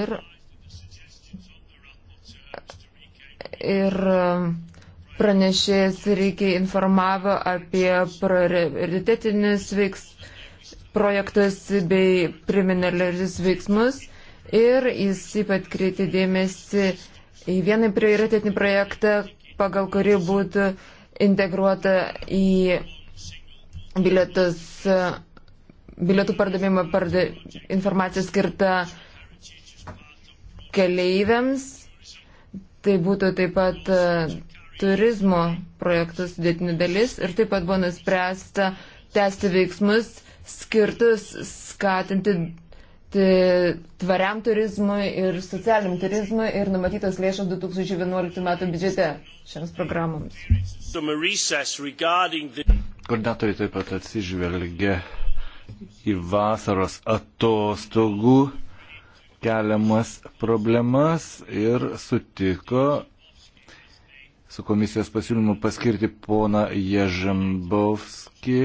Ir, ir pranešėjas reikia informavo apie prioritetinius veiks, projektus bei kriminalius veiksmus. Ir jis taip pat kreitė dėmesį į vieną prioritetinį projektą, pagal kurį būtų integruota į bilietus, bilietų pardavimą parda, informacija skirta keleiviams, tai būtų taip pat e, turizmo projektų sudėtinė dalis ir taip pat buvo nuspręsta tęsti veiksmus skirtus skatinti tvariam turizmui ir socialiniam turizmui ir numatytos lėšos 2011 m. biudžete šiams programoms. Koordinatoriai taip pat atsižvelgia į vasaros atostogų keliamas problemas ir sutiko su komisijos pasiūlymu paskirti poną Ježembovskį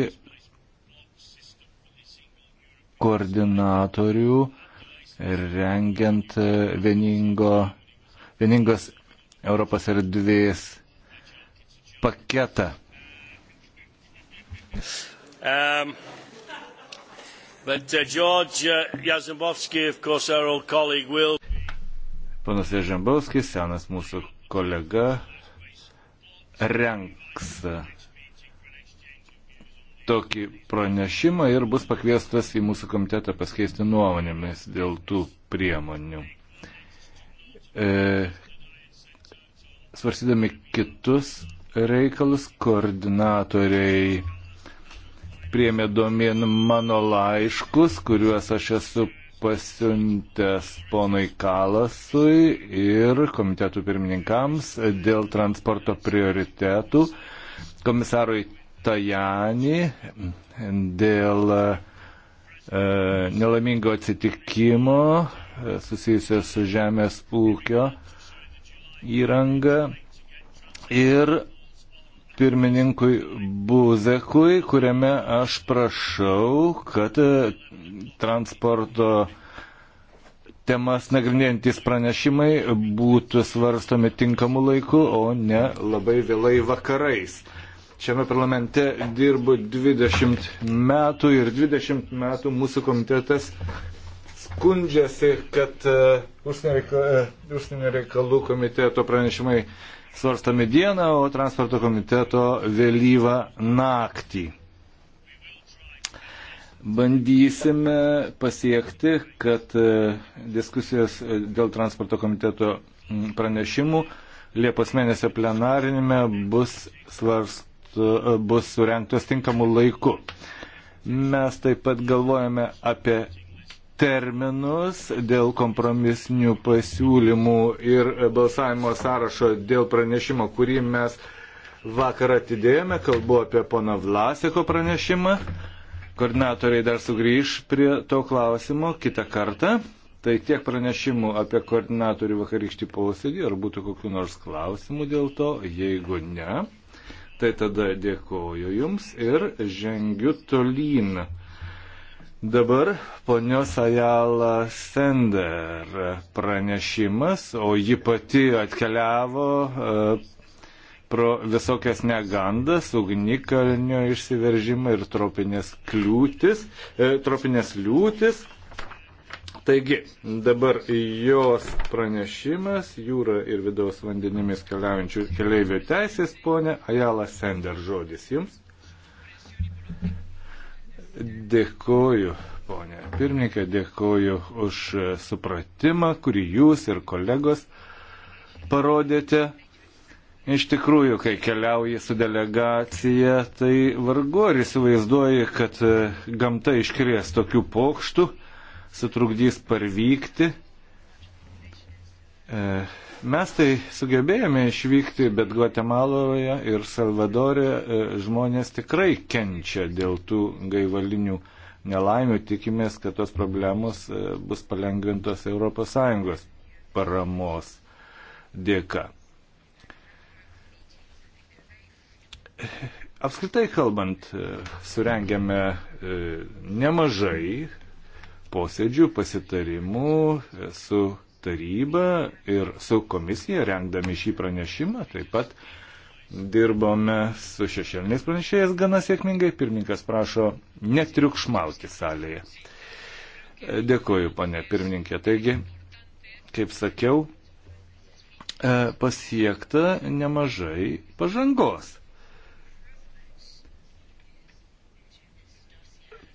koordinatorių rengiant vieningo, vieningos Europos erdvės paketą. Um. But uh, George uh, Jazembowski, of course, our old colleague, will. Panas Jazembowskis, senas mūsų kolega, renks uh, tokį pranešimą ir bus pakviestas į mūsų komitetą paskeisti nuomonėmis dėl tų priemonių. E, svarsydami kitus reikalus, koordinatoriai priemė domėn mano laiškus, kuriuos aš esu pasiuntęs ponui Kalasui ir komitetų pirmininkams dėl transporto prioritetų, komisarui Tajani dėl e, nelamingo atsitikimo e, susijusio su žemės ūkio įranga ir pirmininkui Buzekui, kuriame aš prašau, kad e, transporto temas nagrinėjantis pranešimai būtų svarstomi tinkamu laiku, o ne labai vėlai vakarais. Šiame parlamente dirbu 20 metų ir 20 metų mūsų komitetas skundžiasi, kad e, e, užsienio reikalų komiteto pranešimai svarstami dieną, o transporto komiteto vėlyvą naktį. Bandysime pasiekti, kad e, diskusijos e, dėl transporto komiteto pranešimų Liepos mėnesio plenarinime bus, svarst, e, bus surinktos tinkamų laikų. Mes taip pat galvojame apie terminus dėl kompromisinių pasiūlymų ir balsavimo sąrašo dėl pranešimo, kurį mes vakar atidėjome. Kalbu apie pono Vlasiko pranešimą. Koordinatoriai dar sugrįž prie to klausimo kitą kartą. Tai tiek pranešimų apie koordinatorių vakarykštį posėdį, ar būtų kokiu nors klausimu dėl to, jeigu ne, tai tada dėkoju Jums ir žengiu tolyn. Dabar ponios Ajala Sender pranešimas, o ji pati atkeliavo e, pro visokias negandas, ugnikalnio išsiveržimą ir tropinės kliūtis, e, tropinės liūtis. Taigi, dabar jos pranešimas jūra ir vidaus vandenimis keliaujančių keleivių teisės, ponė Ajala Sender, žodis jums. Dėkoju, ponė pirmininkė, dėkoju už supratimą, kurį jūs ir kolegos parodėte. Iš tikrųjų, kai keliauji su delegacija, tai vargu ar įsivaizduoji, kad e, gamta iškrės tokių pokštų, sutrukdys parvykti. E, Mes tai sugebėjome išvykti, bet Guatemaloje ir Salvadorė e, žmonės tikrai kenčia dėl tų gaivalinių nelaimių. Tikimės, kad tos problemos e, bus palengvintos ES paramos dėka. Apskritai kalbant, e, surengėme nemažai posėdžių, pasitarimų su taryba ir su komisija rengdami šį pranešimą taip pat dirbome su šešėliniais pranešėjais gana sėkmingai. Pirmininkas prašo netriukšmauti salėje. Dėkoju, ponė pirmininkė. Taigi, kaip sakiau, e, pasiekta nemažai pažangos.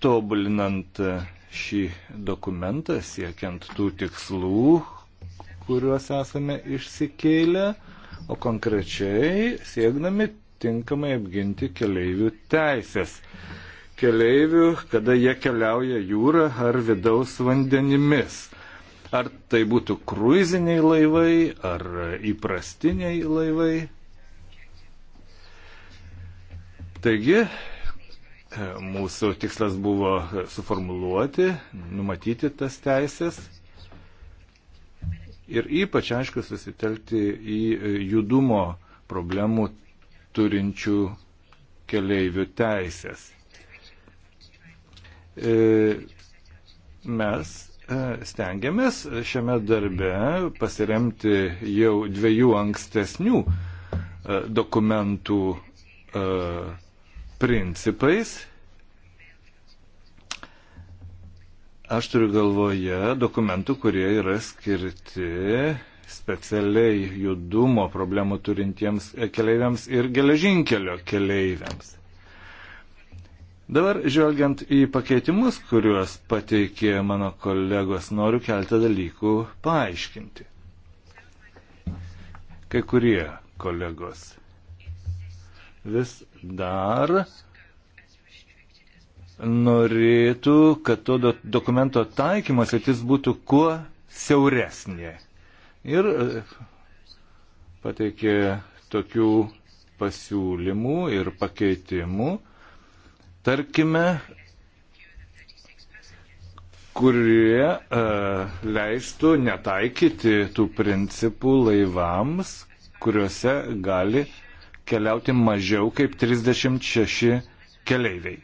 Tobulinant šį dokumentą, siekiant tų tikslų, kuriuos esame išsikėlę, o konkrečiai siekdami tinkamai apginti keleivių teisės. Keleivių, kada jie keliauja jūrą ar vidaus vandenimis. Ar tai būtų kruiziniai laivai, ar įprastiniai laivai. Taigi, mūsų tikslas buvo suformuluoti, numatyti tas teisės ir ypač aišku susitelkti į e, judumo problemų turinčių keleivių teisės. E, mes e, stengiamės šiame darbe pasiremti jau dviejų ankstesnių dokumentų principais Aš turiu galvoje dokumentų, kurie yra skirti specialiai judumo problemų turintiems keleiviams ir geležinkelio keleiviams. Dabar žvelgiant į pakeitimus, kuriuos pateikė mano kolegos, noriu keltą dalykų paaiškinti. Kai kurie kolegos vis dar norėtų, kad to dokumento taikymas atis būtų kuo siauresnė. Ir e, pateikė tokių pasiūlymų ir pakeitimų, tarkime, kurie e, leistų netaikyti tų principų laivams, kuriuose gali keliauti mažiau kaip 36 keleiviai.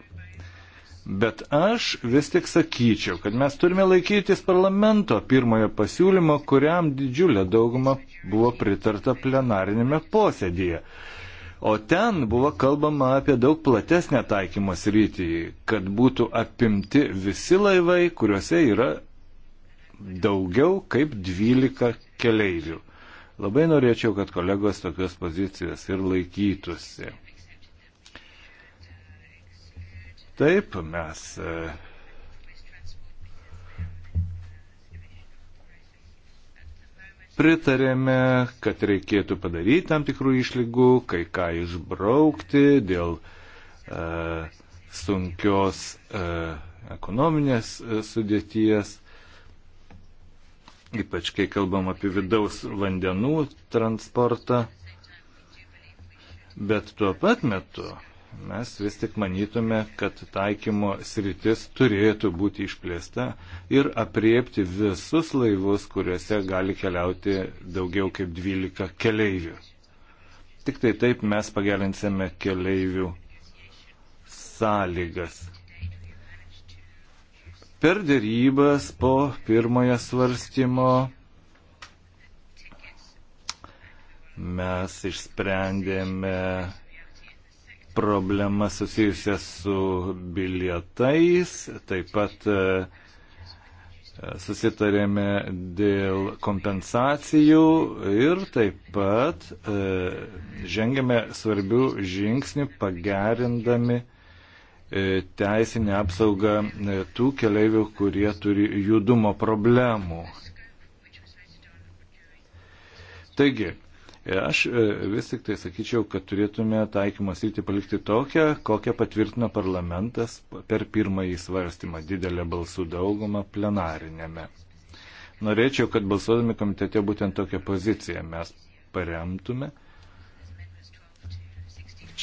Bet aš vis tik sakyčiau, kad mes turime laikytis parlamento pirmojo pasiūlymo, kuriam didžiulė dauguma buvo pritarta plenarinėme posėdėje. O ten buvo kalbama apie daug platesnę taikymo sritį, kad būtų apimti visi laivai, kuriuose yra daugiau kaip 12 keleivių. Labai norėčiau, kad kolegos tokios pozicijos ir laikytųsi. Taip, mes e, pritarėme, kad reikėtų padaryti tam tikrų išlygų, kai ką išbraukti dėl e, sunkios e, ekonominės e, sudėties, ypač kai kalbam apie vidaus vandenų transportą. Bet tuo pat metu mes vis tik manytume, kad taikymo sritis turėtų būti išplėsta ir apriepti visus laivus, kuriuose gali keliauti daugiau kaip 12 keleivių. Tik tai taip mes pagerinsime keleivių sąlygas. Per dėrybas po pirmojo svarstymo mes išsprendėme problemas susijusias su bilietais, taip pat e, susitarėme dėl kompensacijų ir taip pat e, žengėme svarbių žingsnių pagerindami e, teisinę apsaugą tų keleivių, kurie turi judumo problemų. Taigi, E, aš e, vis tik tai sakyčiau, kad turėtume taikymą sritį palikti tokią, kokią patvirtino parlamentas per pirmąjį svarstymą didelę balsų daugumą plenarinėme. Norėčiau, kad balsuodami komitete būtent tokią poziciją mes paremtume.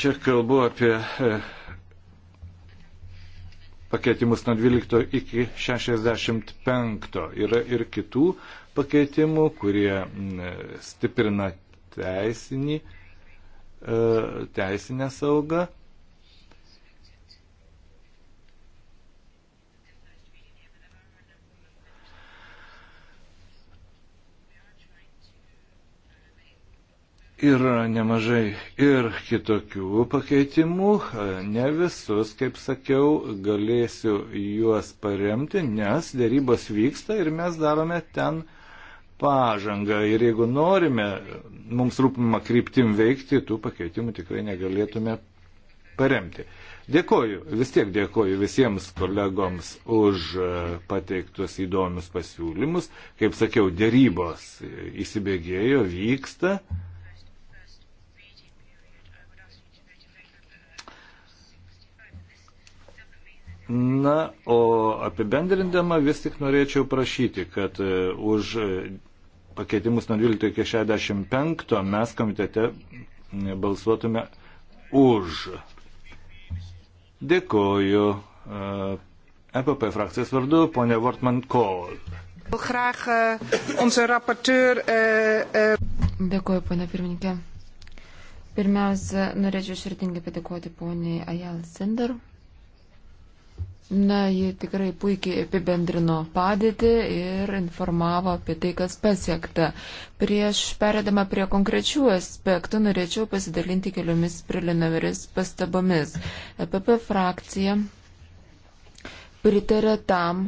Čia kalbu apie e, pakeitimus nuo 12 iki 65. Yra ir kitų pakeitimų, kurie stiprina teisinį, e, teisinę saugą. Yra nemažai ir kitokių pakeitimų, e, ne visus, kaip sakiau, galėsiu juos paremti, nes dėrybos vyksta ir mes darome ten uh, pažangą ir jeigu norime mums rūpimą kryptim veikti, tų pakeitimų tikrai negalėtume paremti. Dėkoju, vis tiek dėkoju visiems kolegoms už e, pateiktus įdomius pasiūlymus. Kaip sakiau, dėrybos įsibėgėjo, vyksta. Na, o apibendrindama vis tik norėčiau prašyti, kad e, už e, pakeitimus nuo 12 iki 65 mes komitete balsuotume už. Dėkoju. EPP e frakcijos vardu, ponė Wortman Kohl. Dėkoju, ponė pirmininkė. Pirmiausia, norėčiau širdingai padėkoti poniai Ajal Sender Na, ji tikrai puikiai apibendrino padėtį ir informavo apie tai, kas pasiekta. Prieš perėdama prie konkrečių aspektų, norėčiau pasidalinti keliomis preliminaris pastabomis. EPP frakcija pritarė tam,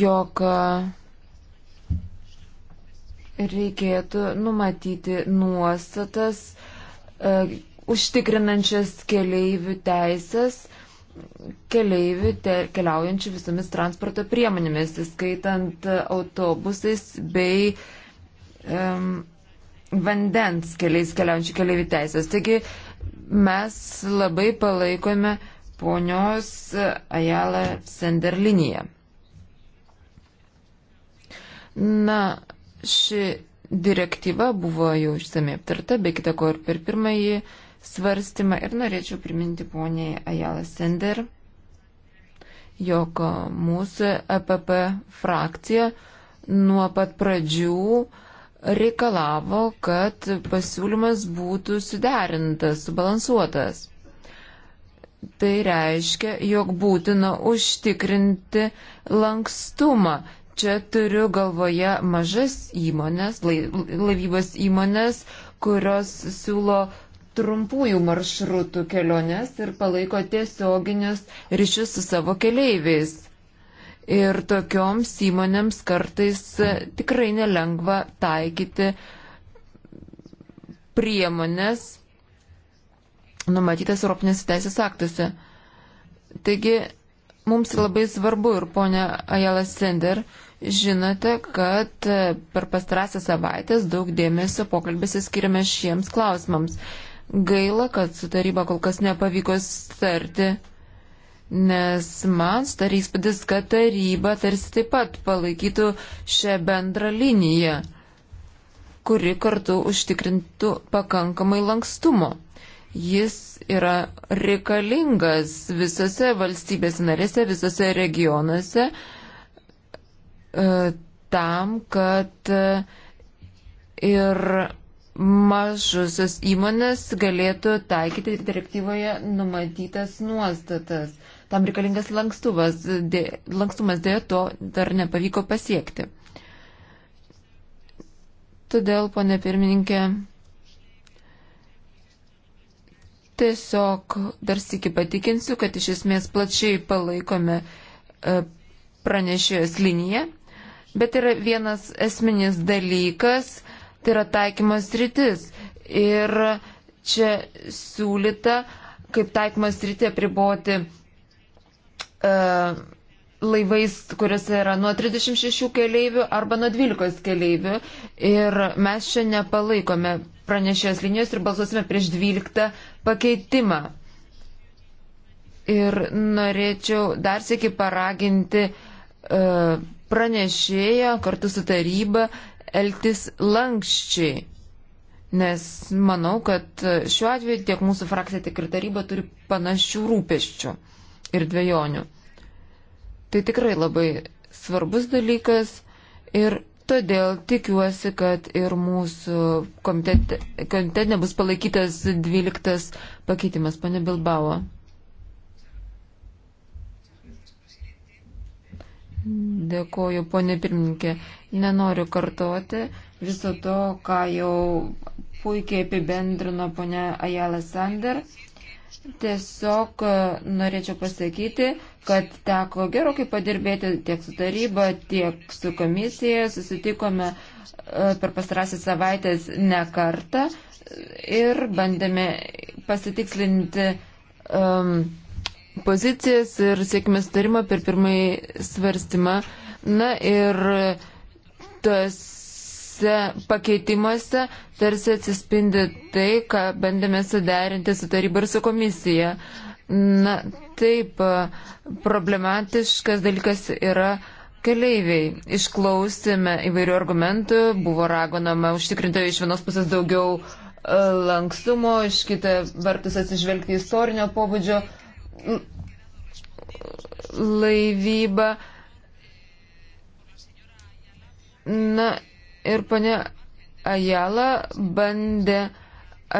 jog reikėtų numatyti nuostatas e, užtikrinančias keleivių teisės keleivių keliaujančių visomis transporto priemonėmis, įskaitant autobusais bei um, vandens keliais keliaujančių keleivių teisės. Taigi mes labai palaikome ponios Ajala Sender liniją. Na, ši direktyva buvo jau išsamei aptarta, be kita ko ir per pirmąjį uh, svarstymą ir norėčiau priminti poniai Ajala Sender, jog mūsų EPP frakcija nuo pat pradžių reikalavo, kad pasiūlymas būtų suderintas, subalansuotas. Tai reiškia, jog būtina užtikrinti lankstumą. Čia turiu galvoje mažas įmonės, laivybos įmonės, kurios siūlo uh, trumpųjų maršrutų keliones ir palaiko tiesioginius ryšius su savo keleiviais. Ir tokioms įmonėms kartais e, tikrai nelengva taikyti priemonės numatytas Europinės teisės aktuose. Taigi, mums labai svarbu ir ponia Ajala Sender, žinote, kad e, per pastarąsią savaitės daug dėmesio pokalbėse skiriame šiems klausimams. Gaila, kad su taryba kol kas nepavyko starti, nes man starys įspūdis, kad taryba tarsi taip pat palaikytų šią bendrą liniją, kuri kartu užtikrintų pakankamai lankstumo. Jis yra reikalingas visose valstybės narėse, visose regionuose e, tam, kad ir mažusios įmonės galėtų taikyti direktyvoje numatytas nuostatas. Tam reikalingas lankstumas, dė, lankstumas dėja to dar nepavyko pasiekti. Todėl, ponė pirmininkė, tiesiog dar sėki patikinsiu, kad iš esmės plačiai palaikome e, pranešėjos liniją, bet yra vienas esminis dalykas, tai yra taikymas rytis. Ir čia siūlyta, kaip taikymas rytį apriboti uh, laivais, kuriuose yra nuo 36 keleivių arba nuo 12 keleivių. Ir mes čia nepalaikome pranešės linijos ir balsuosime prieš 12 pakeitimą. Ir norėčiau dar sėki paraginti uh, pranešėją kartu su taryba elgtis lankščiai, nes manau, kad šiuo atveju tiek mūsų frakcija, tiek ir taryba turi panašių rūpeščių ir dviejonių. Tai tikrai labai svarbus dalykas ir todėl tikiuosi, kad ir mūsų komitete, komitete bus palaikytas 12 pakeitimas, pane Bilbao. Dėkoju, ponė pirmininkė. Nenoriu kartoti viso to, ką jau puikiai apibendrino ponia Ajala Sander. Tiesiog e, norėčiau pasakyti, kad teko gerokai padirbėti tiek su taryba, tiek su komisija. Susitikome e, per pastarąsias savaitės ne kartą ir bandėme pasitikslinti um, pozicijas ir siekime sutarimą per pirmąjį svarstymą. Na ir uh, tuose pakeitimuose tarsi atsispindi tai, ką bandėme suderinti su taryba ir su komisija. Na, taip, problematiškas dalykas yra keleiviai. Išklausėme įvairių argumentų, buvo ragonama užtikrinti iš vienos pusės daugiau e, lankstumo, iš kitą vertus atsižvelgti istorinio pobūdžio laivybą. Na ir ponė Ajala bandė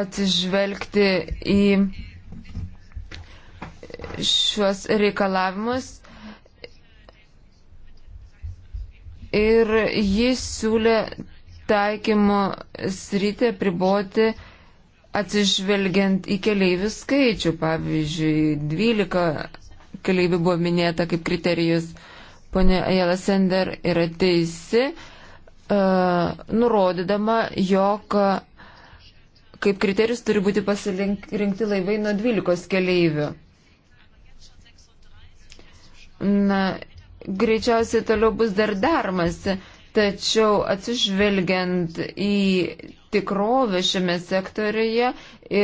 atsižvelgti į šiuos reikalavimus ir jis siūlė taikymo sritį priboti atsižvelgiant į keleivių skaičių. Pavyzdžiui, 12 keleivių buvo minėta kaip kriterijus. Pone Ajala Sender yra teisi, E, nurodydama, jog kaip kriterijus turi būti pasirinkti laivai nuo 12 keleivių. Na, greičiausiai toliau bus dar darmasi, tačiau atsižvelgiant į tikrovę šiame sektoriuje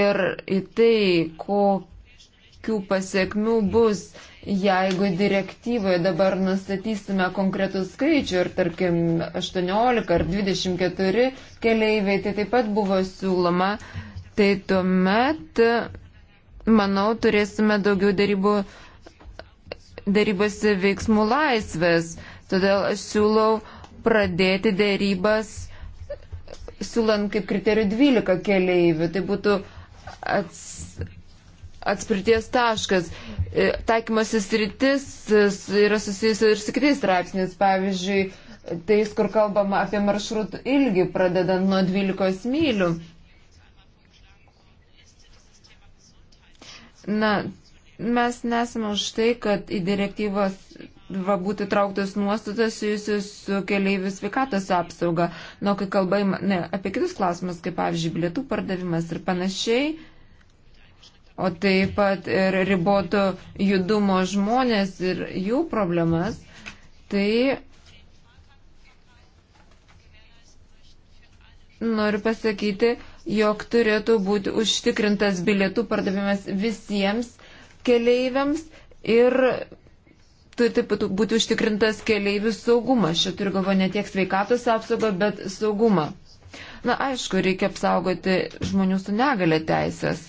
ir į tai, kokių pasiekmių bus uh, Jeigu direktyvoje dabar nustatysime konkretų skaičių ir tarkim 18 ar 24 keleiviai, tai taip pat buvo siūloma, tai tuomet, manau, turėsime daugiau darybų, darybose veiksmų laisvės. Todėl aš siūlau pradėti darybas, siūlant kaip kriterijų 12 keleivių. Tai būtų atsitikti atspirties taškas. E, Taikymasis rytis e, yra susijusi ir su kitais straipsniais, pavyzdžiui, tais, kur kalbama apie maršrutų ilgį, pradedant nuo 12 mylių. Na, mes nesame už tai, kad į direktyvas va, būtų trauktas nuostatas susijusius su keliaivių sveikatos apsauga. Na, kai kalbame apie kitus klausimus, kaip pavyzdžiui, bilietų pardavimas ir panašiai, o taip pat ir riboto judumo žmonės ir jų problemas, tai noriu pasakyti, jog turėtų būti užtikrintas bilietų pardavimas visiems keleiviams ir turi taip pat būti užtikrintas keleivių saugumas. Šia turiu galvo ne tiek sveikatos apsaugą, bet saugumą. Na, aišku, reikia apsaugoti žmonių su negale teisės.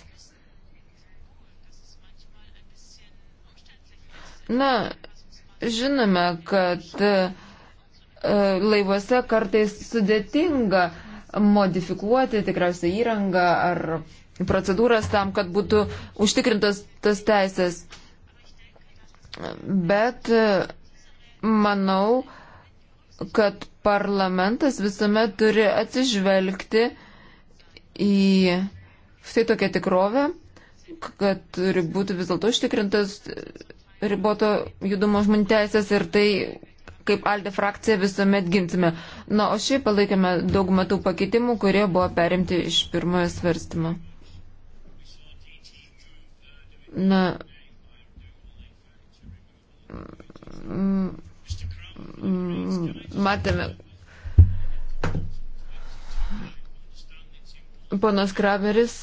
Na, žinome, kad e, laivuose kartais sudėtinga modifikuoti tikriausiai įrangą ar procedūras tam, kad būtų užtikrintas tas teisės. Bet e, manau, kad parlamentas visuomet turi atsižvelgti į štai tokią tikrovę, kad turi būti vis dėlto užtikrintas riboto judumo žmonių teisės ir tai kaip Alde frakcija visuomet ginsime. Na, o šiaip palaikėme daugumą tų pakeitimų, kurie buvo perimti iš pirmojo svarstymo. Na. Matėme. Ponas Krameris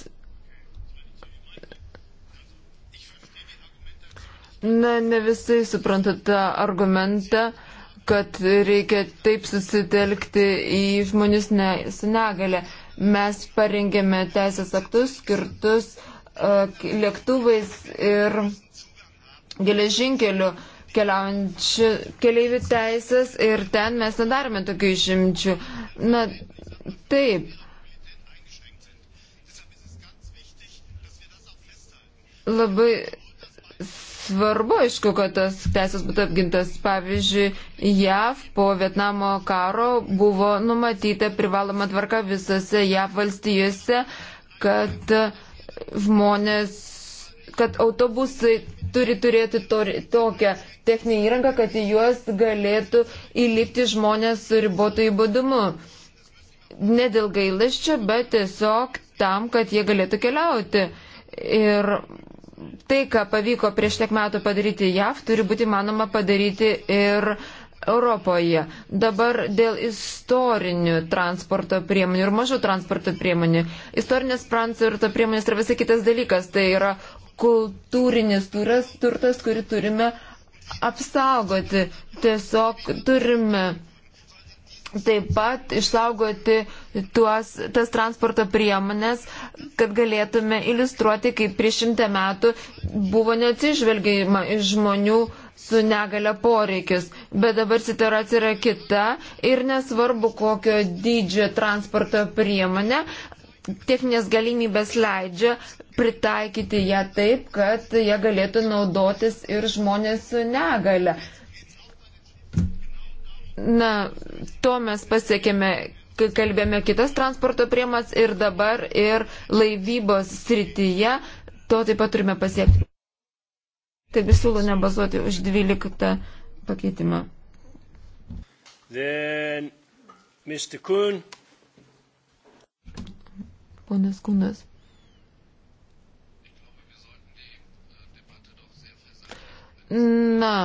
Na, ne visai supranta tą argumentą, kad reikia taip susitelkti į žmonius ne, su negale. Mes parengėme teisės aktus skirtus uh, lėktuvais ir geležinkeliu keliaujančių keliaivių teisės ir ten mes nedarome tokių išimčių. Na, taip. Labai svarbu, aišku, kad tas teisės būtų apgintas. Pavyzdžiui, JAV po Vietnamo karo buvo numatyta privaloma tvarka visose JAV valstijose, kad žmonės, kad autobusai turi turėti to, tokią techninę įrangą, kad į juos galėtų įlipti žmonės su ribotu įbūdumu. Ne dėl gailesčio, bet tiesiog tam, kad jie galėtų keliauti. Ir tai, ką pavyko prieš tiek metų padaryti JAV, turi būti manoma padaryti ir Europoje. Dabar dėl istorinių transporto priemonių ir mažų transporto priemonių. Istorinės transporto priemonės yra visai kitas dalykas. Tai yra kultūrinis turas, turtas, kurį turime apsaugoti. Tiesiog turime taip pat išsaugoti tuos, tas transporto priemonės, kad galėtume iliustruoti, kaip prieš šimtą metų buvo neatsižvelgiama iš žmonių su negale poreikius. Bet dabar situacija yra kita ir nesvarbu, kokio dydžio transporto priemonė, techninės galimybės leidžia pritaikyti ją taip, kad ją galėtų naudotis ir žmonės su negale. Na, to mes pasiekėme, kai kalbėjome kitas transporto priemas ir dabar ir laivybos srityje, to taip pat turime pasiekti. Taip siūlau nebazuoti už 12 pakeitimą. Then, Mr. Kuhn. Ponas Kunas. Na,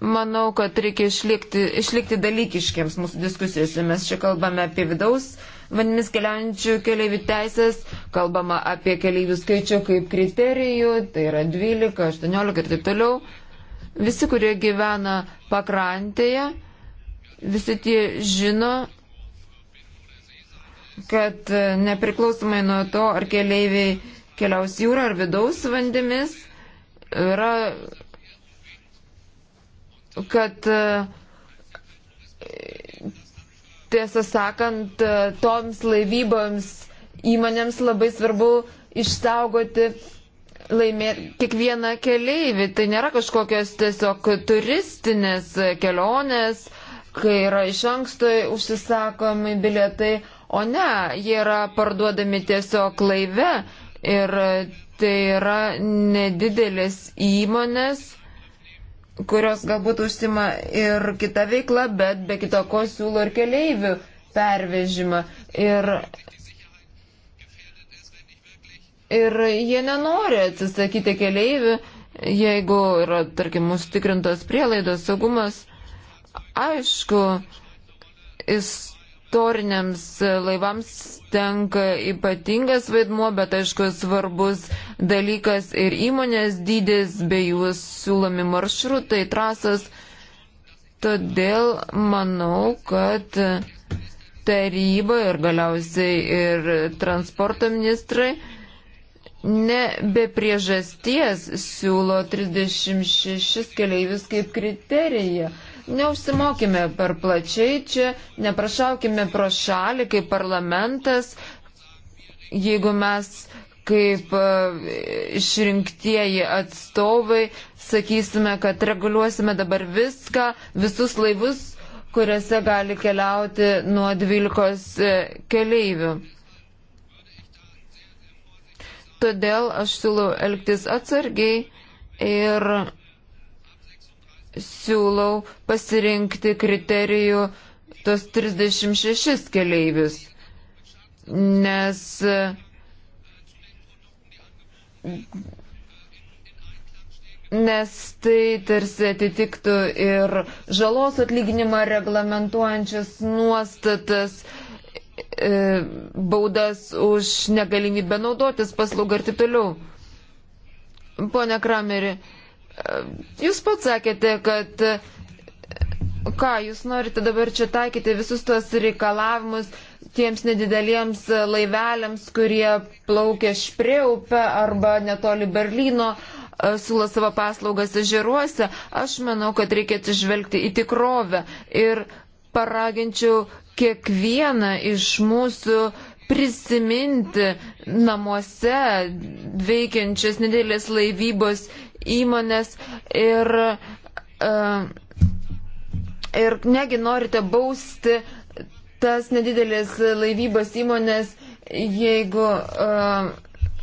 Manau, kad reikia išlikti, išlikti dalykiškiams mūsų diskusijose. Mes čia kalbame apie vidaus vandens keliaujančių keliaivių teisės, kalbama apie keliaivių skaičių kaip kriterijų, tai yra 12, 18 ir taip toliau. Visi, kurie gyvena pakrantėje, visi tie žino, kad nepriklausomai nuo to, ar keliaiviai keliaus jūrą ar vidaus vandėmis, yra kad e, tiesą sakant, e, toms laivyboms įmonėms labai svarbu išsaugoti laimė kiekvieną keleivį. Tai nėra kažkokios tiesiog turistinės kelionės, kai yra iš anksto užsisakomi bilietai, o ne, jie yra parduodami tiesiog laive ir tai yra nedidelės įmonės kurios galbūt užsima ir kitą veiklą, bet be kito ko siūlo ir keleivių pervežimą. Ir, ir jie nenori atsisakyti keleivių, jeigu yra, tarkim, užtikrintos prielaidos, saugumas. Aišku, jis toriniams laivams tenka ypatingas vaidmuo, bet aišku svarbus dalykas ir įmonės dydis bei jų siūlomi maršrutai, trasas. Todėl manau, kad taryba ir galiausiai ir transporto ministrai ne be priežasties siūlo 36 keleivius kaip kriteriją. Neusimokime per plačiai čia, neprašaukime pro šalį kaip parlamentas, jeigu mes kaip e, išrinktieji atstovai sakysime, kad reguliuosime dabar viską, visus laivus, kuriuose gali keliauti nuo 12 e, keleivių. Todėl aš siūlau elgtis atsargiai ir siūlau pasirinkti kriterijų tos 36 keleivius, nes nes tai tarsi atitiktų ir žalos atlyginimą reglamentuojančias nuostatas, e, baudas už negalimybę naudotis paslaugą ir taip toliau. Pone Krameri, Jūs pats sakėte, kad ką, jūs norite dabar čia taikyti visus tuos reikalavimus tiems nedideliems laiveliams, kurie plaukia Špreupe arba netoli Berlyno, e, siūlo savo paslaugas ežeruose. Aš manau, kad reikia atsižvelgti į tikrovę ir paraginčiau kiekvieną iš mūsų prisiminti namuose veikiančias nedėlės laivybos įmonės ir, e, ir negi norite bausti tas nedidelės laivybos įmonės, jeigu uh,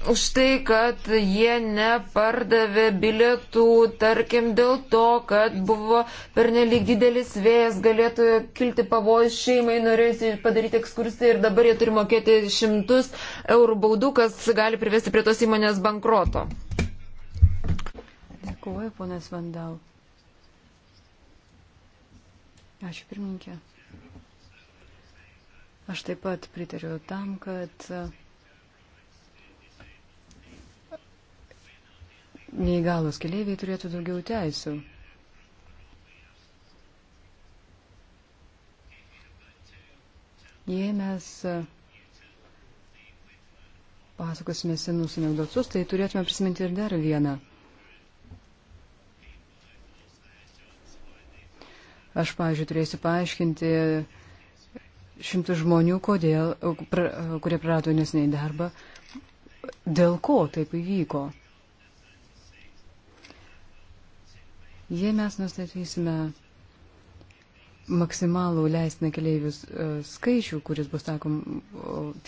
už tai, kad jie nepardavė bilietų, tarkim, dėl to, kad buvo pernelyg didelis vėjas, galėtų kilti pavojus šeimai, norėjusi padaryti ekskursiją ir dabar jie turi mokėti šimtus eurų baudų, kas gali privesti prie tos įmonės bankroto. Dėkuoju, ponas Vandau. Ačiū, pirmininkė. Aš taip pat pritariu tam, kad uh, neįgalus keliaiviai turėtų daugiau teisų. Jei mes e, pasakosime senus anegdotus, tai turėtume prisiminti ir dar vieną. Aš, pavyzdžiui, turėsiu paaiškinti šimtų žmonių, kodėl, pra, kurie prarado nesnei darbą, dėl ko taip įvyko. Jei mes nustatysime maksimalų leistiną keleivius e, skaičių, kuris bus takom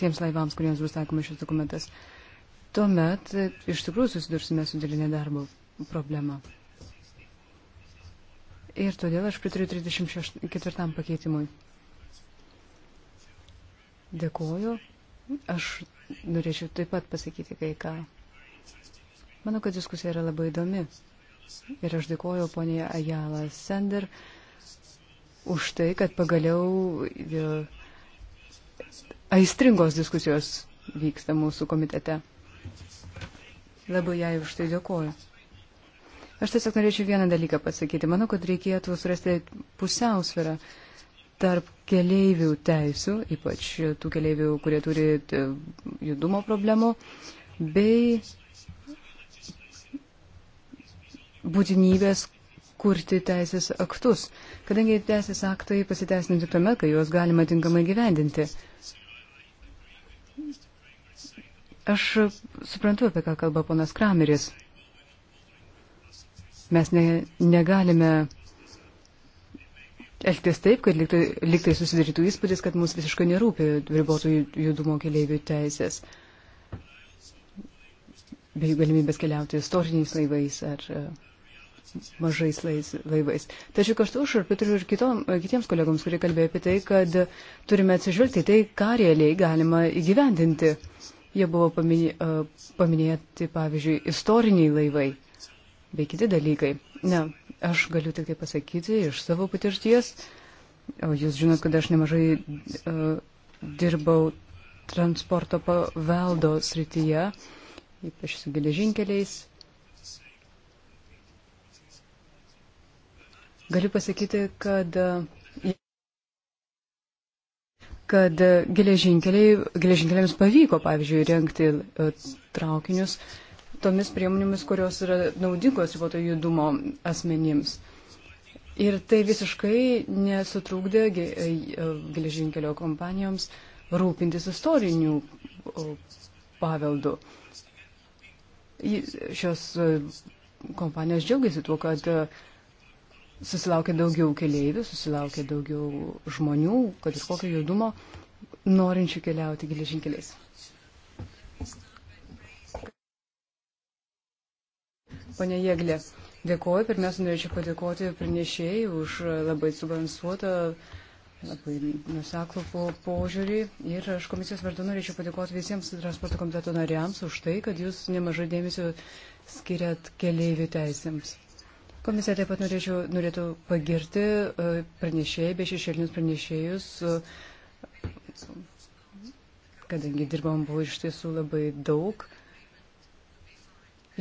tiems laivams, kuriems bus takomas šis dokumentas, tuomet e, iš tikrųjų susidursime su didelė darbo problema. Ir todėl aš pritariu 34 pakeitimui. Dėkuoju. Aš norėčiau taip pat pasakyti kai ką. Manau, kad diskusija yra labai įdomi. Ir aš dėkoju ponė Ajala Sender už tai, kad pagaliau e, aistringos diskusijos vyksta mūsų komitete. Labai jai už tai dėkoju. Aš tiesiog norėčiau vieną dalyką pasakyti. Manau, kad reikėtų surasti pusiausvyrą tarp keleivių teisų, ypač tų keleivių, kurie turi e, judumo problemų, bei būtinybės kurti teisės aktus, kadangi teisės aktai pasiteisinti tuomet, kai juos galima tinkamai gyvendinti. Aš suprantu, apie ką kalba ponas Krameris. Mes ne, negalime elgtis taip, kad liktai, liktai susidarytų įspūdis, kad mums visiškai nerūpi ribotų judumo keliaivių teisės bei galimybės keliauti istoriniais laivais ar uh, mažais laivais. Tačiau kažtu aš ir pritariu ir kitom, kitiems kolegoms, kurie kalbėjo apie tai, kad turime atsižvelgti tai, ką realiai galima įgyvendinti. Jie buvo paminėti, pavyzdžiui, istoriniai laivai bei kiti dalykai. Ne, aš galiu tik tai pasakyti iš savo patirties, o jūs žinot, kad aš nemažai uh, dirbau transporto paveldo srityje, ypač su geležinkeliais, Galiu pasakyti, kad, kad geležinkeliams pavyko, pavyzdžiui, renkti e, traukinius tomis priemonėmis, kurios yra naudingos riboto judumo asmenims. Ir tai visiškai nesutrūkdė e, geležinkelio kompanijoms rūpintis istorinių paveldų. Šios e, kompanijos džiaugiasi tuo, kad susilaukia daugiau keleivių, susilaukia daugiau žmonių, kad ir kokio judumo, norinčių keliauti geležinkeliais. Pane Jėglė, dėkoju. Pirmiausia, norėčiau padėkoti pranešėjai už labai subalansuotą, labai nuseklų po požiūrį. Ir aš komisijos vardu norėčiau padėkoti visiems transporto komiteto nariams už tai, kad jūs nemažai dėmesio skiriat keleivių teisėms. Komisija taip pat norėčiau, norėtų pagirti e, pranešėjai, bei šešėlinius pranešėjus, e, kadangi dirbom buvo iš tiesų labai daug.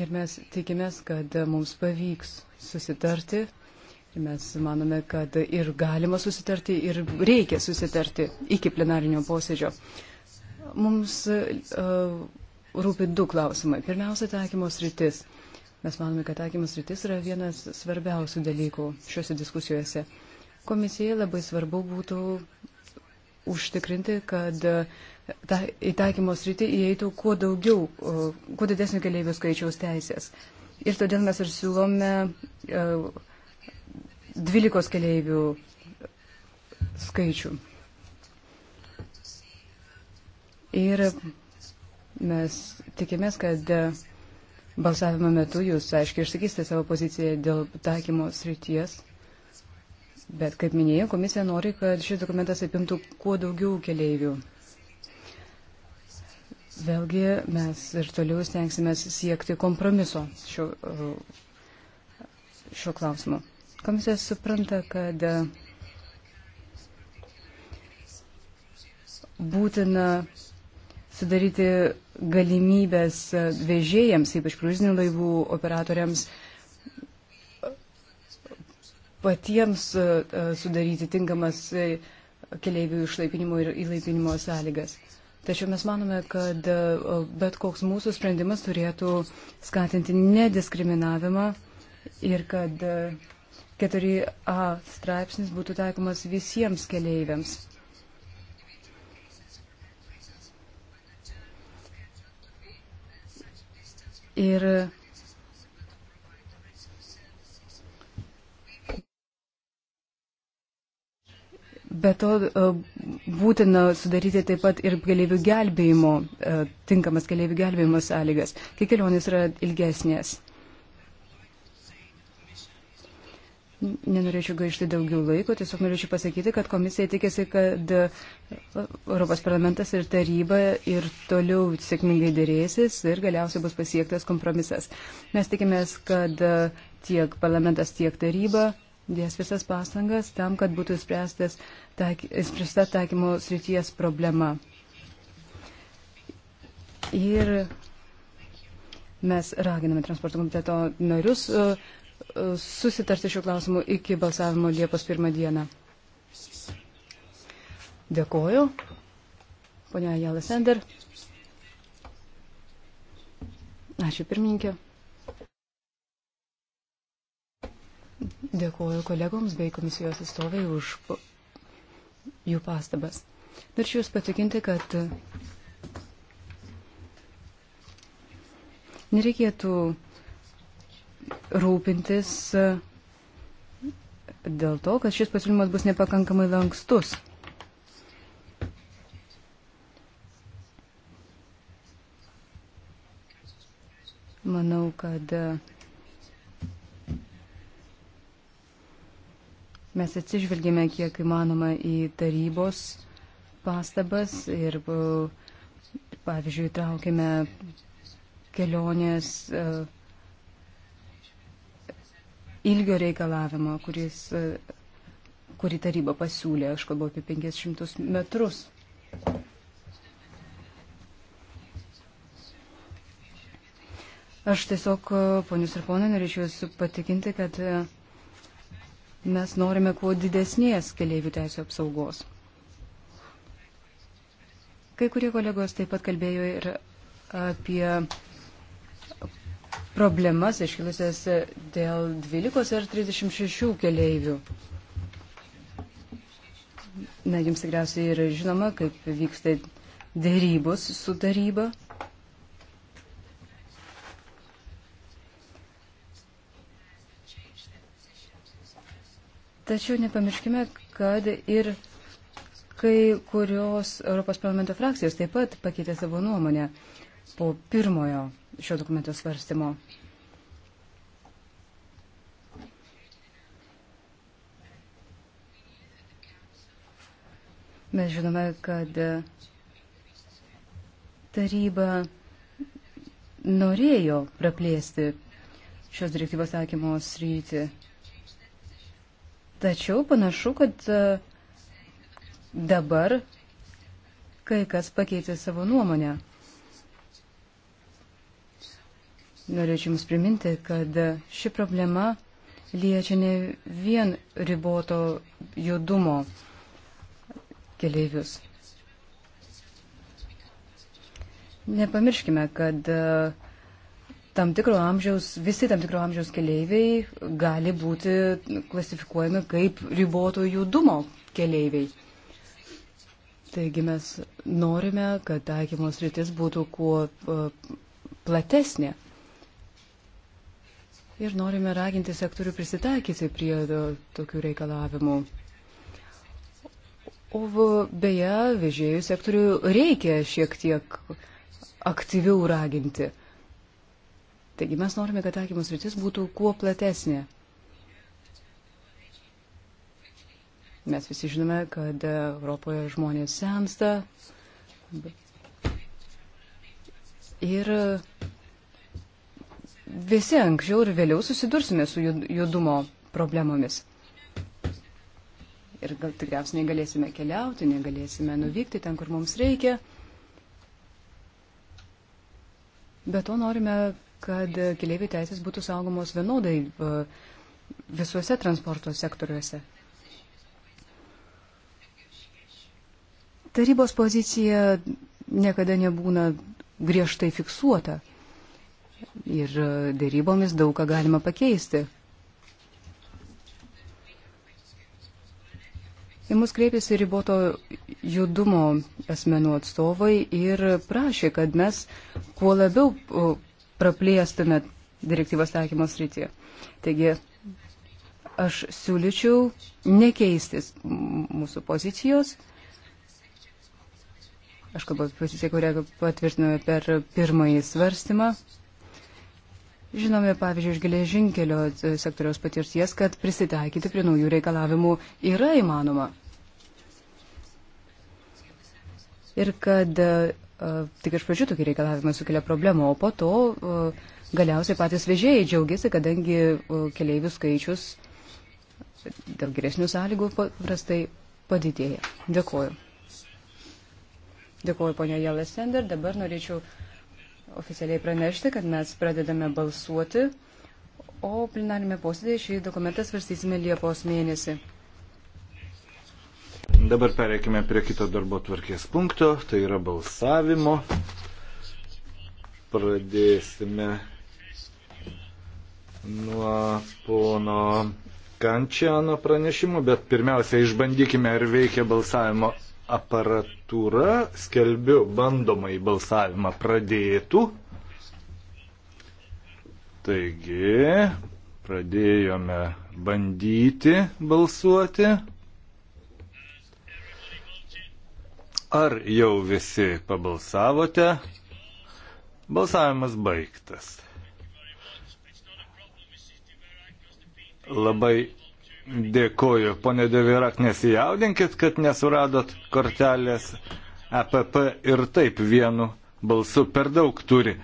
Ir mes tikimės, kad mums pavyks susitarti. Ir mes manome, kad ir galima susitarti, ir reikia susitarti iki plenarinio posėdžio. Mums uh, rūpi du klausimai. Pirmiausia, taikymo sritis. Mes manome, kad taikymas rytis yra vienas svarbiausių dalykų šiuose diskusijose. Komisijai labai svarbu būtų užtikrinti, kad ta, į taikymo sritį įeitų kuo daugiau, kuo didesnio keliaivių skaičiaus teisės. Ir todėl mes ir siūlome uh, e, 12 keliaivių skaičių. Ir mes tikimės, kad uh, balsavimo metu jūs, aiškiai, išsakysite savo poziciją dėl taikymo srities. Bet, kaip minėjau, komisija nori, kad šis dokumentas apimtų kuo daugiau keleivių. Vėlgi mes ir toliau stengsimės siekti kompromiso šio, šio klausimu. Komisija supranta, kad būtina sudaryti galimybės vežėjams, ypač kruizinių laivų operatoriams, patiems e, e, sudaryti tinkamas e, keliaivių išlaipinimo ir įlaipinimo sąlygas. Tačiau mes manome, kad bet koks mūsų sprendimas turėtų skatinti nediskriminavimą ir kad 4A straipsnis būtų taikomas visiems keleiviams. Ir Be to e, būtina sudaryti taip pat ir keliaivių gelbėjimo, e, tinkamas keliaivių gelbėjimo sąlygas, kai kelionės yra ilgesnės. Nenorėčiau gaišti daugiau laiko, tiesiog norėčiau pasakyti, kad komisija tikėsi, kad e, Europos parlamentas ir taryba ir toliau sėkmingai dėrėsis ir galiausiai bus pasiektas kompromisas. Mes tikimės, kad e, tiek parlamentas, tiek taryba dės visas pastangas tam, kad būtų taik, spręsta taikymo srities problema. Ir mes raginame transporto komiteto narius. Uh, susitarti šiuo klausimu iki balsavimo Liepos pirmą dieną. Dėkoju. Pone Jala Sender. Ačiū pirmininkė. Dėkoju kolegoms bei komisijos atstovai už jų pastabas. Norėčiau Jūs patikinti, kad nereikėtų uh, rūpintis e, dėl to, kad šis pasiūlymas bus nepakankamai lankstus. Manau, kad e, mes atsižvelgėme kiek įmanoma į tarybos pastabas ir, e, pavyzdžiui, traukėme kelionės uh, ilgio reikalavimą, kuris, e, kurį taryba pasiūlė, aš kalbu apie 500 metrus. Aš tiesiog, e, ponius ir ponai, norėčiau jūs patikinti, kad e, mes norime kuo didesnės keliaivių teisų apsaugos. Kai kurie kolegos taip pat kalbėjo ir apie problemas iškilusias dėl 12 ar 36 keleivių. Na, jums tikriausiai yra žinoma, kaip vyksta dėrybos su taryba. Tačiau nepamirškime, kad ir kai kurios Europos parlamento frakcijos taip pat pakeitė savo nuomonę po pirmojo šio dokumento svarstymo. Mes žinome, kad taryba norėjo praplėsti šios direktyvos taikymo sritį. Tačiau panašu, kad e, dabar kai kas pakeitė savo nuomonę. Norėčiau Jums priminti, kad ši problema liečia ne vien riboto judumo keleivius. Nepamirškime, kad e, tam tikro amžiaus, visi tam tikro amžiaus keleiviai gali būti klasifikuojami kaip riboto judumo keleiviai. Taigi mes norime, kad taikymos rytis būtų kuo e, platesnė ir norime raginti sektorių prisitaikyti prie tokių reikalavimų. O beje, vežėjų sektorių reikia šiek tiek aktyviau raginti. Taigi mes norime, kad taikymas rytis būtų kuo platesnė. Mes visi žinome, kad Europoje žmonės sensta. Ir visi anksčiau ir vėliau susidursime su judumo problemomis. Ir gal tikriausiai negalėsime keliauti, negalėsime nuvykti ten, kur mums reikia. Be to norime, kad keliaivių teisės būtų saugomos vienodai e, visuose transporto sektoriuose. Tarybos pozicija niekada nebūna griežtai fiksuota ir e, dėrybomis daug ką galima pakeisti. Į mus kreipėsi riboto judumo asmenų atstovai ir prašė, kad mes kuo labiau praplėstume direktyvos taikymos rytį. Taigi, aš siūlyčiau nekeistis mūsų pozicijos. Aš kalbu apie poziciją, kurią patvirtinome per pirmąjį svarstymą. Žinome, pavyzdžiui, iš geležinkelio sektoriaus patirties, kad prisitaikyti prie naujų reikalavimų yra įmanoma. Ir kad e, tik iš pradžių tokie reikalavimai sukelia problemų, o po to e, galiausiai patys vežėjai džiaugiasi, kadangi e, keleivių skaičius dėl geresnių sąlygų paprastai padidėja. Dėkuoju. Dėkuoju, ponia Jelesender. Dabar norėčiau oficialiai pranešti, kad mes pradedame balsuoti, o plenarime posėdėje šį dokumentą svarstysime Liepos mėnesį. Dabar pereikime prie kito darbo tvarkės punkto, tai yra balsavimo. Pradėsime nuo pono Kančiano pranešimų, bet pirmiausia išbandykime, ar veikia balsavimo aparatūra, skelbiu bandomai balsavimą pradėtų. Taigi, pradėjome bandyti balsuoti. Ar jau visi pabalsavote? Balsavimas baigtas. Labai Dėkoju, ponė Devirak, nesijaudinkit, kad nesuradot kortelės. EPP ir taip vienu balsu per daug turi.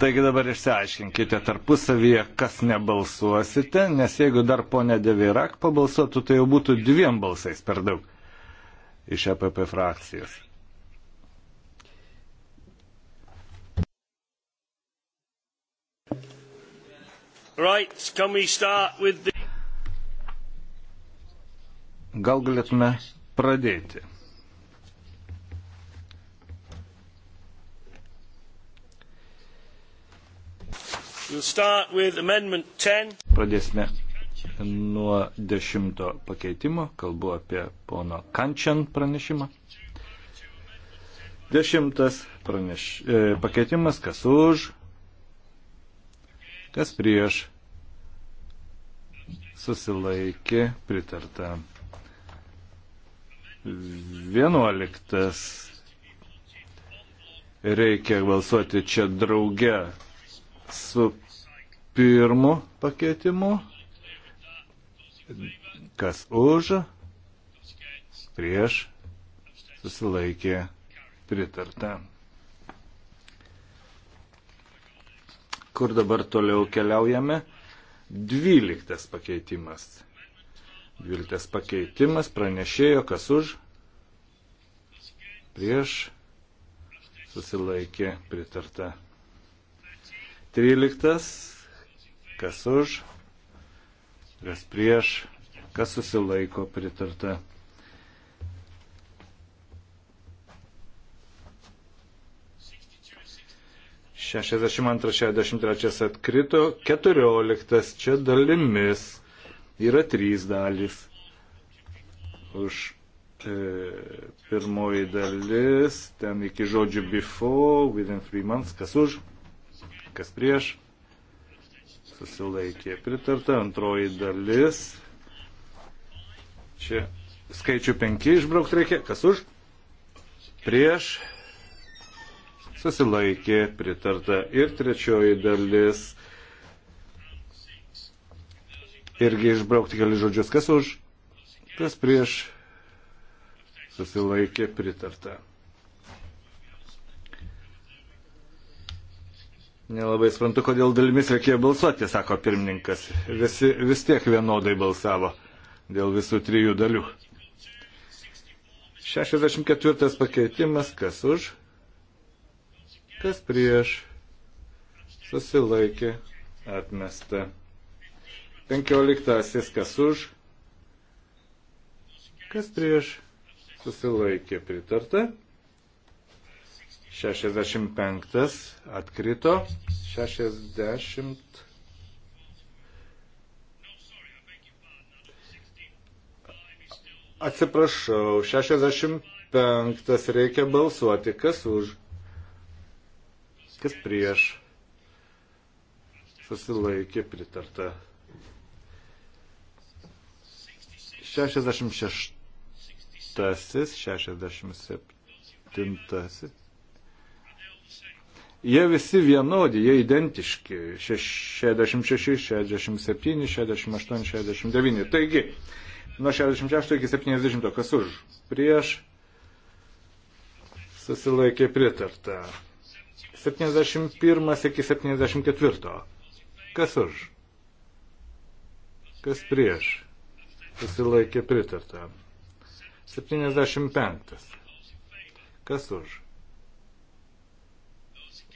Taigi dabar išsiaiškinkite tarpusavyje, kas nebalsuosite, nes jeigu dar ponė Devirak pabalsuotų, tai jau būtų dviem balsais per daug iš EPP frakcijos. Right, the... Gal galėtume pradėti. Pradėsime nuo dešimto pakeitimo, kalbu apie pono Kančian pranešimą. Dešimtas praneš, e, pakeitimas, kas už, kas prieš, susilaikė, pritarta. Vienuoliktas reikia balsuoti čia drauge su pirmu pakeitimu. Kas už, prieš, susilaikė, pritarta. Kur dabar toliau keliaujame? Dvyliktas pakeitimas. Dvyliktas pakeitimas pranešėjo, kas už, prieš, susilaikė, pritarta. 13. Kas už, kas prieš, kas susilaiko pritarta. Šešiasdešimt antras, šešiasdešimt trečias atkrito, keturioliktas čia dalimis yra trys dalys. Už e, pirmoji dalis, ten iki žodžių before, within three months, kas už, kas prieš, susilaikė. Pritarta antroji dalis. Čia skaičių 5 išbraukti reikia. Kas už? Prieš. Susilaikė, pritarta. Ir trečioji dalis. Irgi išbraukti keli žodžius. Kas už? Kas prieš? Susilaikė, pritarta. Nelabai suprantu, kodėl dalimis reikėjo balsuoti, sako pirmininkas. Visi vis tiek vienodai balsavo dėl visų trijų dalių. 64 pakeitimas, kas už, kas prieš, susilaikė, atmesta. 15 kas už, kas prieš, susilaikė, pritarta. 65 atkrito, 60. Atsiprašau, 65 reikia balsuoti. Kas už? Kas prieš? Susilaikė pritarta. 66, 67. Jie visi vienodi, jie identiški. 66, 67, 68, 69. Taigi, nuo 66 iki 70, kas už? Prieš susilaikė pritarta. 71 iki 74. Kas už? Kas prieš? Susilaikė pritarta. 75. Kas už?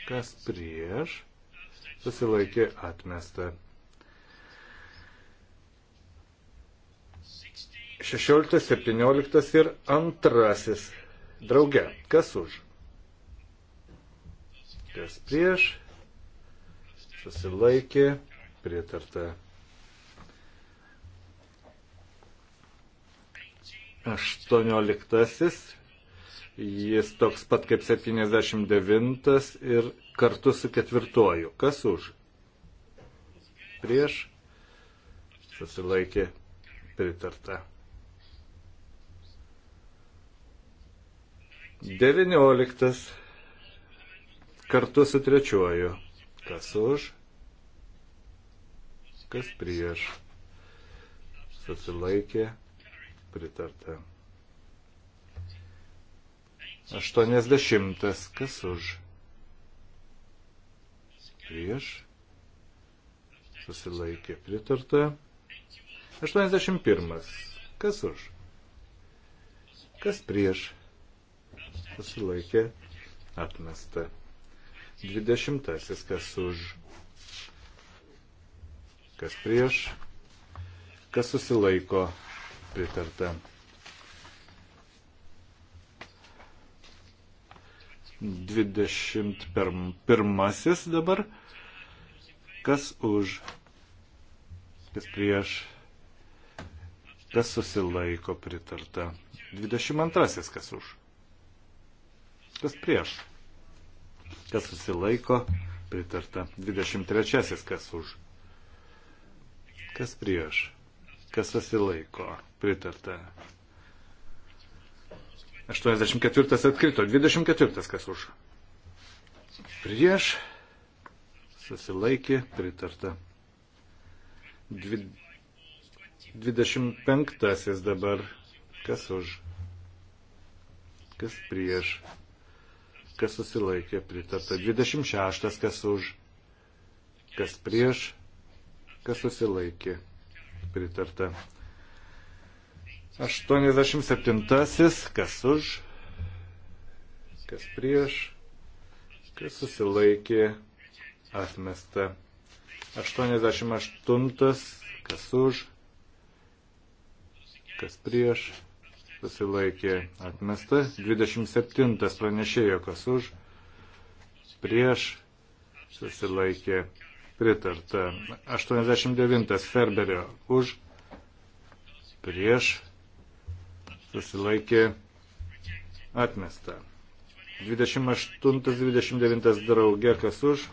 kas prieš, susilaikė atmesta. 16, 17 ir antrasis drauge, kas už, kas prieš, susilaikė pritarta. 18 Jis toks pat kaip 79 ir kartu su ketvirtoju. Kas už? Prieš susilaikė pritarta. 19 kartu su trečiuoju. Kas už? Kas prieš? Susilaikė pritarta. 80. Kas už? Prieš. Susilaikė pritarta. 81. Kas už? Kas prieš? Susilaikė atmesta. 20. Kas už? Kas prieš? Kas susilaiko pritarta. 21 dabar. Kas už, kas prieš, kas susilaiko pritarta. 22 kas už, kas prieš, kas susilaiko pritarta. 23 kas už, kas prieš, kas susilaiko pritarta. 84 atkrito, 24 kas už. Prieš susilaikė pritarta. Dvi, 25 dabar kas už. Kas prieš. Kas susilaikė pritarta. 26 kas už. Kas prieš. Kas susilaikė pritarta. 87. Kas už, kas prieš, kas susilaikė, atmesta. 88. Kas už, kas prieš, susilaikė, atmesta. 27. Pranešėjo, kas už, prieš, susilaikė, pritarta. 89. Ferberio už, prieš, susilaikė atmesta. 28-29 draugė, kas už,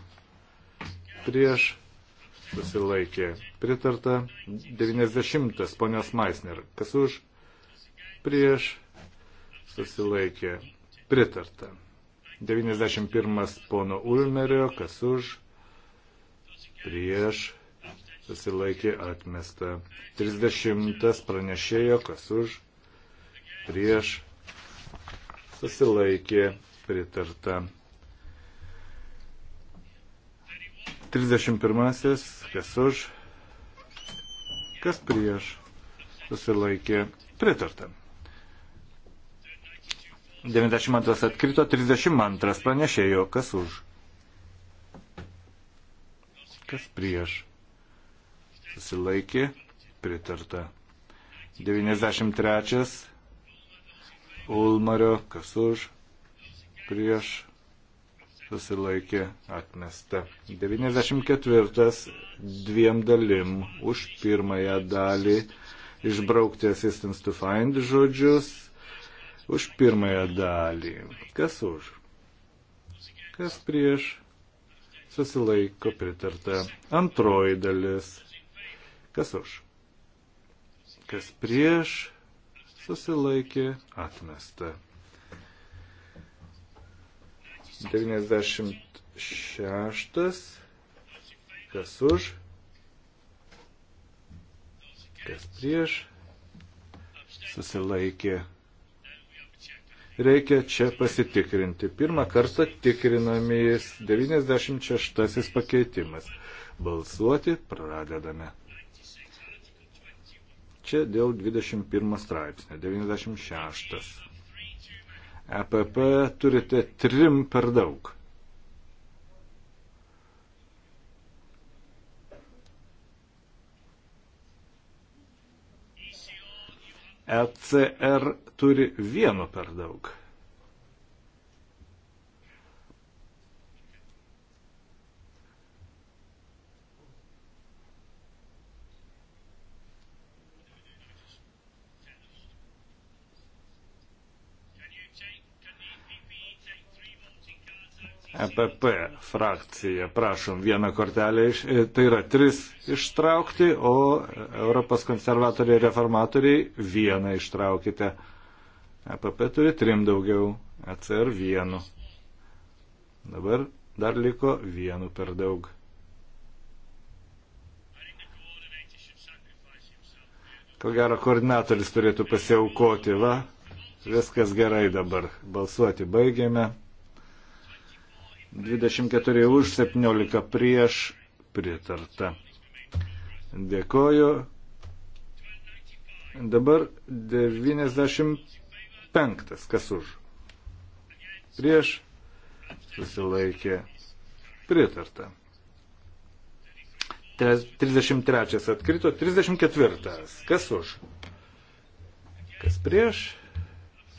prieš, susilaikė pritarta. 90 ponios Maisner, kas už, prieš, susilaikė pritarta. 91 pono Ulmerio, kas už, prieš, susilaikė atmesta. 30 pranešėjo, kas už, prieš susilaikė pritarta. 31. Kas už, kas prieš susilaikė pritarta. 92 atkrito, 32 pranešėjo, kas už, kas prieš susilaikė pritarta. 93 Ulmario, kas už, prieš, susilaikė atmesta. 94 dviem dalim už pirmąją dalį išbraukti assistance to find žodžius, už pirmąją dalį. Kas už? Kas prieš? Susilaiko pritarta. Antroji dalis. Kas už? Kas prieš? susilaikė atmesta. 96. Kas už? Kas prieš? Susilaikė. Reikia čia pasitikrinti. Pirmą kartą tikrinamis 96 pakeitimas. Balsuoti pradedame. Čia dėl 21 straipsnio, 96. EPP turite trim per daug. ECR turi vienu per daug. EPP frakcija. Prašom vieną kortelę, iš, e, tai yra tris ištraukti, o Europos konservatoriai reformatoriai vieną ištraukite. EPP turi trim daugiau, ECR vienu. Dabar dar liko vienu per daug. Ko gero, koordinatorius turėtų pasiaukoti, va. Viskas gerai dabar. Balsuoti baigėme. 24 už, 17 prieš pritarta. Dėkoju. Dabar 95. Kas už? Prieš susilaikė pritarta. 33 atkrito, 34. Kas už? Kas prieš?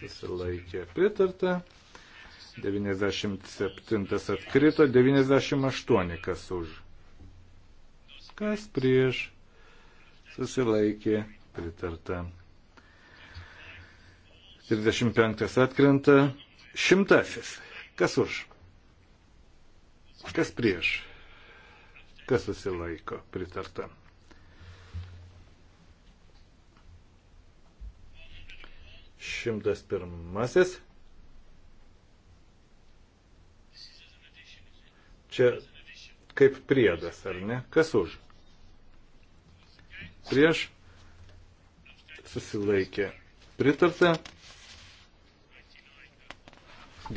Susilaikė pritarta. 97 atkrito, 98 kas už. Kas prieš susilaikė pritarta. 35 atkrenta, šimtasis. Kas už? Kas prieš? Kas susilaiko pritarta? Šimtas pirmasis. Čia kaip priedas, ar ne? Kas už? Prieš susilaikė. Pritarta.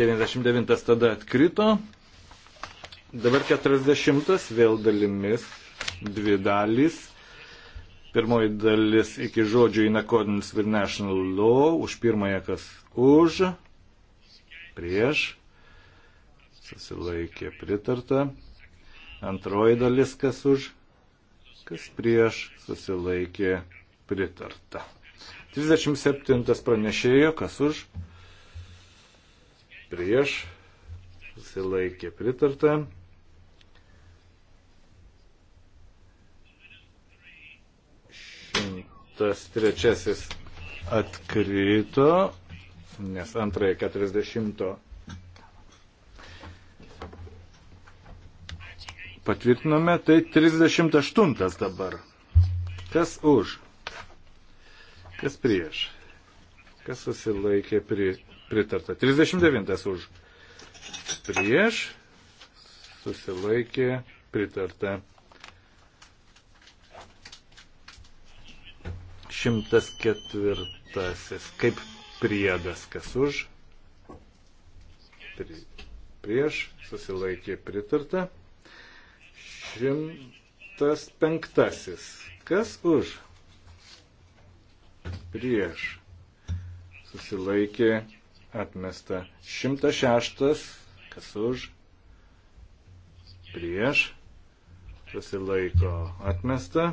99 tada atkrito. Dabar 40 vėl dalimis. Dvi dalys. Pirmoji dalis iki žodžių in accordance with national law. Už pirmąją kas už. Prieš susilaikė pritarta. Antroji dalis, kas už, kas prieš, susilaikė pritarta. 37 pranešėjo, kas už, prieš, susilaikė pritarta. Šimtas trečiasis atkrito, nes antrąją 40 patvirtinome, tai 38 dabar. Kas už? Kas prieš? Kas susilaikė pri, pritarta? 39 už. Prieš susilaikė pritarta. 104. Kaip priedas, kas už? Pri, prieš susilaikė pritarta. 105. Kas už? Prieš. Susilaikė atmesta. 106. Kas už? Prieš. Susilaiko atmesta.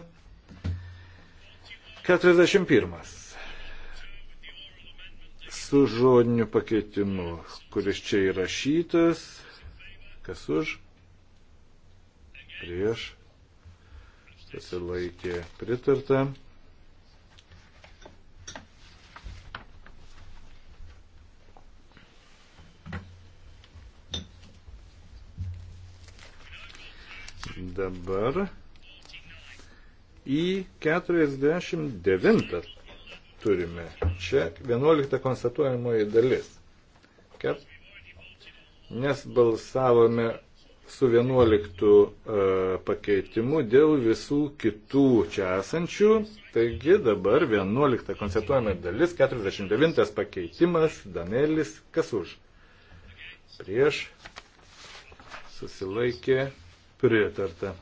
41 su žodiniu pakeitimu, kuris čia įrašytas. Kas už? prieš, susilaikė pritarta. Dabar į 49 turime. Čia 11 konstatuojamoji dalis. Nes balsavome su 11 e, pakeitimu dėl visų kitų čia esančių. Taigi dabar 11 konstatuojama dalis, 49 pakeitimas, Danelis, kas už? Prieš susilaikė pritarta.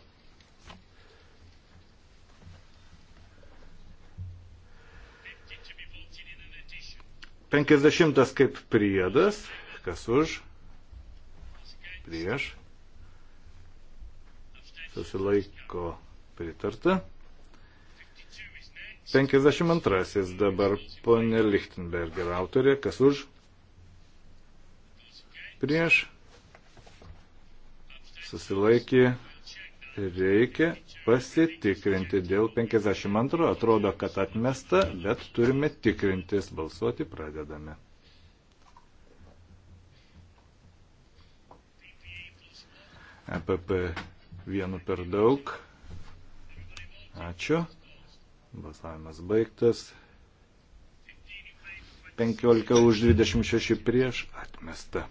Penkisdešimtas kaip priedas, kas už, prieš, susilaiko pritarta. 52 dabar ponė Lichtenberger autorė, kas už, prieš, susilaikė, reikia pasitikrinti dėl 52, atrodo, kad atmesta, bet turime tikrintis, balsuoti pradedame. EPP Vienu per daug. Ačiū. Balsavimas baigtas. 15 už 26 prieš atmesta.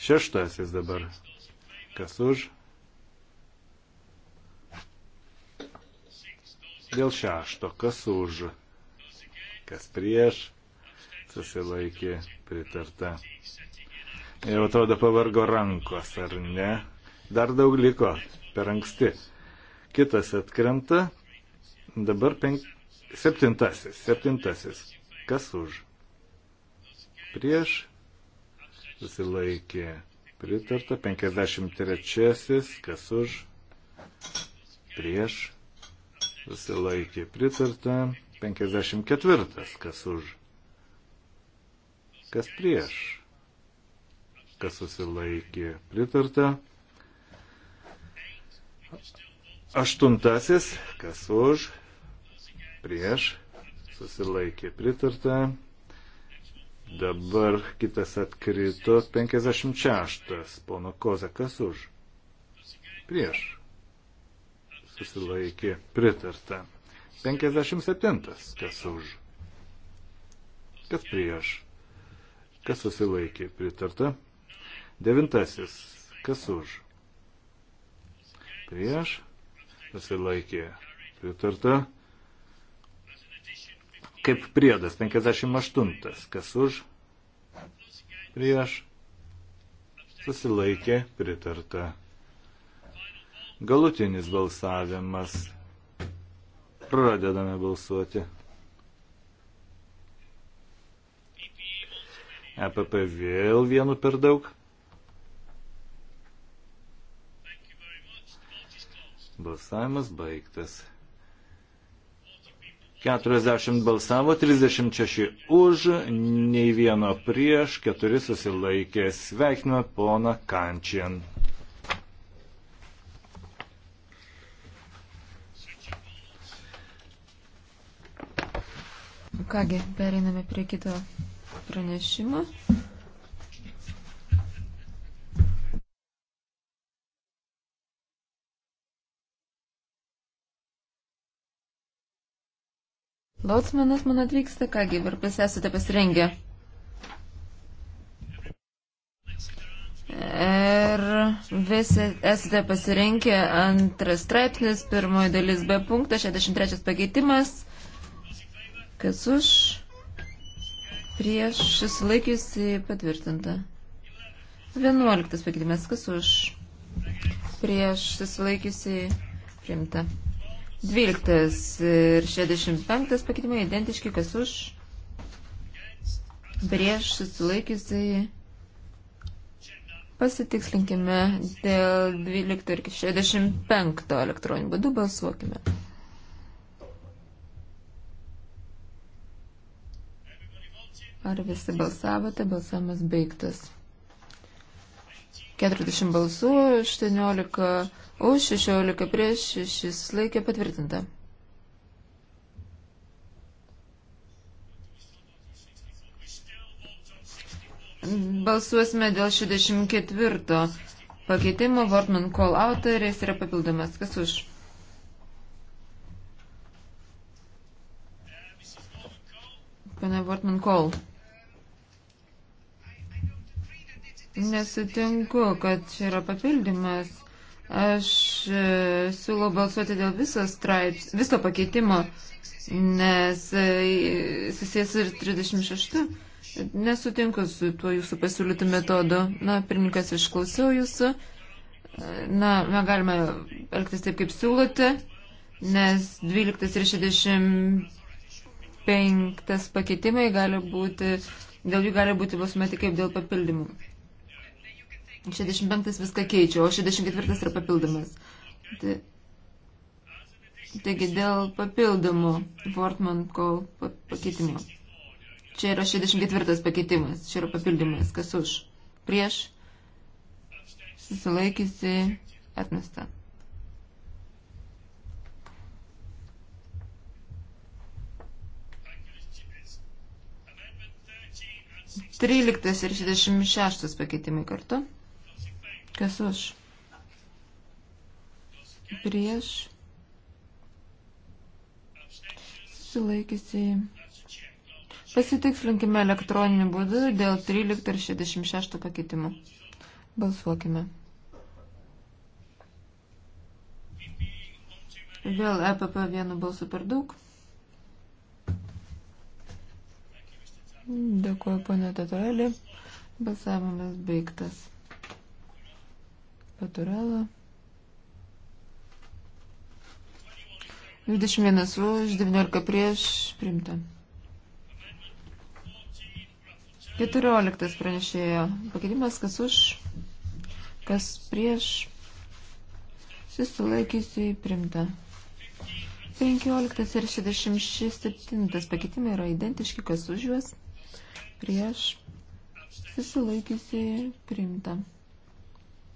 Šeštasis dabar. Kas už? Dėl šešto. Kas už? Kas prieš? Susilaikė pritarta. Jau atrodo pavargo rankos, ar ne? Dar daug liko. Per anksti. Kitas atkrenta. Dabar penk... septintasis. Septintasis. Kas už? Prieš. Susilaikė. Pritarta. 53. Kas už? Prieš. Susilaikė. Pritarta. 54. Kas už? Kas prieš? Kas susilaikė? Pritarta. Aštuntasis, kas už, prieš, susilaikė pritarta. Dabar kitas atkrito 56. Pono Kozakas už. Prieš. Susilaikė pritarta. 57. Kas už. Kas prieš. Kas susilaikė pritarta. Devintasis. Kas už prieš, susilaikė pritarta. Kaip priedas 58, kas už, prieš, susilaikė pritarta. Galutinis balsavimas. Pradedame balsuoti. EPP vėl vienu per daug. Balsavimas baigtas. 40 balsavo, 36 už, nei vieno prieš, 4 susilaikė. Sveikiname poną Kančian. Kągi, pereiname prie kito pranešimo. Lotsmanas man atvyksta, kągi, ar pas esate pasirengę? Ir visi esate pasirinkę antras straipsnis, pirmoji dalis B punktas, 63 pakeitimas. Kas už? Prieš susilaikiusi patvirtinta. 11 pakeitimas. Kas už? Prieš susilaikiusi priimta. 12 ir 65 pakeitimai identiški, kas už, prieš susilaikiusiai. Pasitikslinkime dėl 12 ir 65 elektroninių būdų balsuokime. Ar visi balsavote? Balsavimas baigtas. 40 balsų, 18 Už 16 prieš 6 laikė patvirtinta. Balsuosime dėl 64 pakeitimo. Wortman call autorės yra papildomas. Kas už? Pane Wortman call. Nesutinku, kad čia yra papildymas Aš e, siūlau balsuoti dėl viso, straips, viso pakeitimo, nes e, susijęs ir 36. Nesutinku su tuo jūsų pasiūlytų metodu. Na, pirmininkas, išklausiau jūsų. Na, mes galime elgtis taip, kaip siūlote, nes 12 ir 65 pakeitimai gali būti, dėl jų gali būti bausmė tik kaip dėl papildymų. 65 viską keičia, o 64 yra papildomas. Ta, taigi dėl papildomų Fortman kol pakeitimų. Čia yra 64 pakeitimas, čia yra papildymas, kas už. Prieš susilaikysi atmesta. Tryliktas ir šešdešimt šeštas pakeitimai kartu. Kas už? Prieš. Susilaikysi. Pasitikslinkime elektroniniu būdu dėl 13 ir 66 pakeitimų. Balsuokime. Vėl EPP vienu balsu per daug. Dėkuoju, ponė Tatorelė. Balsavimas baigtas. Paturela. 21 už, 19 prieš, primta. 14 pranešėjo pakeitimas, kas už, kas prieš, susilaikysiu įprimta. 15 ir 67 pakeitimai yra identiški, kas už juos, prieš, susilaikysiu įprimta.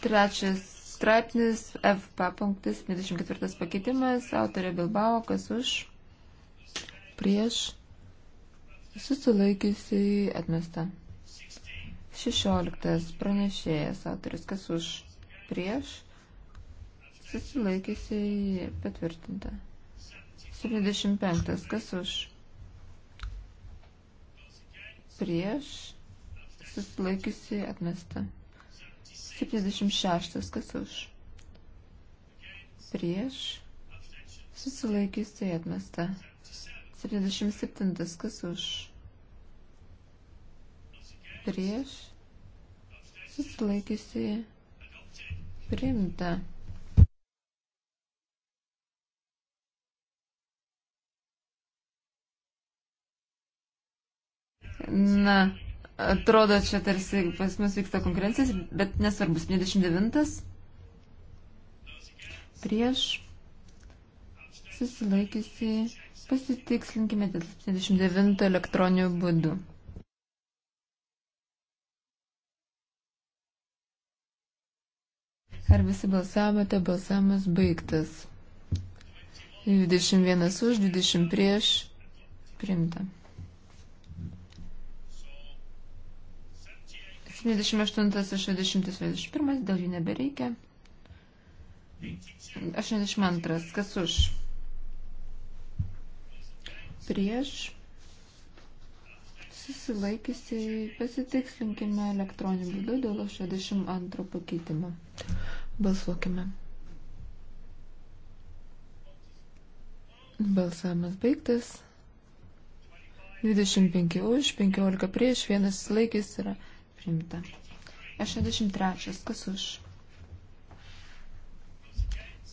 Trečias straipsnis, FP punktas, 24 pakeitimas, autorė Bilbao, kas už, prieš, susilaikiusiai atmesta. 16 pranešėjas, autoris, kas už, prieš, susilaikiusiai patvirtinta. 75, kas už, prieš, susilaikiusiai atmesta. 76. Kas už? Prieš. Susilaikysiai atmesta. 77. Kas už? Prieš. Susilaikysiai. Priimta. Na, Atrodo, čia tarsi pas mus vyksta konkurencijas, bet nesvarbu, 79 prieš susilaikiusi pasitikslinkime dėl 79 elektroninių būdų. Ar visi balsavote, balsavimas baigtas. 21 už, 20 prieš, primta. 68-61 dėl jų nebereikia. 82. Kas už? Prieš. Susilaikysiai pasitikslinkime elektroniniu būdu dėl 62 pakeitimo. Balsuokime. Balsavimas baigtas. 25 už, 15 prieš, vienas laikys yra Primta. 63. Kas už?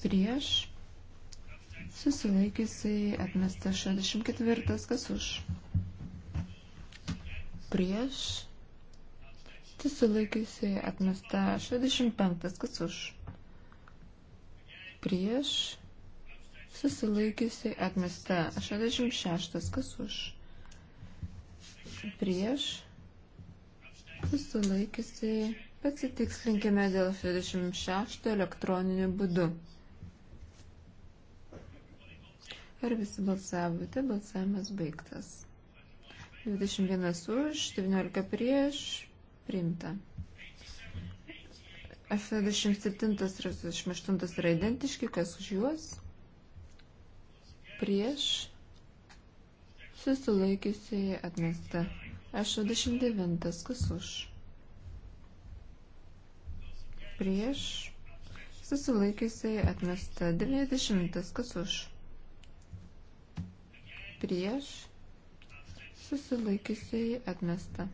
Prieš. Susilaikysiai atmesta 64. Kas už? Prieš. Susilaikysiai atmesta 65. Kas už? Prieš. Susilaikysiai atmesta 66. Kas už? Prieš Susilaikiusiai pasitikslinkime dėl 66 elektroniniu būdu. Ar visi balsavote? Balsavimas baigtas. 21 už, 19 prieš, priimta. 87 ir 88 yra identiški, kas už juos? Prieš susilaikiusiai atmesta. 69. Kas už? Prieš. Susilaikiusiai atmesta. 90. Kas už? Prieš. Susilaikiusiai atmesta.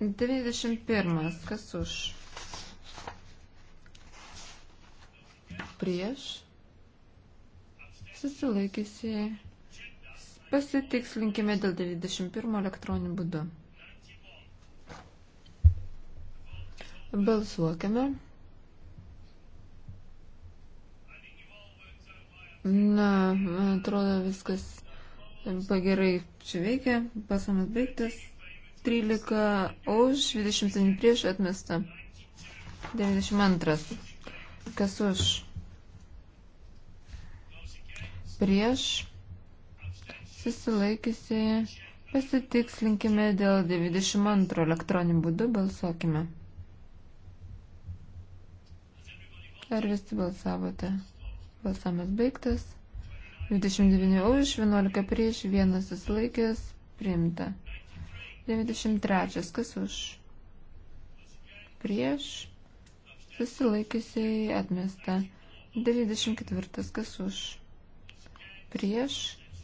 91. Kas už? Prieš. Susilaikiusiai atmesta Pasitikslinkime dėl 91 elektroninių būdų. Balsuokime. Na, atrodo viskas pagerai čia veikia. Pasamas baigtas. 13 už, 27 prieš atmesta. 92. Kas už? Prieš susilaikiusi, pasitikslinkime dėl 92 elektroninių būdų, balsuokime. Ar visi balsavote? Balsamas baigtas. 29 už, 11 prieš, 1 susilaikęs, priimta. 93. Kas už? Prieš. Susilaikiusiai atmesta. 94. Kas už? Prieš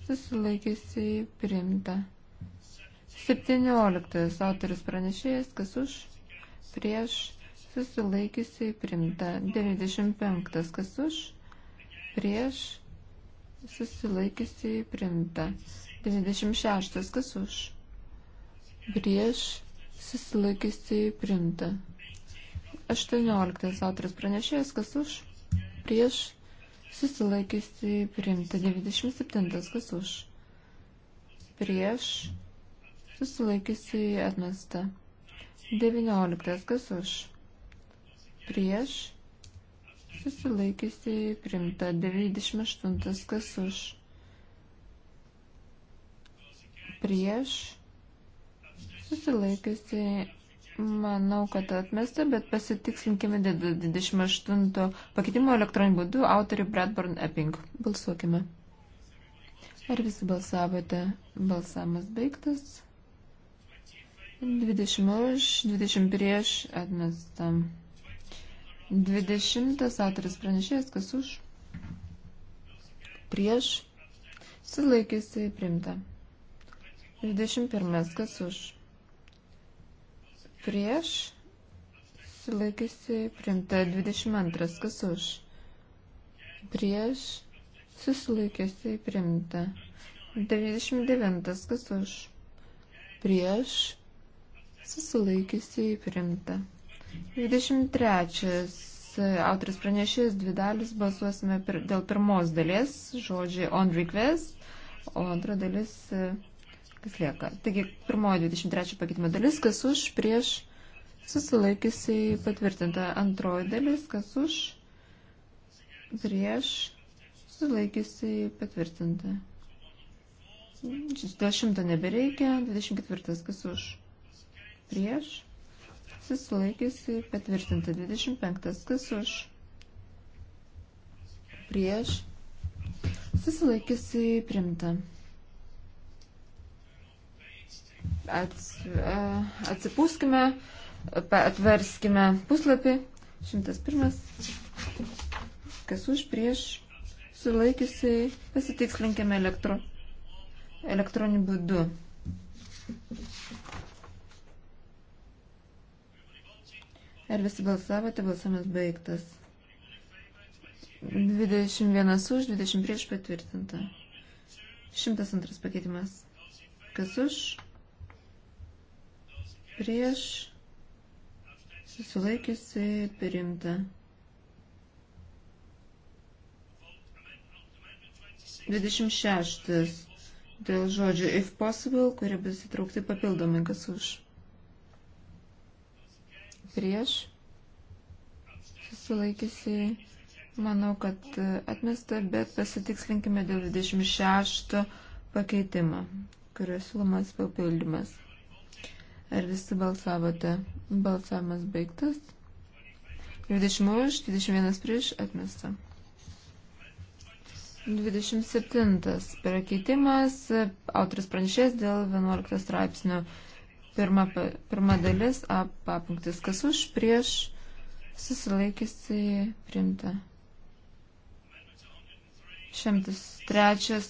susilaikiusiai priimta. 17 autorius pranešėjas, kas už, prieš, susilaikiusiai priimta. 95 kas už, prieš, susilaikiusiai priimta. 96 kas už, prieš, susilaikiusiai priimta. 18 autorius pranešėjas, kas už, prieš, susilaikiusi priimta 97, kas už, prieš, susilaikiusi atmesta 19, kas už, prieš, susilaikiusi priimta 98, kas už, prieš, susilaikiusi Manau, kad atmesta, bet pasitikslinkime 28 pakeitimo elektroniniu būdu autorių Bradburn Epping. Balsuokime. Ar visi balsavote? Balsavimas baigtas. 20 už, 20 prieš atmesta. 20 autoris pranešėjas, kas už? Prieš. Sulaikysiai primta. 21 kas už? prieš, susilaikysi priimta 22, kas už, prieš, susilaikysi priimta 99, kas už, prieš, susilaikysi priimta 23. Autoris pranešėjas dvi dalis balsuosime pir, dėl pirmos dalies, žodžiai on request, o antra dalis uh, jis lieka. Taigi, pirmoji 23 pakeitimo dalis, kas už, prieš, susilaikysiai patvirtinta. Antroji dalis, kas už, prieš, susilaikysiai patvirtinta. Dėl šimto nebereikia, 24 kas už, prieš, susilaikysiai patvirtinta. 25 kas už, prieš, susilaikysiai primta. E, atsipūskime, atverskime puslapį. 101. Kas už prieš sulaikiusiai pasitikslinkime elektro, elektroniniu būdu. Ar visi balsavote, balsamas baigtas. 21 už, 20 prieš patvirtinta. 102 pakeitimas. Kas už? prieš susilaikiusi priimta. 26. Dėl žodžio if possible, kurie bus įtraukti papildomai, kas už. Prieš susilaikiusi, manau, kad atmesta, bet pasitikslinkime dėl 26 pakeitimo, kurio siūlomas papildymas. Ar visi balsavote? Balsavimas baigtas. 20 už, 21 prieš atmesta. 27. Prakeitimas. Autoris pranešės dėl 11 straipsnio. Pirma, pirma dalis, A papunktis, kas už, prieš, susilaikysi, primta. 103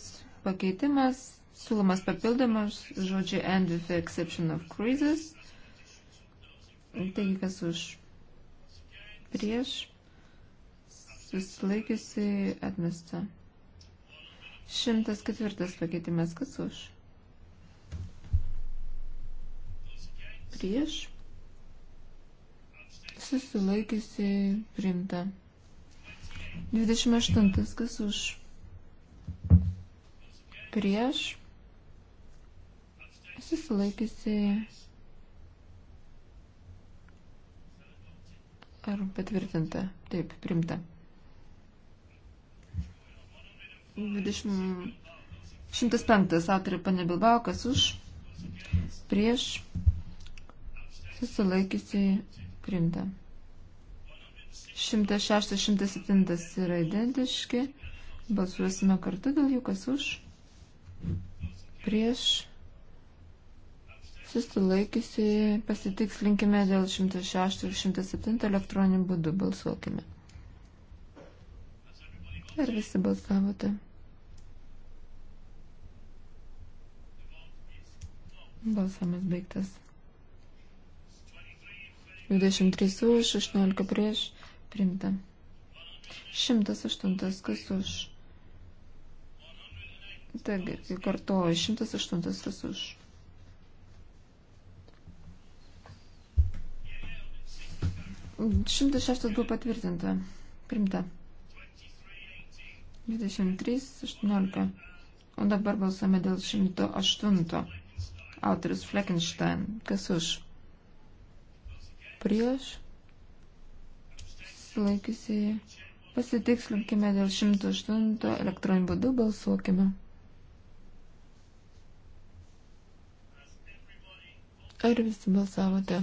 pakeitimas, siūlomas papildomas žodžiu and with the exception of cruises. Taigi, kas už prieš susilaikiusi atmesta. 104 pakeitimas, kas už prieš susilaikiusi primta. 28 kas už prieš susilaikiusiai ar patvirtinta, taip, primta. 20... 105 autorė panė Bilbao, kas už, prieš, susilaikiusiai primta. 106-107 yra identiški. Balsuosime kartu dėl jų, kas už, prieš, susilaikiusi, pasitikslinkime dėl 106 ir 107 elektroninių būdų, balsuokime. Ar visi balsavote? Balsamas baigtas. 23 už, 16 prieš, primta. 108 kas už. Taigi, kartuoju, 108 kas už. 106 buvo patvirtinta. Primta. 23.18. O dabar balsuojame dėl 108. Autoris Fleckenstein. Kas už? Prieš. Sulaikysiai. Pasitikslinkime dėl 108 elektroninių būdų balsuokime. Ar visi balsavote?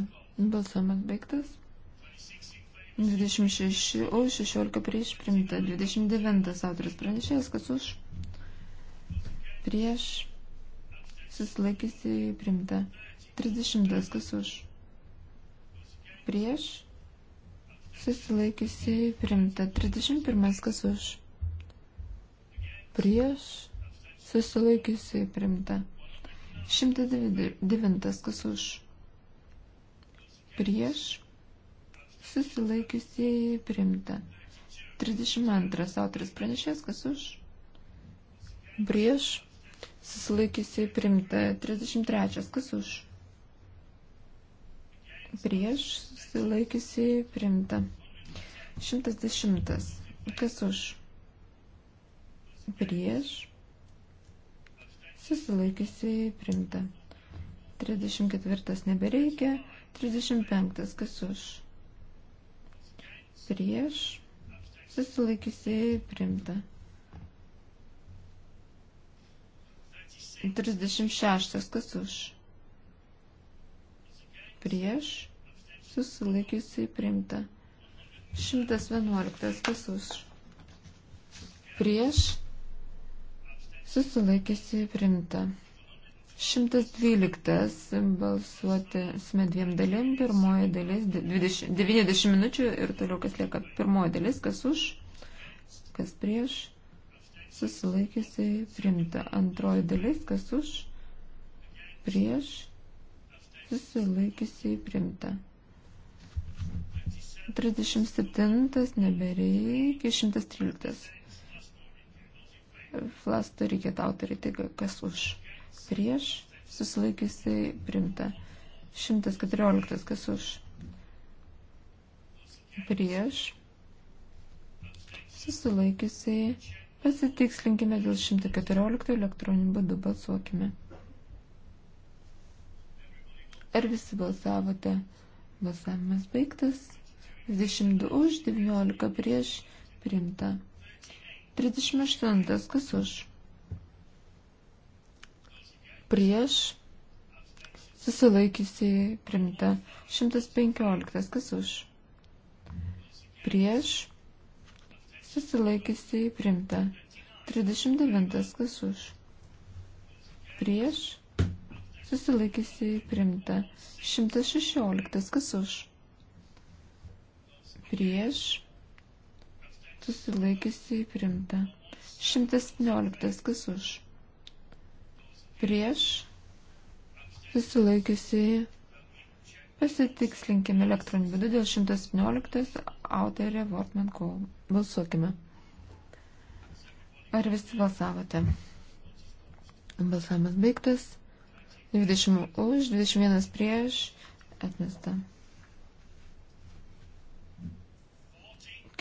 Balsavimas baigtas. 26 už, 16 prieš primta. 29 autoris pranešėjas, kas už prieš susilaikysi primta. 30 kas už prieš susilaikysi primta. 31 kas už prieš susilaikysi primta. 109 kas už prieš susilaikiusieji primta. 32 autoris pranešės, kas už, prieš, susilaikiusiai primta 33. Kas už? Prieš susilaikiusiai primta 110. Kas už? Prieš susilaikiusiai primta 34. Nebereikia 35. Kas už? prieš, susilaikysiai primta. 36. Kas už? Prieš, susilaikysiai primta. 111. Kas už? Prieš, susilaikysiai primta. 112 balsuoti sme dviem dalim, pirmoji dalis 20, 90 minučių ir toliau kas lieka. Pirmoji dalis, kas už, kas prieš, susilaikiusiai primta. Antroji dalis, kas už, prieš, susilaikiusiai primta. 37 nebereikia, 113. Flasto reikėtų autoriai, taigi kas už prieš, susilaikiusiai primta. 114, kas už, prieš, susilaikiusiai. Pasitikslinkime dėl 114 elektroninių būdų balsuokime. Ar visi balsavote? Balsavimas baigtas. 22 už, 19 prieš, primta. 38. Kas už? prieš susilaikiusi primta 115, kas už, prieš susilaikiusi primta 39, kas už, prieš susilaikiusi primta 116, kas už, prieš susilaikiusi primta 117, kas už prieš susilaikiusi pasitikslinkime elektroniniu būdu dėl 117 autorė Wortman Kohl. Balsuokime. Ar visi balsavote? Balsavimas baigtas. 20 už, 21 prieš, atmesta.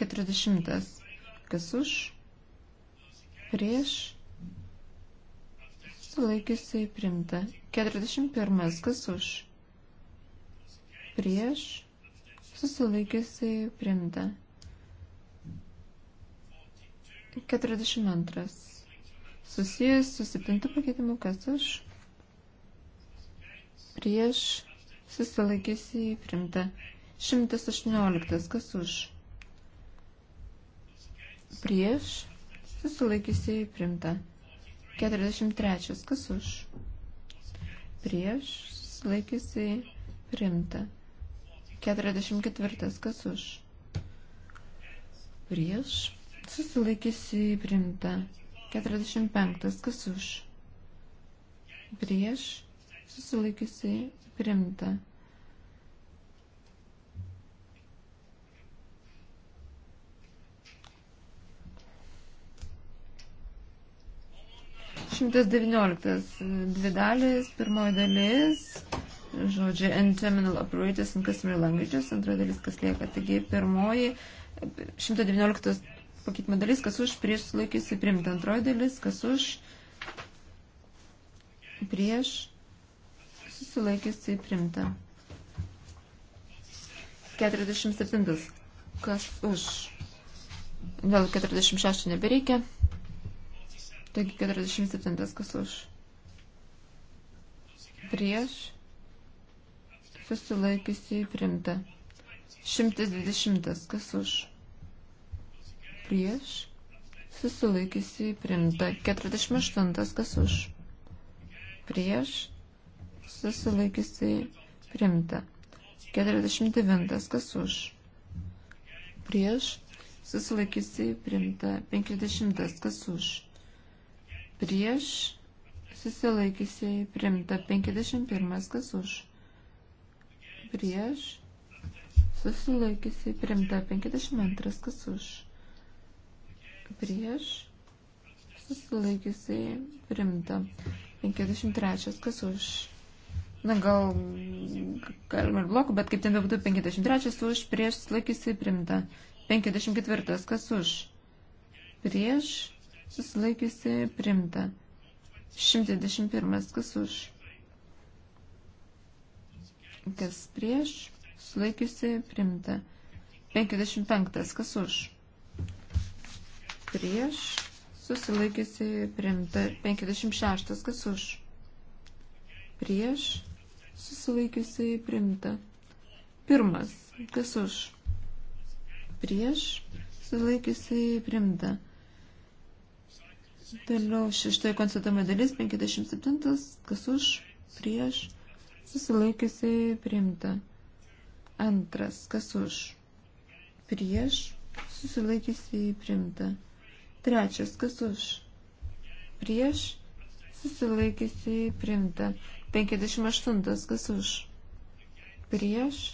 40. Kas už? Prieš Sulaikysiai primta. 41. Kas už? Prieš. Susilaikysiai primta. 42. Susijęs su septintu pakeitimu, kas už? Prieš. Susilaikysiai primta. 118. Kas už? Prieš. Susilaikysiai primta. 43. Kas už? Prieš laikysi primta. 44. Kas už? Prieš susilaikysi primta. 45. Kas už? Prieš susilaikysi primta. 119. Dvi dalis. Pirmoji dalis. Žodžiai and terminal operators and customer languages. Antra dalis, kas lieka. Taigi pirmoji 119 pakeitimo dalis, kas už prieš sulaikysi priimti. Antroji dalis, kas už prieš susilaikysi priimti. 47. Kas už? Vėl 46 nebereikia. Taigi 47 kas už. Prieš. Susilaikysi primta. 120 kas už. Prieš. Susilaikysi primta. 48 kas už. Prieš. Susilaikysi primta. 49 kas už. Prieš. Susilaikysi primta. 50 kas už prieš susilaikysiai primta 51 kas už prieš susilaikysiai primta 52 kas už prieš susilaikysiai primta 53 kas už Na gal galima ir blokų, bet kaip ten bebūtų 53 už, prieš susilaikysiai primta 54 kas už prieš susilaikiusi primta. 121. Kas už? Kas prieš? Sulaikiusi primta. 55. Kas už? Prieš? Susilaikiusi primta. 56. Kas už? Prieš? Susilaikiusi primta. Pirmas. Kas už? Prieš? Susilaikiusi primta. Toliau šeštoji konstatuojama dalis, 57, kas už, prieš, susilaikiusiai priimta. Antras, kas už, prieš, susilaikiusiai priimta. Trečias, kas už, prieš, susilaikiusiai priimta. 58, kas už, prieš,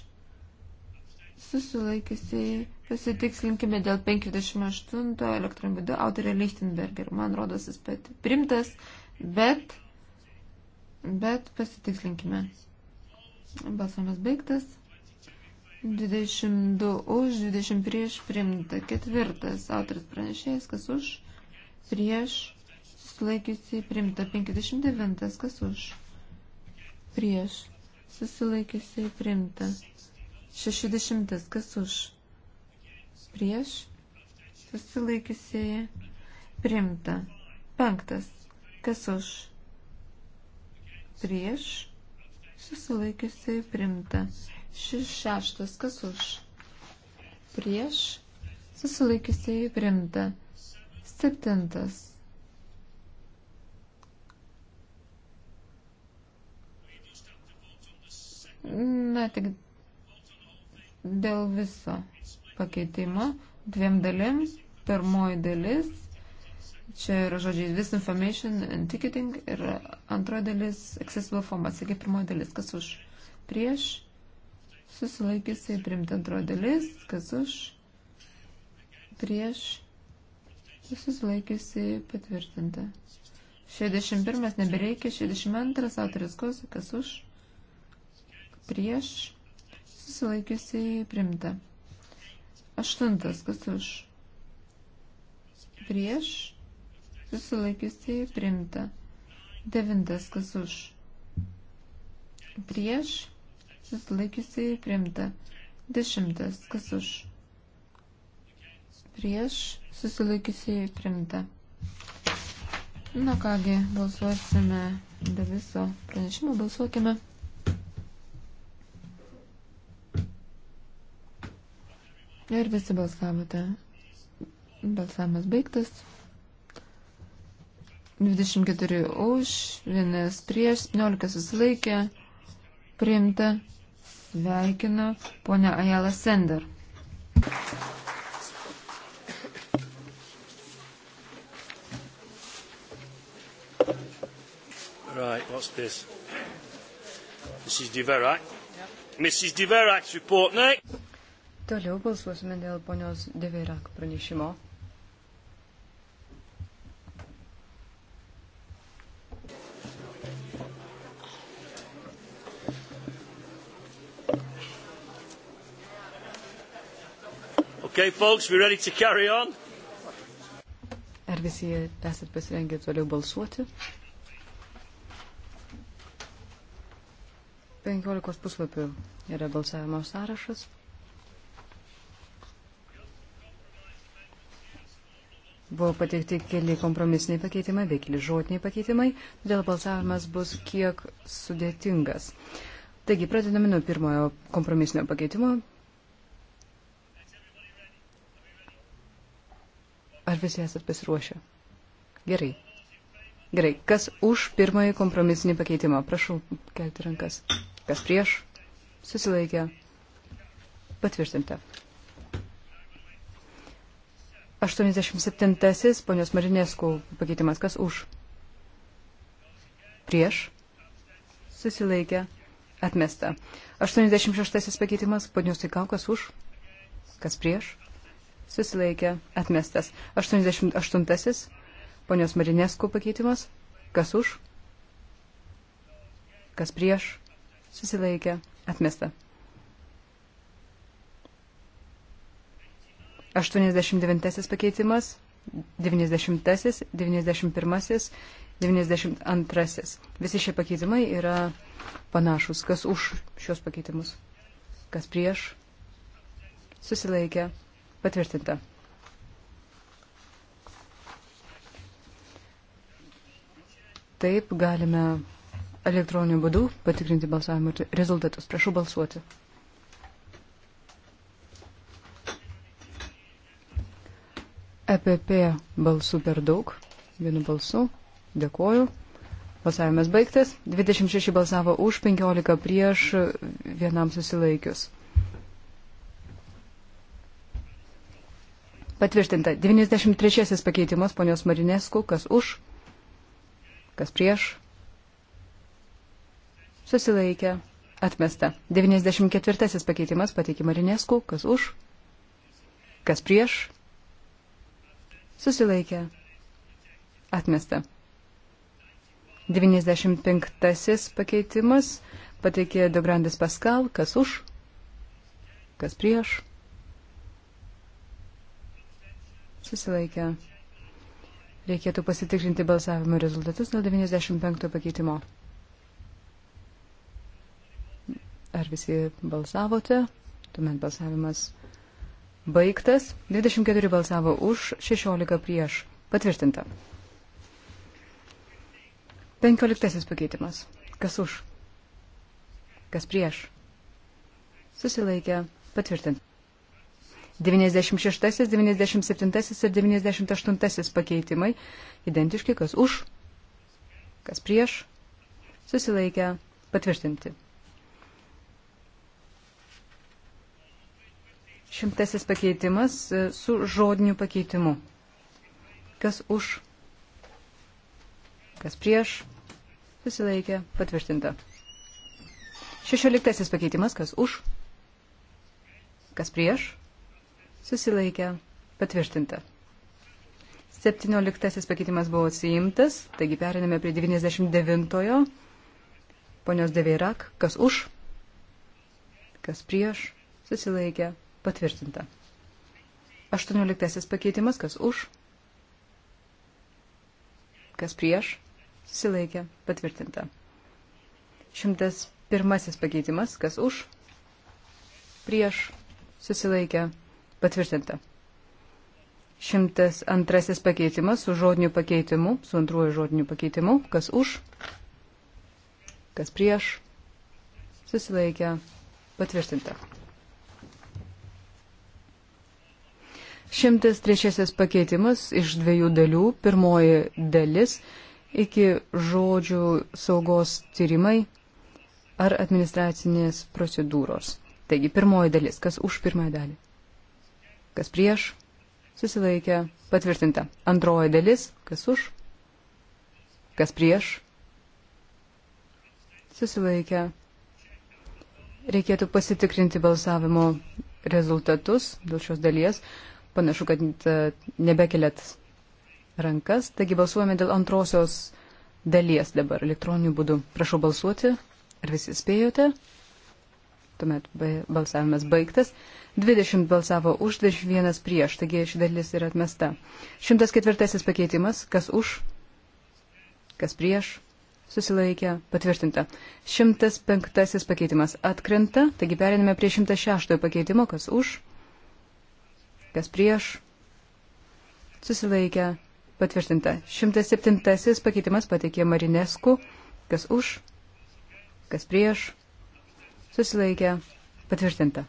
susilaikiusiai Pasitikslinkime dėl 58 elektroninių būdų autorė Lichtenberger. Man rodos, jis pat primtas, bet, bet pasitikslinkime. Balsavimas baigtas. 22 už, 20 prieš primta. Ketvirtas autoris pranešėjas, kas už, prieš, susilaikiusi primta. 59, kas už, prieš, susilaikiusi primta. 60, kas už prieš susilaikiusieji primta. Penktas, kas už prieš susilaikiusieji primta. Šis šeštas, kas už prieš susilaikiusieji primta. Septintas. Na, tik dėl viso pakeitimą dviem dalims. Pirmoji dalis, čia yra žodžiai this information and ticketing ir antroji dalis accessible format. Sakai, pirmoji dalis, kas už prieš, susilaikysiai primti antroji dalis, kas už prieš, susilaikysiai patvirtinta. 61 nebereikia, 62 autorius kosi, kas už prieš, susilaikysiai primta. Aštuntas, kas už? Prieš susilaikiusiai primta. Devintas, kas už? Prieš susilaikiusiai primta. Dešimtas, kas už? Prieš susilaikiusiai primta. Na kągi, balsuosime be viso pranešimo, balsuokime. Ir visi balsavote. Balsavimas baigtas. 24 už, vienas prieš, 17 susilaikė. Priimta. Sveikinu ponę Ajalą Sender. Right, what's this? Mrs. De Verac. Yep. Mrs. De Verac's report next. Toliau balsuosime dėl ponios Deverak pranešimo. Okay, folks, we ready to carry on? Ar visi esat pasirengę toliau balsuoti? 15 puslapių yra balsavimo sąrašas. Buvo pateikti keli kompromisiniai pakeitimai, bei keli žodiniai pakeitimai, todėl balsavimas bus kiek sudėtingas. Taigi, pradedame nuo pirmojo kompromisinio pakeitimo. Ar visi esat pasiruošę? Gerai. Gerai, kas už pirmąjį kompromisinį pakeitimą? Prašau kelti rankas. Kas prieš? Susilaikė. Patvirtinta. 87. ponios Marinėskų pakeitimas. Kas už? Prieš. Susilaikė. Atmesta. 86. pakeitimas. Ponios Tikau. Kas už? Kas prieš? Susilaikė. Atmestas. 88. Ponios Marinėskų pakeitimas. Kas už? Kas prieš? Susilaikė. Atmesta. 89 pakeitimas, 90, 91, 92. Visi šie pakeitimai yra panašus. Kas už šios pakeitimus? Kas prieš? Susilaikė. Patvirtinta. Taip galime elektroniniu būdu patikrinti balsavimo rezultatus. Prašau balsuoti. EPP balsų per daug, vienu balsu, dėkoju. Balsavimas baigtas, 26 balsavo už, 15 prieš, vienam susilaikius. Patvirtinta, 93 pakeitimas ponios Marinesku, kas už, kas prieš, susilaikė, atmesta. 94 pakeitimas pateikė Marinesku, kas už, kas prieš, Susilaikė. Atmesta. 95 pakeitimas pateikė Dograndis Paskal, kas už, kas prieš. Susilaikė. Reikėtų pasitikrinti balsavimo rezultatus dėl 95 pakeitimo. Ar visi balsavote? Tuomet balsavimas baigtas. 24 balsavo už, 16 prieš. Patvirtinta. 15 pakeitimas. Kas už? Kas prieš? Susilaikė. Patvirtinta. 96, 97 ir 98 pakeitimai. Identiški, kas už, kas prieš, susilaikė, patvirtinti. Šimtasis pakeitimas e, su žodiniu pakeitimu. Kas už, kas prieš, susilaikė, patvirtinta. Šešioliktasis pakeitimas, kas už, kas prieš, susilaikė, patvirtinta. Septynioliktasis pakeitimas buvo atsiimtas, taigi periname prie 99-ojo. Ponios Deveirak, kas už, kas prieš, susilaikė, Patvirtinta. 18 pakeitimas, kas už, kas prieš, susilaikė, patvirtinta. 101 pakeitimas, kas už, prieš, susilaikė, patvirtinta. 102 pakeitimas su žodiniu pakeitimu, su antruoju žodiniu pakeitimu, kas už, kas prieš, susilaikė, patvirtinta. 103 pakeitimas iš dviejų dalių. Pirmoji dalis iki žodžių saugos tyrimai ar administracinės procedūros. Taigi, pirmoji dalis. Kas už pirmąją dalį? Kas prieš? Susilaikė. Patvirtinta. Antroji dalis. Kas už? Kas prieš? Susilaikė. Reikėtų pasitikrinti balsavimo rezultatus dėl šios dalies. Panašu, kad e, nebekelėt rankas. Taigi balsuojame dėl antrosios dalies dabar elektroniniu būdu. Prašau balsuoti. Ar visi spėjote? Tuomet balsavimas baigtas. 20 balsavo už, 21 prieš, taigi ši dalis yra atmesta. 104 pakeitimas, kas už, kas prieš, susilaikė, patvirtinta. 105 pakeitimas atkrenta, taigi periname prie 106 pakeitimo, kas už, kas prieš, susilaikė, patvirtinta. 107 pakeitimas pateikė Marinesku, kas už, kas prieš, susilaikė, patvirtinta.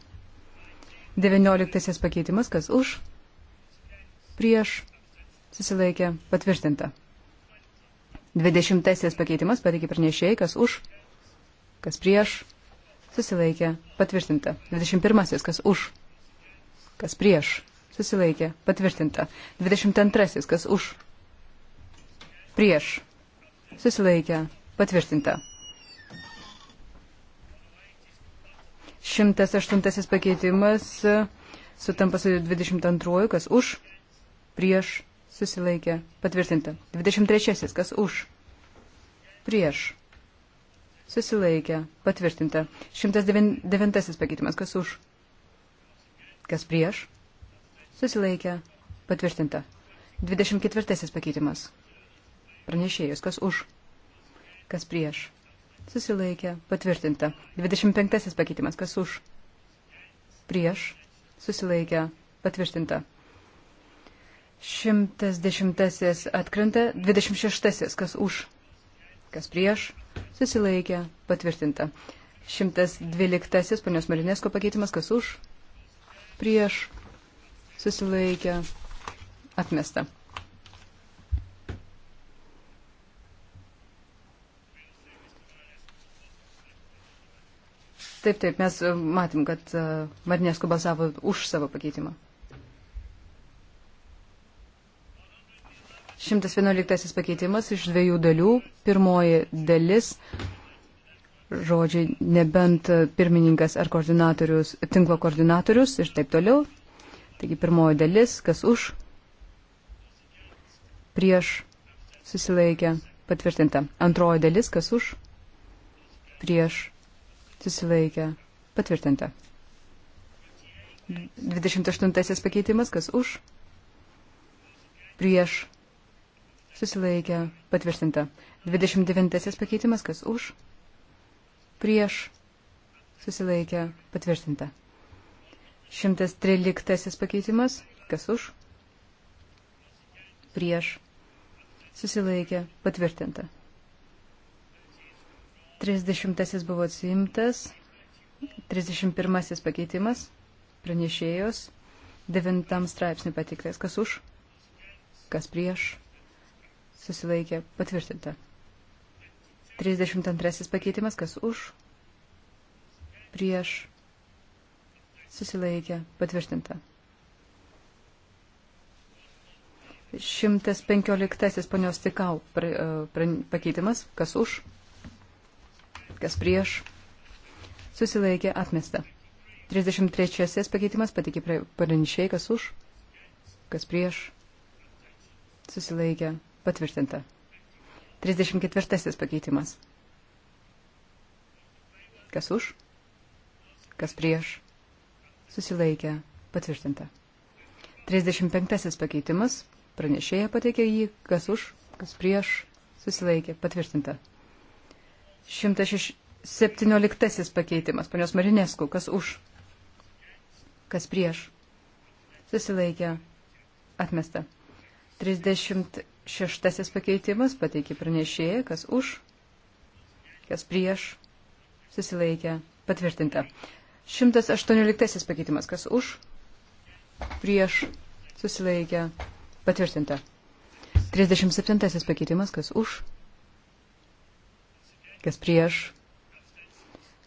19 pakeitimas, kas už, prieš, susilaikė, patvirtinta. 20 pakeitimas pateikė pranešėjai, kas už, kas prieš, susilaikė, patvirtinta. 21 kas už, kas prieš, Susilaikė. Patvirtinta. 22. Kas už? Prieš. Susilaikė. Patvirtinta. 108 pakeitimas e, sutampa su 22. Kas už? Prieš. Susilaikė. Patvirtinta. 23. Kas už? Prieš. Susilaikė. Patvirtinta. 109 pakeitimas. Kas už? Kas prieš? Susilaikė. Patvirtinta. 24 pakeitimas. Pranešėjus, kas už, kas prieš. Susilaikė. Patvirtinta. 25 pakeitimas, kas už, prieš. Susilaikė. Patvirtinta. 110 atkrenta. 26 kas už, kas prieš. Susilaikė. Patvirtinta. 112 ponios Marinesko pakeitimas, kas už, prieš susilaikė, atmesta. Taip, taip, mes e, matėm, kad e, Marinesko balsavo už savo pakeitimą. 111 pakeitimas iš dviejų dalių. Pirmoji dalis žodžiai nebent pirmininkas ar koordinatorius, tinklo koordinatorius ir taip toliau. Taigi pirmoji dalis, kas už, prieš, susilaikė, patvirtinta. Antroji dalis, kas už, prieš, susilaikė, patvirtinta. 28 pakeitimas, kas už, prieš, susilaikė, patvirtinta. 29 pakeitimas, kas už, prieš, susilaikė, patvirtinta. 113 pakeitimas. Kas už? Prieš. Susilaikė. Patvirtinta. 30 buvo atsiimtas. 31 pakeitimas. Pranešėjos. 9 straipsnių patiktas. Kas už? Kas prieš? Susilaikė. Patvirtinta. 32 pakeitimas. Kas už? Prieš susilaikė, patvirtinta. 115 ponios tikau e, pakeitimas, kas už, kas prieš, susilaikė, atmesta. 33 pakeitimas patikė pranešėjai, kas už, kas prieš, susilaikė, patvirtinta. 34 pakeitimas. Kas už, kas prieš, susilaikė, patvirtinta. 35 pakeitimas, pranešėja pateikė jį, kas už, kas prieš, susilaikė, patvirtinta. 117 pakeitimas, panios Marinesku, kas už, kas prieš, susilaikė, atmesta. 36 pakeitimas, pateikė pranešėja, kas už, kas prieš, susilaikė, patvirtinta. 118 pakeitimas. Kas už? Prieš. Susilaikė. Patvirtinta. 37 pakeitimas. Kas už? Kas prieš?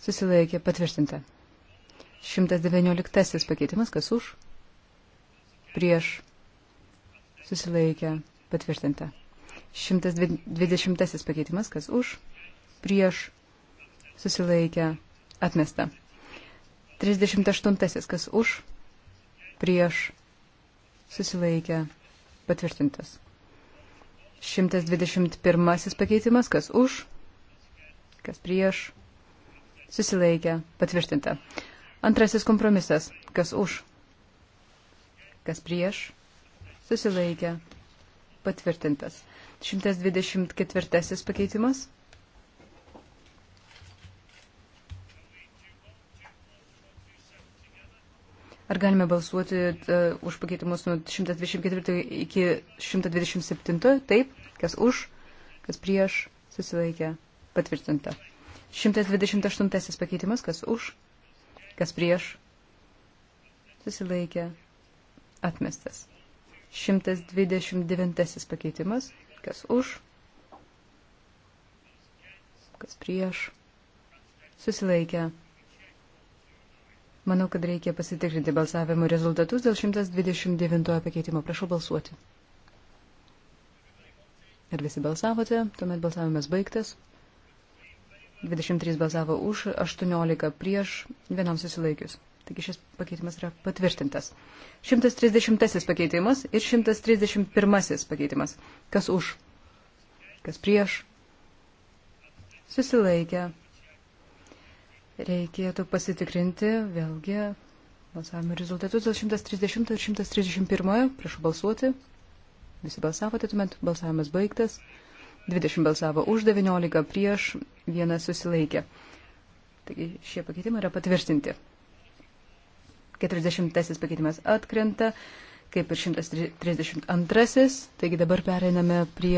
Susilaikė. Patvirtinta. 119 pakeitimas. Kas už? Prieš. Susilaikė. Patvirtinta. 120 pakeitimas. Kas už? Prieš. Susilaikė. Atmesta. 38. Kas už, prieš, susilaikė, patvirtintas. 121 pakeitimas, kas už, kas prieš, susilaikė, patvirtinta. Antrasis kompromisas, kas už, kas prieš, susilaikė, patvirtintas. 124 pakeitimas, Ar galime balsuoti uh, už pakeitimus nuo 124 iki 127? Taip. Kas už, kas prieš, susilaikė. Patvirtinta. 128 pakeitimas, kas už, kas prieš, susilaikė. Atmestas. 129 pakeitimas, kas už, kas prieš, susilaikė. Manau, kad reikia pasitikrinti balsavimo rezultatus dėl 129 pakeitimo. Prašau balsuoti. Ar visi balsavote? Tuomet balsavimas baigtas. 23 balsavo už, 18 prieš, vienam susilaikius. Taigi šis pakeitimas yra patvirtintas. 130 pakeitimas ir 131 pakeitimas. Kas už? Kas prieš? Susilaikę reikėtų pasitikrinti vėlgi balsavimo rezultatus dėl 130 ir 131. Prašau balsuoti. Visi balsavote, tuomet balsavimas baigtas. 20 balsavo už, 19 prieš, vienas susilaikė. Taigi šie pakeitimai yra patvirtinti. 40 pakeitimas atkrenta, kaip ir 132. Taigi dabar pereiname prie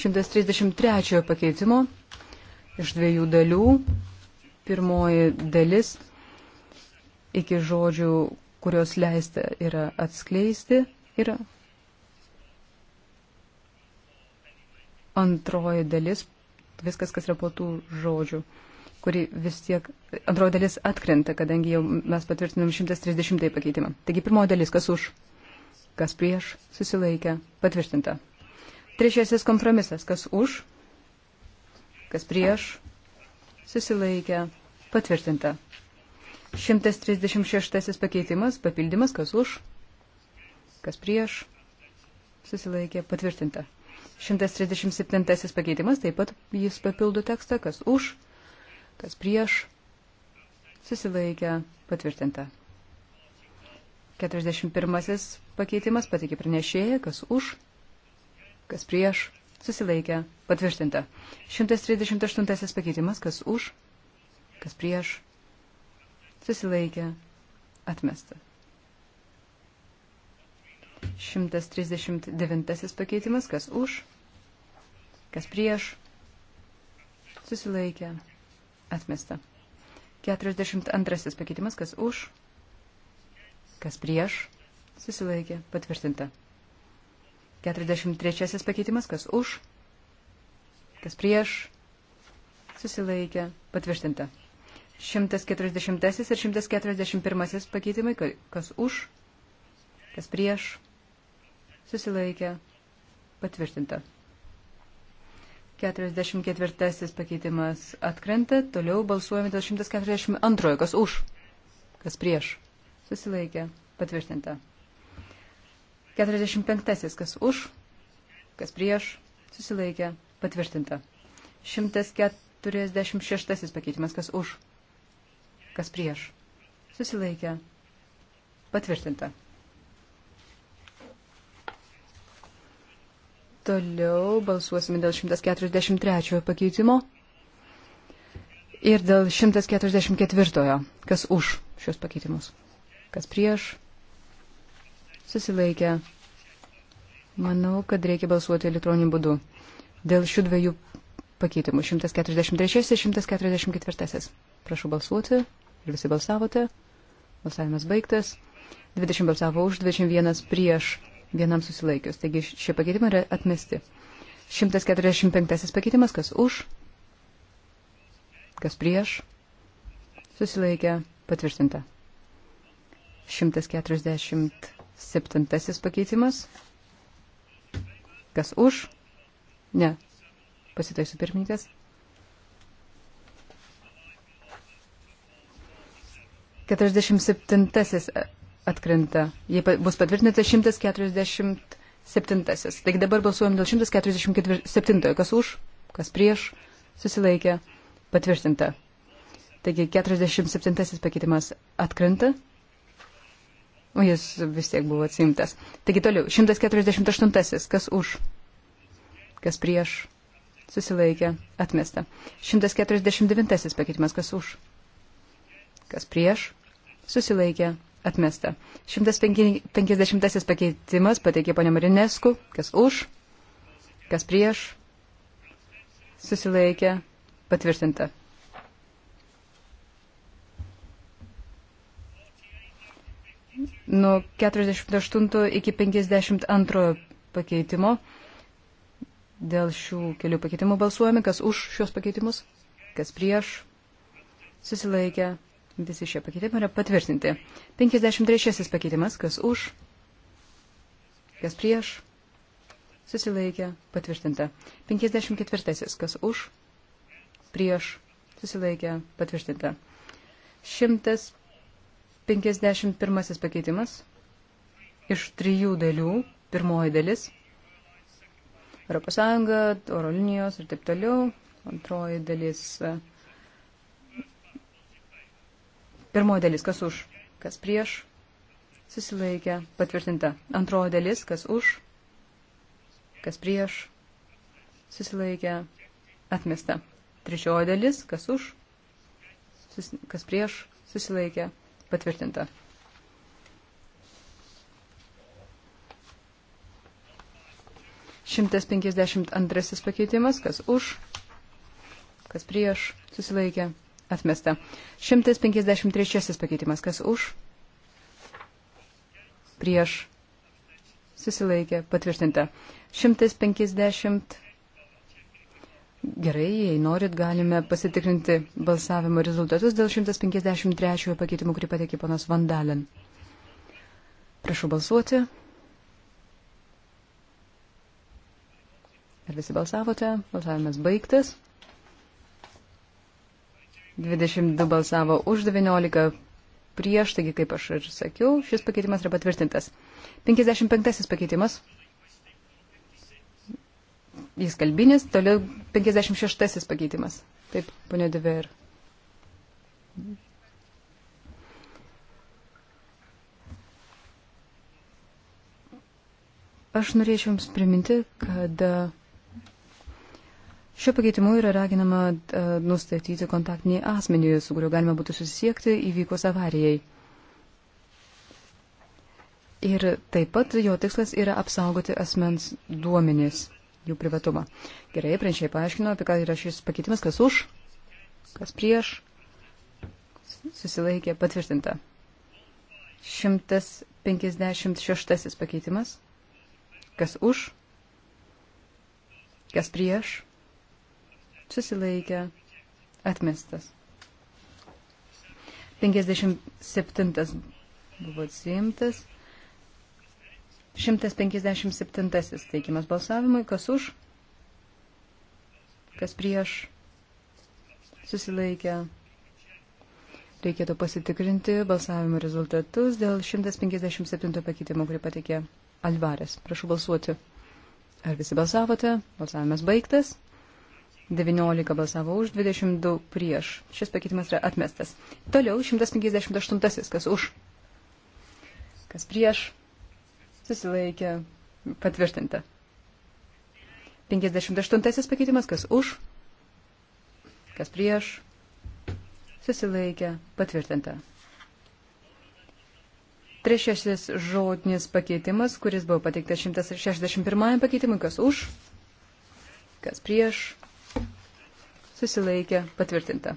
133 pakeitimo iš dviejų dalių pirmoji dalis iki žodžių, kurios leista yra atskleisti, yra antroji dalis, viskas, kas yra po tų žodžių, kuri vis tiek, antroji dalis atkrenta, kadangi jau mes patvirtinom 130 pakeitimą. Taigi pirmoji dalis, kas už, kas prieš, susilaikė, patvirtinta. Trečiasis kompromisas, kas už, kas prieš, susilaikė, patvirtinta. 136 pakeitimas, papildymas, kas už, kas prieš, susilaikė, patvirtinta. 137 pakeitimas, taip pat jis papildo tekstą, kas už, kas prieš, susilaikė, patvirtinta. 41 pakeitimas pateikė pranešėją, kas už, kas prieš, susilaikė, patvirtinta. 138 pakeitimas, kas už, kas prieš, susilaikė, atmesta. 139 pakeitimas, kas už, kas prieš, susilaikė, atmesta. 42 pakeitimas, kas už, kas prieš, susilaikė, patvirtinta. 43 pakeitimas, kas už, kas prieš, susilaikė, patvirtinta. 140 ir 141 pakeitimai, kas už, kas prieš, susilaikė, patvirtinta. 44 pakeitimas atkrenta, toliau balsuojame dėl 142, kas už, kas prieš, susilaikė, patvirtinta. 45. Kas už, kas prieš, susilaikė, patvirtinta. 146. Pakeitimas. Kas už, kas prieš, susilaikė, patvirtinta. Toliau balsuosime dėl 143 pakeitimo ir dėl 144, kas už šios pakeitimus, kas prieš, susilaikė. Manau, kad reikia balsuoti elektroniniu būdu. Dėl šių dviejų pakeitimų 143 ir 144. Prašau balsuoti. Ir visi balsavote. Balsavimas baigtas. 20 balsavo už, 21 prieš, vienam susilaikius. Taigi šie pakeitimai yra atmesti. 145 pakeitimas, kas už, kas prieš, susilaikė, patvirtinta. 146 Septintasis pakeitimas. Kas už? Ne. Pasitaisiu pirmininkas. Keturiasdešimt septintasis atkrinta. Jei bus patvirtintas 147. Taigi dabar balsuojam dėl 147. Kas už, kas prieš, susilaikė, patvirtinta. Taigi 47 pakeitimas atkrinta. O jis vis tiek buvo atsimtas. Taigi toliau, 148. Kas už? Kas prieš? Susilaikė, atmesta. 149. Pakeitimas. Kas už? Kas prieš? Susilaikė, atmesta. 150. Pakeitimas pateikė ponia Marinesku. Kas už? Kas prieš? Susilaikė, patvirtinta. nuo 48 iki 52 pakeitimo. Dėl šių kelių pakeitimų balsuojame, kas už šios pakeitimus, kas prieš, susilaikė, visi šie pakeitimai yra patvirtinti. 53 pakeitimas, kas už, kas prieš, susilaikė, patvirtinta. 54 kas už, prieš, susilaikė, patvirtinta. 100. 51 pakeitimas iš trijų dalių. Pirmoji dalis - Europos Sąjunga, oro linijos ir taip toliau. Antroji dalis e, - pirmoji dalis - kas už, kas prieš. Susilaikė, patvirtinta. Antroji dalis - kas už, kas prieš. Susilaikė, atmesta. Trečioji dalis - kas už, kas prieš. Susilaikė, Patvirtinta. Šimtas penkisdešimt antrasis pakeitimas, kas už, kas prieš, susilaikė, atmesta. Šimtas penkisdešimt trečiasis pakeitimas, kas už, prieš, susilaikė, patvirtinta. Šimtas penkisdešimt 150... Gerai, jei norit, galime pasitikrinti balsavimo rezultatus dėl 153 pakeitimų, kurį pateikė ponas Vandalin. Prašau balsuoti. Ar visi balsavote? Balsavimas baigtas. 22 balsavo už 19 prieš, taigi kaip aš ir sakiau, šis pakeitimas yra patvirtintas. 55 pakeitimas jis kalbinis, toliau 56 pakeitimas. Taip, ponio Dever. Aš norėčiau Jums priminti, kad e, šio pakeitimu yra raginama e, nustatyti kontaktinį asmenį, su kuriuo galima būtų susisiekti įvykus avarijai. Ir taip pat jo tikslas yra apsaugoti asmens duomenys jų privatumą. Gerai, pranešėjai paaiškino, apie ką yra šis pakeitimas, kas už, kas prieš, susilaikė patvirtinta. 156 pakeitimas, kas už, kas prieš, susilaikė atmestas. 57 buvo atsiimtas. 157 teikimas balsavimui, kas už, kas prieš, susilaikę. Reikėtų pasitikrinti balsavimo rezultatus dėl 157 pakeitimo, kurį patikė Alvarės. Prašau balsuoti. Ar visi balsavote? Balsavimas baigtas. 19 balsavo už, 22 prieš. Šis pakeitimas yra atmestas. Toliau 158, kas už, kas prieš, Susilaikė. Patvirtinta. 58 pakeitimas, kas už, kas prieš, susilaikė, patvirtinta. Trečiasis žodinis pakeitimas, kuris buvo pateiktas 161 pakeitimui, kas už, kas prieš, susilaikė, patvirtinta.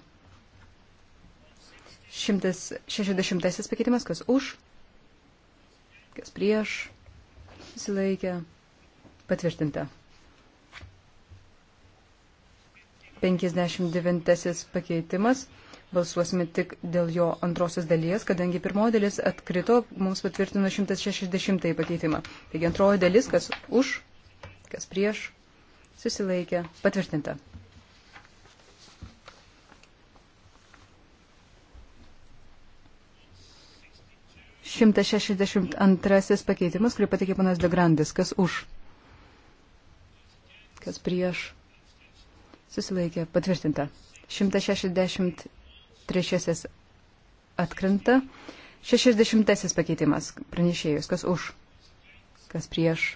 160 pakeitimas, kas už, kas prieš, susilaikė, patvirtinta. 59 pakeitimas. Balsuosime tik dėl jo antrosios dalies, kadangi pirmoji dalis atkrito, mums patvirtino 160 pakeitimą. Taigi antroji dalis, kas už, kas prieš, susilaikė, patvirtinta. 162 pakeitimas, kurį patikė panas Degrandis. Kas už? Kas prieš? Susilaikė. Patvirtinta. 163 atkrenta. 60 pakeitimas pranešėjus. Kas už? Kas prieš?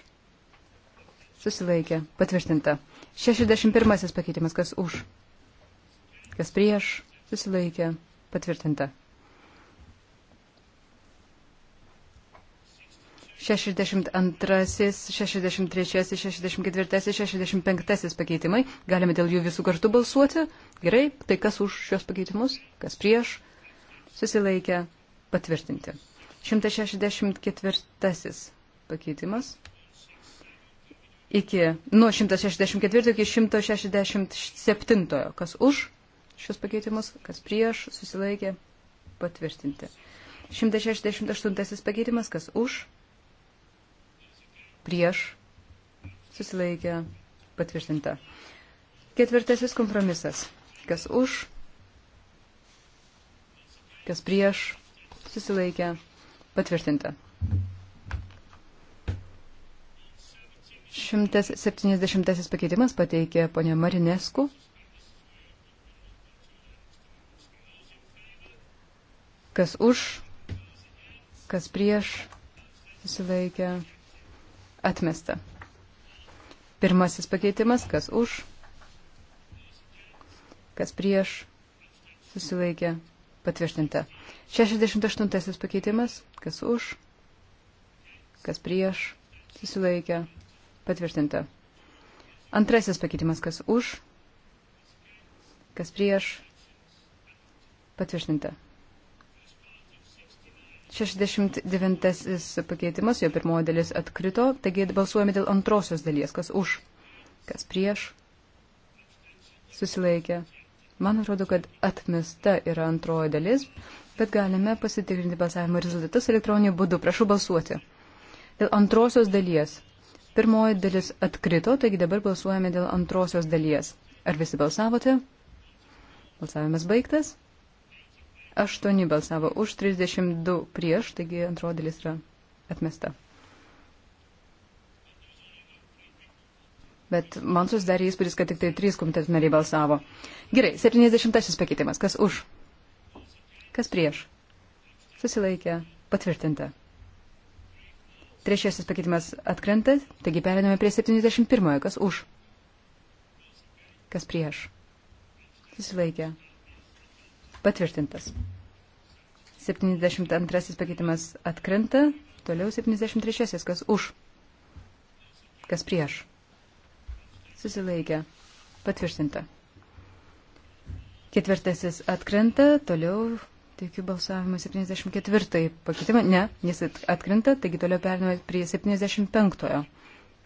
Susilaikė. Patvirtinta. 61 pakeitimas. Kas už? Kas prieš? Susilaikė. Patvirtinta. 62, 63, 64, 65 pakeitimai. Galime dėl jų visų kartu balsuoti. Gerai, tai kas už šios pakeitimus, kas prieš, susilaikė patvirtinti. 164 pakeitimas. Iki, nuo 164 iki 167, kas už šios pakeitimus, kas prieš, susilaikė patvirtinti. 168 pakeitimas, kas už prieš, susilaikė, patvirtinta. Ketvirtasis kompromisas. Kas už, kas prieš, susilaikė, patvirtinta. 170 pakeitimas pateikė ponė Marinesku. Kas už, kas prieš, susilaikė, Atmesta. Pirmasis pakeitimas, kas už, kas prieš, susilaikė, patvirtinta. 68 pakeitimas, kas už, kas prieš, susilaikė, patvirtinta. Antrasis pakeitimas, kas už, kas prieš, patvirtinta. 69 pakeitimas, jo pirmoji dalis atkrito, taigi balsuojame dėl antrosios dalies, kas už, kas prieš, susilaikė. Man atrodo, kad atmesta yra antroji dalis, bet galime pasitikrinti balsavimo rezultatus elektroniniu būdu. Prašau balsuoti. Dėl antrosios dalies. Pirmoji dalis atkrito, taigi dabar balsuojame dėl antrosios dalies. Ar visi balsavote? Balsavimas baigtas. 8 balsavo už, 32 prieš, taigi antroji dalis yra atmesta. Bet man susidarė įspūdis, kad tik tai 3 komitetų nariai balsavo. Gerai, 70 pakeitimas. Kas už? Kas prieš? Susilaikė. Patvirtinta. Trečiasis pakeitimas atkrenta, taigi periname prie 71. Kas už? Kas prieš? Susilaikė. Patvirtintas. 72 pakeitimas atkrenta. Toliau 73. Kas už? Kas prieš? Susilaikė. Patvirtinta. Ketvirtasis atkrenta. Toliau teikiu balsavimą 74 pakeitimą. Ne, jis atkrenta. Taigi toliau periname prie 75. -ojo.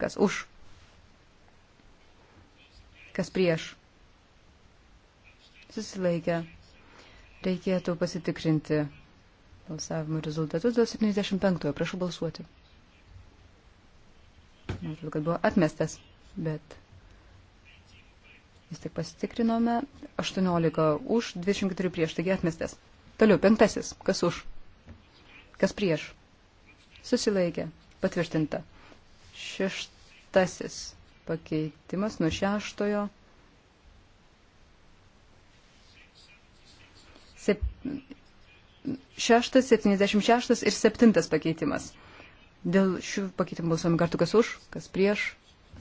Kas už? Kas prieš? Susilaikė. Reikėtų pasitikrinti balsavimo rezultatus dėl 75-ojo. Prašau balsuoti. Atrodo, kad buvo atmestas, bet vis tik pasitikrinome. 18 už, 24 prieš, taigi atmestas. Toliau, penktasis. Kas už? Kas prieš? Susilaikė. Patvirtinta. Šeštasis pakeitimas nuo šeštojo 6, 76 ir 7 pakeitimas. Dėl šių pakeitimų balsuojame kartu, kas už, kas prieš,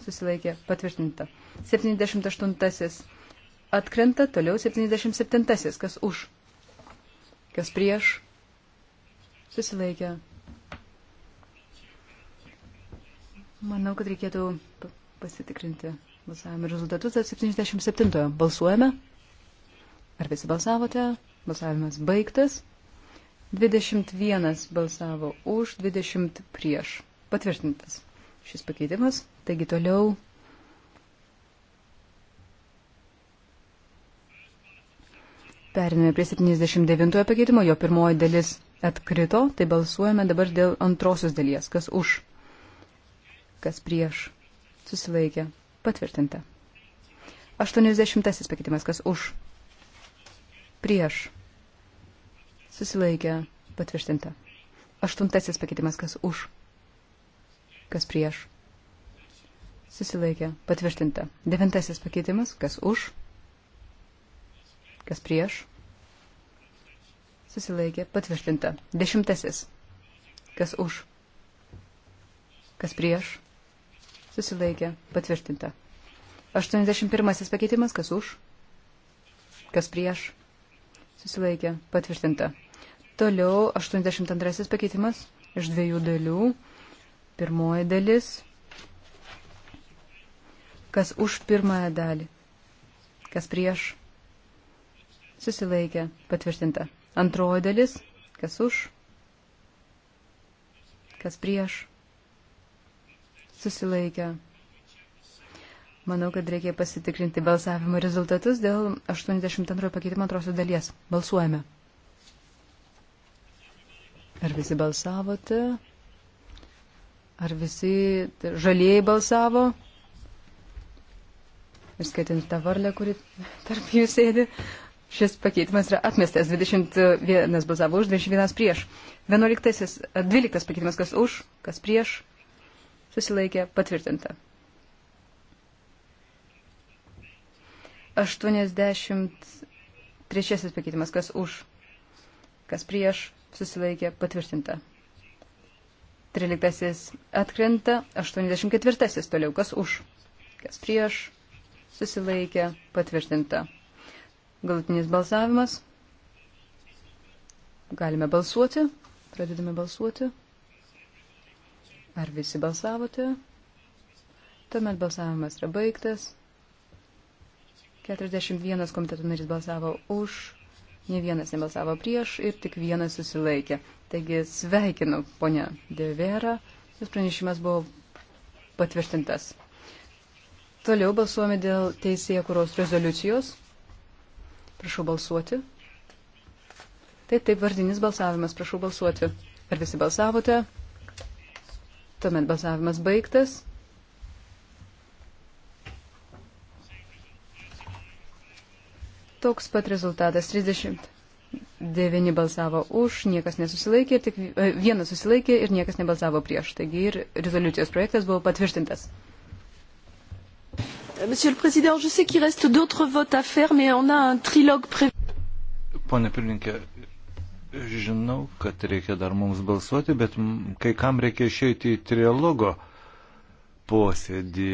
susilaikė, patvirtinta. 78 atkrenta, toliau 77, kas už, kas prieš, susilaikė. Manau, kad reikėtų pasitikrinti balsavimo rezultatus. 77 balsuojame. Ar visi balsavote? Balsavimas baigtas. 21 balsavo už, 20 prieš. Patvirtintas šis pakeitimas. Taigi toliau. Periname prie 79 pakeitimo, jo pirmoji dalis atkrito, tai balsuojame dabar dėl antrosios dalies, kas už, kas prieš, susilaikė, patvirtinta. 80 pakeitimas, kas už, prieš, susilaikė, patvirtinta. Aštuntasis pakeitimas, kas už, kas prieš, susilaikė, patvirtinta. Devintasis pakeitimas, kas už, kas prieš, susilaikė, patvirtinta. Dešimtasis, kas už, kas prieš, susilaikė, patvirtinta. 81 pakeitimas, kas už, kas prieš, Susilaikė. Patvirtinta. Toliau 82 pakeitimas iš dviejų dalių. Pirmoji dalis. Kas už pirmąją dalį? Kas prieš? Susilaikė. Patvirtinta. Antroji dalis. Kas už? Kas prieš? Susilaikė. Manau, kad reikia pasitikrinti balsavimo rezultatus dėl 82 pakeitimo antrosios dalies. Balsuojame. Ar visi balsavote? Ar visi žalieji balsavo? Ir skaitint tą varlę, kuri tarp jų sėdi, šis pakeitimas yra atmestas. 21 balsavo už, 21 prieš. 11, 12 pakeitimas kas už, kas prieš. Susilaikė patvirtinta. 83 pakeitimas, kas už, kas prieš, susilaikė patvirtinta. 13 atkrenta, 84 toliau, kas už, kas prieš, susilaikė patvirtinta. Galutinis balsavimas. Galime balsuoti. Pradedame balsuoti. Ar visi balsavote? Tuomet balsavimas yra baigtas. 41 komiteto narys balsavo už, ne vienas nebalsavo prieš ir tik vienas susilaikė. Taigi sveikinu, ponia Devera, jūs pranešimas buvo patvirtintas. Toliau balsuojame dėl teisėje kuros rezoliucijos. Prašau balsuoti. Taip, taip, vardinis balsavimas, prašau balsuoti. Ar visi balsavote? Tuomet balsavimas baigtas. Toks pat rezultatas 30. Devini balsavo už, niekas nesusilaikė, tik e, vienas susilaikė ir niekas nebalsavo prieš. Taigi ir rezoliucijos projektas buvo patvirtintas. Monsieur le Président, je sais qu'il reste d'autres votes à faire, mais on a un trilogue prévu. Pone pirmininkė, žinau, kad reikia dar mums balsuoti, bet kai kam reikia išeiti į trilogo posėdį.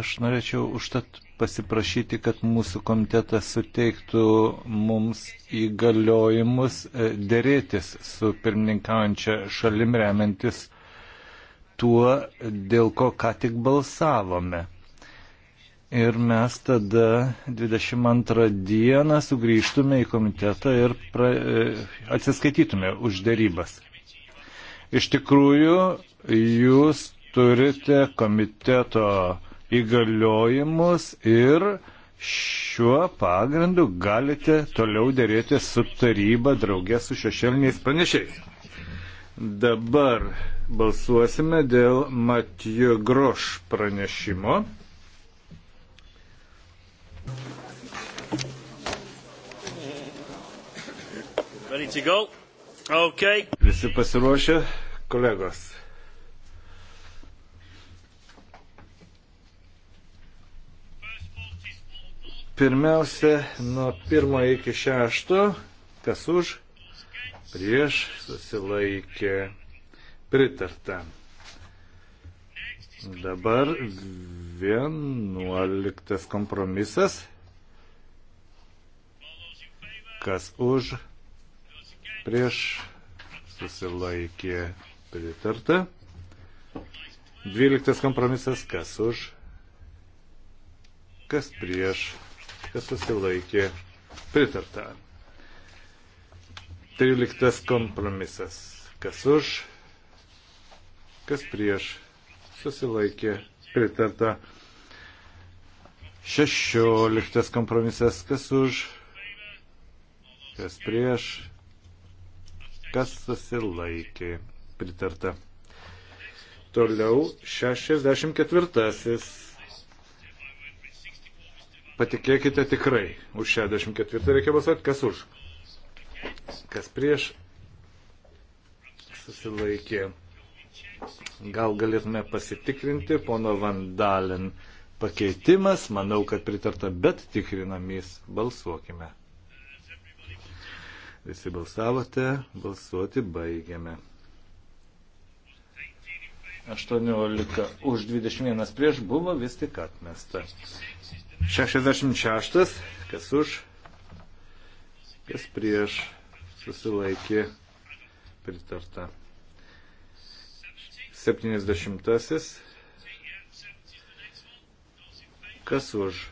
Aš norėčiau užtat pasiprašyti, kad mūsų komitetas suteiktų mums įgaliojimus e, dėrėtis su pirmininkaujančia šalim remiantis tuo, dėl ko ką tik balsavome. Ir mes tada 22 dieną sugrįžtume į komitetą ir pra, e, atsiskaitytume už dėrybas. Iš tikrųjų, jūs turite komiteto uh, įgaliojimus ir šiuo pagrindu galite toliau dėrėti su taryba draugė su šešėliniais pranešiais. Dabar balsuosime dėl Matijų Groš pranešimo. Ready to go? Okay. Visi pasiruošę, kolegos. Pirmiausia, nuo pirmo iki šešto, kas už, prieš susilaikė pritarta. Dabar vienuoliktas kompromisas. Kas už, prieš susilaikė pritarta. Dvyliktas kompromisas, kas už, kas prieš kas susilaikė pritarta. 13 kompromisas. Kas už, kas prieš, susilaikė pritarta. 16 kompromisas. Kas už, kas prieš, kas susilaikė pritarta. Toliau 64 Patikėkite tikrai, už 64 reikia balsuoti, kas už, kas prieš susilaikė. Gal galėtume pasitikrinti pono Vandalin pakeitimas, manau, kad pritarta, bet tikrinamis balsuokime. Visi balsavote, balsuoti baigiame. 18 už 21 prieš buvo vis tik atmesta. 66, kas už, kas prieš, susilaikė pritarta. 70, kas už,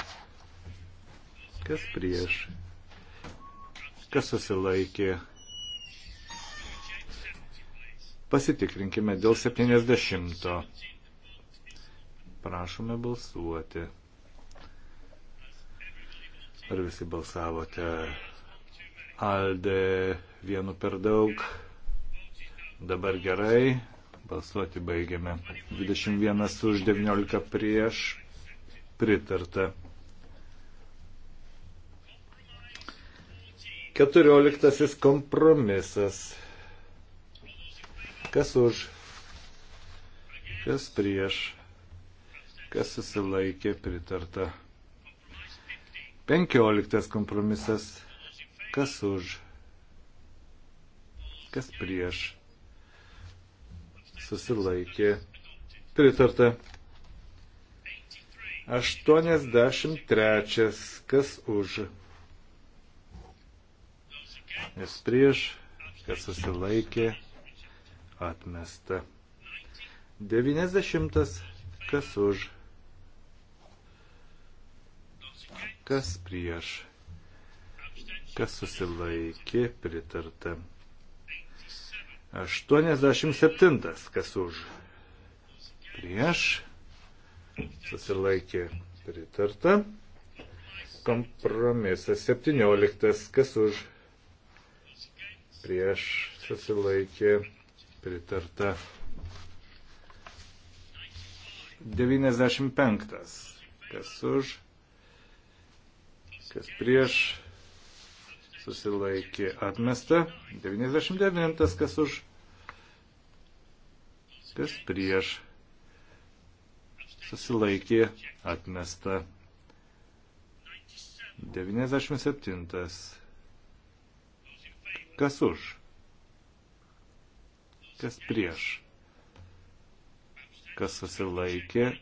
kas prieš, kas susilaikė. Pasitikrinkime dėl 70. Prašome balsuoti. Ar visi balsavote? Alde vienu per daug. Dabar gerai. Balsuoti baigiame. 21 už 19 prieš. Pritarta. 14 kompromisas. Kas už? Kas prieš? Kas susilaikė pritarta? Penkioliktas kompromisas. Kas už? Kas prieš? Susilaikė. Pritarta. 83. Kas už? Nes prieš, kas susilaikė, atmesta. 90. Kas už? kas prieš, kas susilaikė, pritarta. 87, kas už, prieš, susilaikė, pritarta. Kompromisas 17, kas už, prieš, susilaikė, pritarta. 95, kas už, kas prieš, susilaikė atmesta, 99, kas už, kas prieš, susilaikė atmesta, 97, kas už, kas prieš, kas susilaikė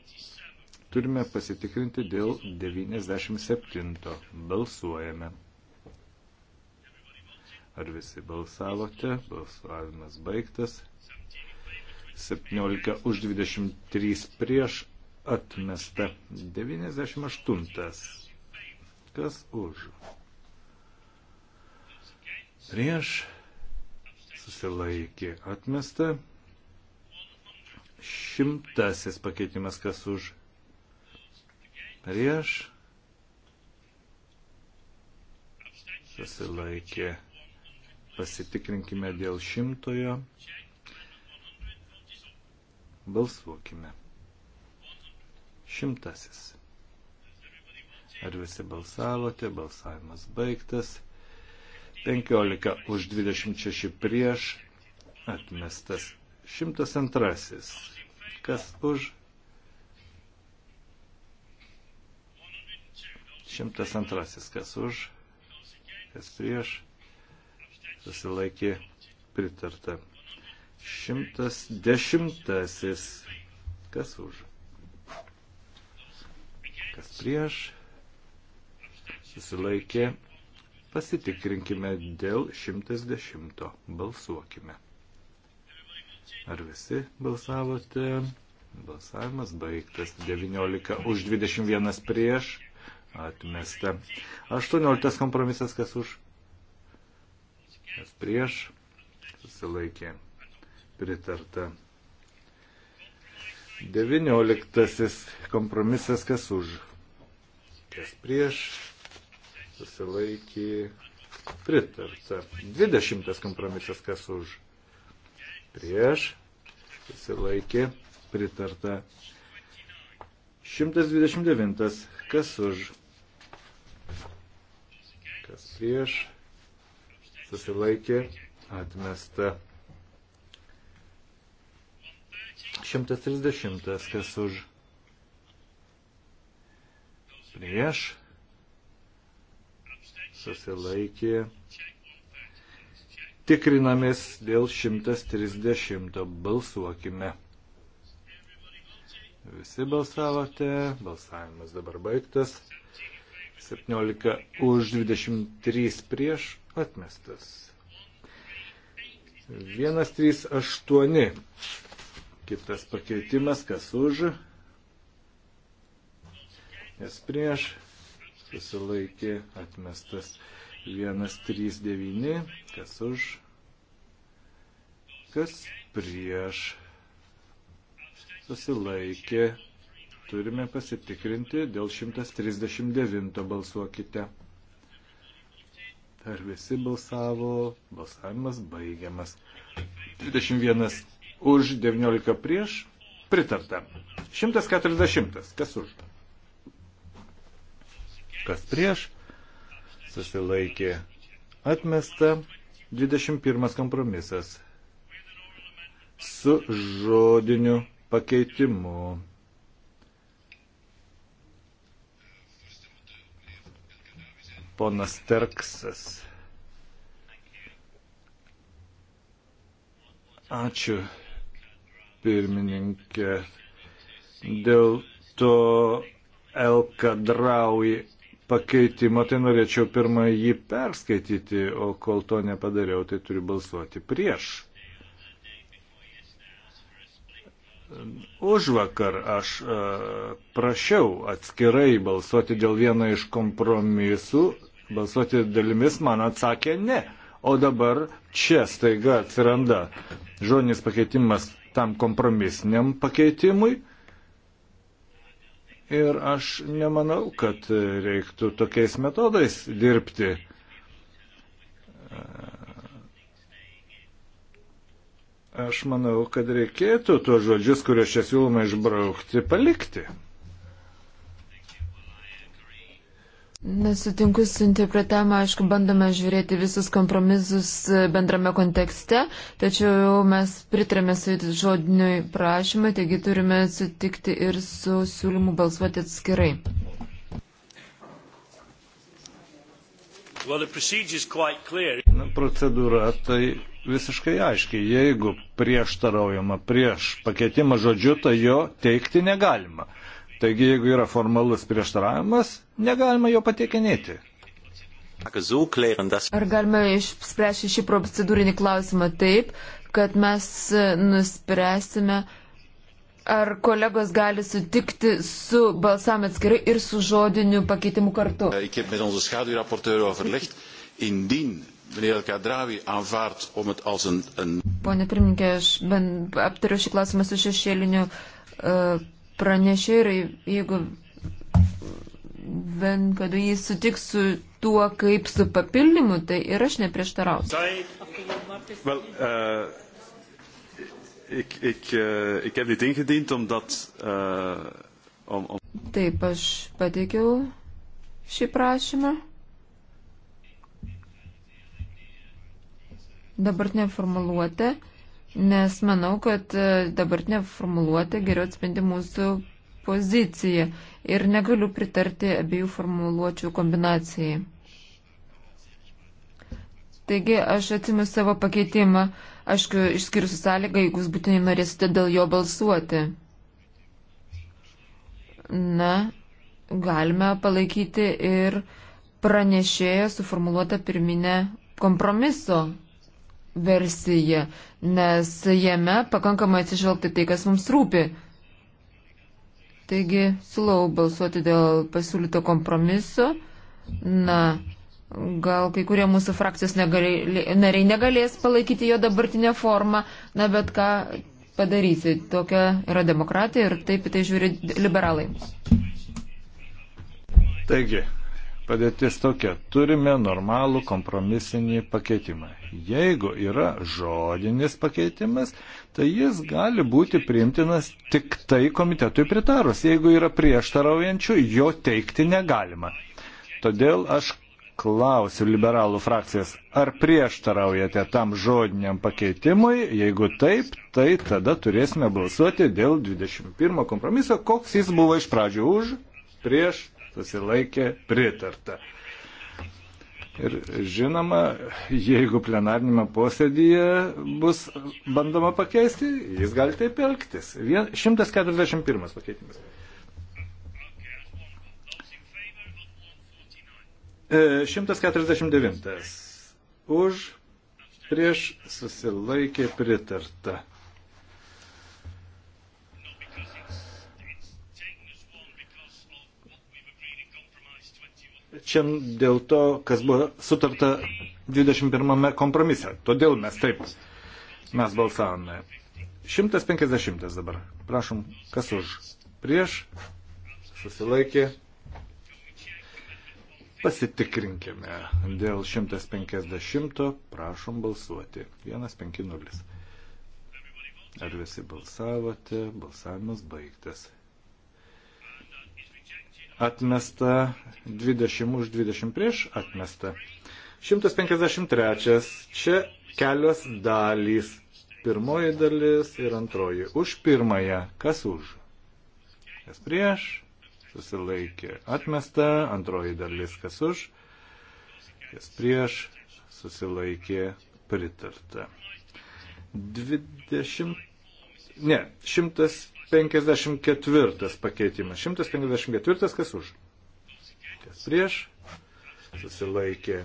Turime pasitikrinti dėl 97. Balsuojame. Ar visi balsavote? Balsavimas baigtas. 17 už 23 prieš atmesta. 98. Kas už? Prieš susilaikė atmesta. Šimtasis pakeitimas kas už prieš susilaikė. Pasitikrinkime dėl šimtojo. Balsuokime. Šimtasis. Ar visi balsavote? Balsavimas baigtas. 15 už 26 prieš. Atmestas. 102. Kas už? Šimtas antrasis, kas už, kas prieš, susilaikė pritarta. Šimtas dešimtasis, kas už, kas prieš, susilaikė. Pasitikrinkime dėl 110. Balsuokime. Ar visi balsavote? Balsavimas baigtas. 19 už 21 prieš atmesta. 18 kompromisas, kas už, kas prieš, susilaikė, pritarta. 19 kompromisas, kas už, kas prieš, susilaikė, pritarta. 20 kompromisas, kas už, prieš, susilaikė, pritarta. 129. Kas už? kas prieš, susilaikė, atmesta. 130, kas už, prieš, susilaikė. Tikrinamės dėl 130, balsuokime. Visi balsavote, balsavimas dabar baigtas. 17 už 23 prieš atmestas. 138. Kitas pakeitimas, kas už, nes prieš susilaikė atmestas. 139, kas už, kas prieš susilaikė turime pasitikrinti dėl 139 balsuokite. Ar visi balsavo? Balsavimas baigiamas. 21 už, 19 prieš. Pritarta. 140. Kas už? Kas prieš? Susilaikė. Atmesta. 21 kompromisas. Su žodiniu pakeitimu. ponas Terksas. Ačiū, pirmininkė. Dėl to Elkadraui pakeitimo, tai norėčiau pirmą jį perskaityti, o kol to nepadariau, tai turiu balsuoti prieš. Už vakar aš e, prašiau atskirai balsuoti dėl vieno iš kompromisų balsuoti dalimis, man atsakė ne. O dabar čia staiga atsiranda žodinis pakeitimas tam kompromisiniam pakeitimui. Ir aš nemanau, kad reiktų tokiais metodais dirbti. Aš manau, kad reikėtų tuos žodžius, kuriuos čia siūloma išbraukti, palikti. Nesutinku su interpretavimu, aišku, bandome žiūrėti visus kompromisus e, bendrame kontekste, tačiau mes pritarėme su žodiniui prašymui, taigi turime sutikti ir su siūlymu balsuoti atskirai. Well, Na, procedūra tai visiškai aiškiai, jeigu prieštaraujama prieš pakeitimą žodžiu, tai jo teikti negalima. Taigi, jeigu yra formalus prieštaravimas, negalima jo pateikinėti. Ar galime išspręsti šį procedūrinį klausimą taip, kad mes e, nuspręsime, ar kolegos gali sutikti su balsam atskirai ir su žodiniu pakeitimu kartu? Eh, Pone pirmininkė, aš aptariu šį klausimą su šešėliniu. Uh, pranešė ir jeigu bent kad jis sutiks su tuo kaip su papildymu, tai ir aš neprieštarausiu. Well, uh... Eh, ik, ik, uh, ik heb dit ingediend omdat. Uh, om, om... Taip, aš pateikiau šį prašymą. Dabartinė formuluotė. Uh, nes manau, kad e, dabartinė formuluotė geriau atspindi mūsų poziciją ir negaliu pritarti abiejų formuluočių kombinacijai. Taigi aš atsimu savo pakeitimą, aišku, išskirsiu sąlygą, jeigu jūs būtinai norėsite dėl jo balsuoti. Na, galime palaikyti ir pranešėją suformuluotą pirminę kompromiso versiją, nes jame pakankamai atsižvelgti tai, kas mums rūpi. Taigi, siūlau balsuoti dėl pasiūlyto kompromiso. Na, gal kai kurie mūsų frakcijos negali, nariai negalės palaikyti jo dabartinę formą, na, bet ką padarysi. Tokia yra demokratija ir taip į tai žiūri liberalai. Taigi, Padėtis tokia, turime normalų kompromisinį pakeitimą. Jeigu yra žodinis pakeitimas, tai jis gali būti priimtinas tik tai komitetui pritarus. Jeigu yra prieštaraujančių, jo teikti negalima. Todėl aš klausiu liberalų frakcijas, ar prieštaraujate tam žodiniam pakeitimui, jeigu taip, tai tada turėsime balsuoti dėl 21 kompromiso, koks jis buvo iš pradžių už, prieš, susilaikė, pritarta. Ir žinoma, jeigu plenarnėme posėdyje bus bandoma pakeisti, jis gali taip elgtis. 141 pakeitimas. 149. E, Už prieš susilaikė pritarta. čia dėl to, kas buvo sutarta 21 kompromise. Todėl mes taip, mes balsavome. 150 dabar. Prašom, kas už? Prieš? Susilaikė. Pasitikrinkime dėl 150. Prašom balsuoti. 150. Ar visi balsavote? Balsavimas baigtas atmesta, 20 už 20 prieš atmesta. 153. Čia kelios dalys. Pirmoji dalis ir antroji. Už pirmąją. Kas už? Kas prieš? Susilaikė. Atmesta. Antroji dalis. Kas už? Kas prieš? Susilaikė. Pritarta. 20. Ne, 100. 154 pakeitimas. 154 kas už? Kas prieš? Susilaikė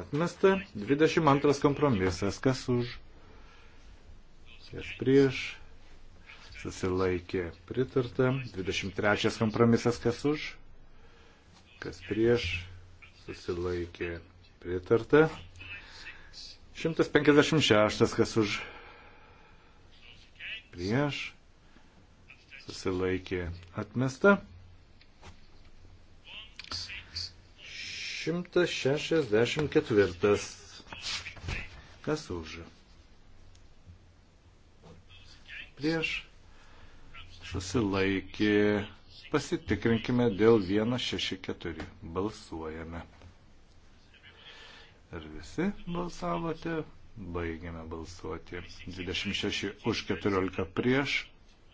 atmesta. 22 kompromisas. Kas už? Kas prieš? Susilaikė pritarta. 23 kompromisas. Kas už? Kas prieš? Susilaikė pritarta. 156 kas už? Prieš susilaikė atmesta. 164. Kas už? Prieš susilaikė. Pasitikrinkime dėl 164. Balsuojame. Ar visi balsavote? Baigiame balsuoti. 26 už 14 prieš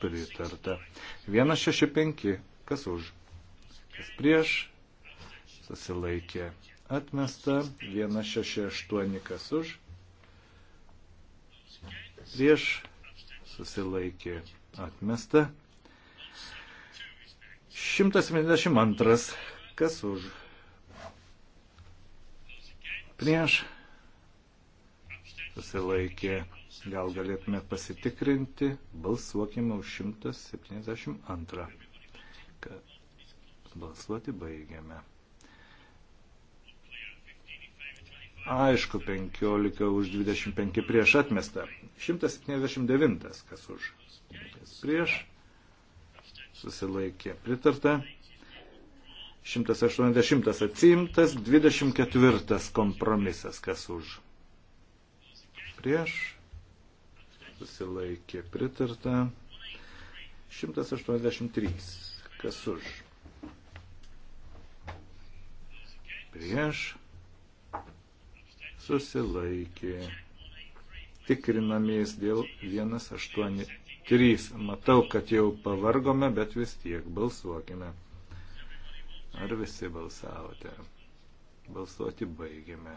pritarta. 165, kas už, kas prieš, susilaikė atmesta, 168, kas už, prieš, susilaikė atmesta, 172, kas už, prieš, susilaikė atmesta Gal galėtume pasitikrinti, balsuokime už 172. Balsuoti baigiame. Aišku, 15 už 25 prieš atmestą. 179 kas už. Kas prieš. Susilaikė pritarta. 180 atsiimtas. 24 kompromisas kas už. Prieš susilaikė pritarta. 183. Kas už? Prieš susilaikė. Tikrinamės dėl 183. Matau, kad jau pavargome, bet vis tiek balsuokime. Ar visi balsavote? Balsuoti baigėme.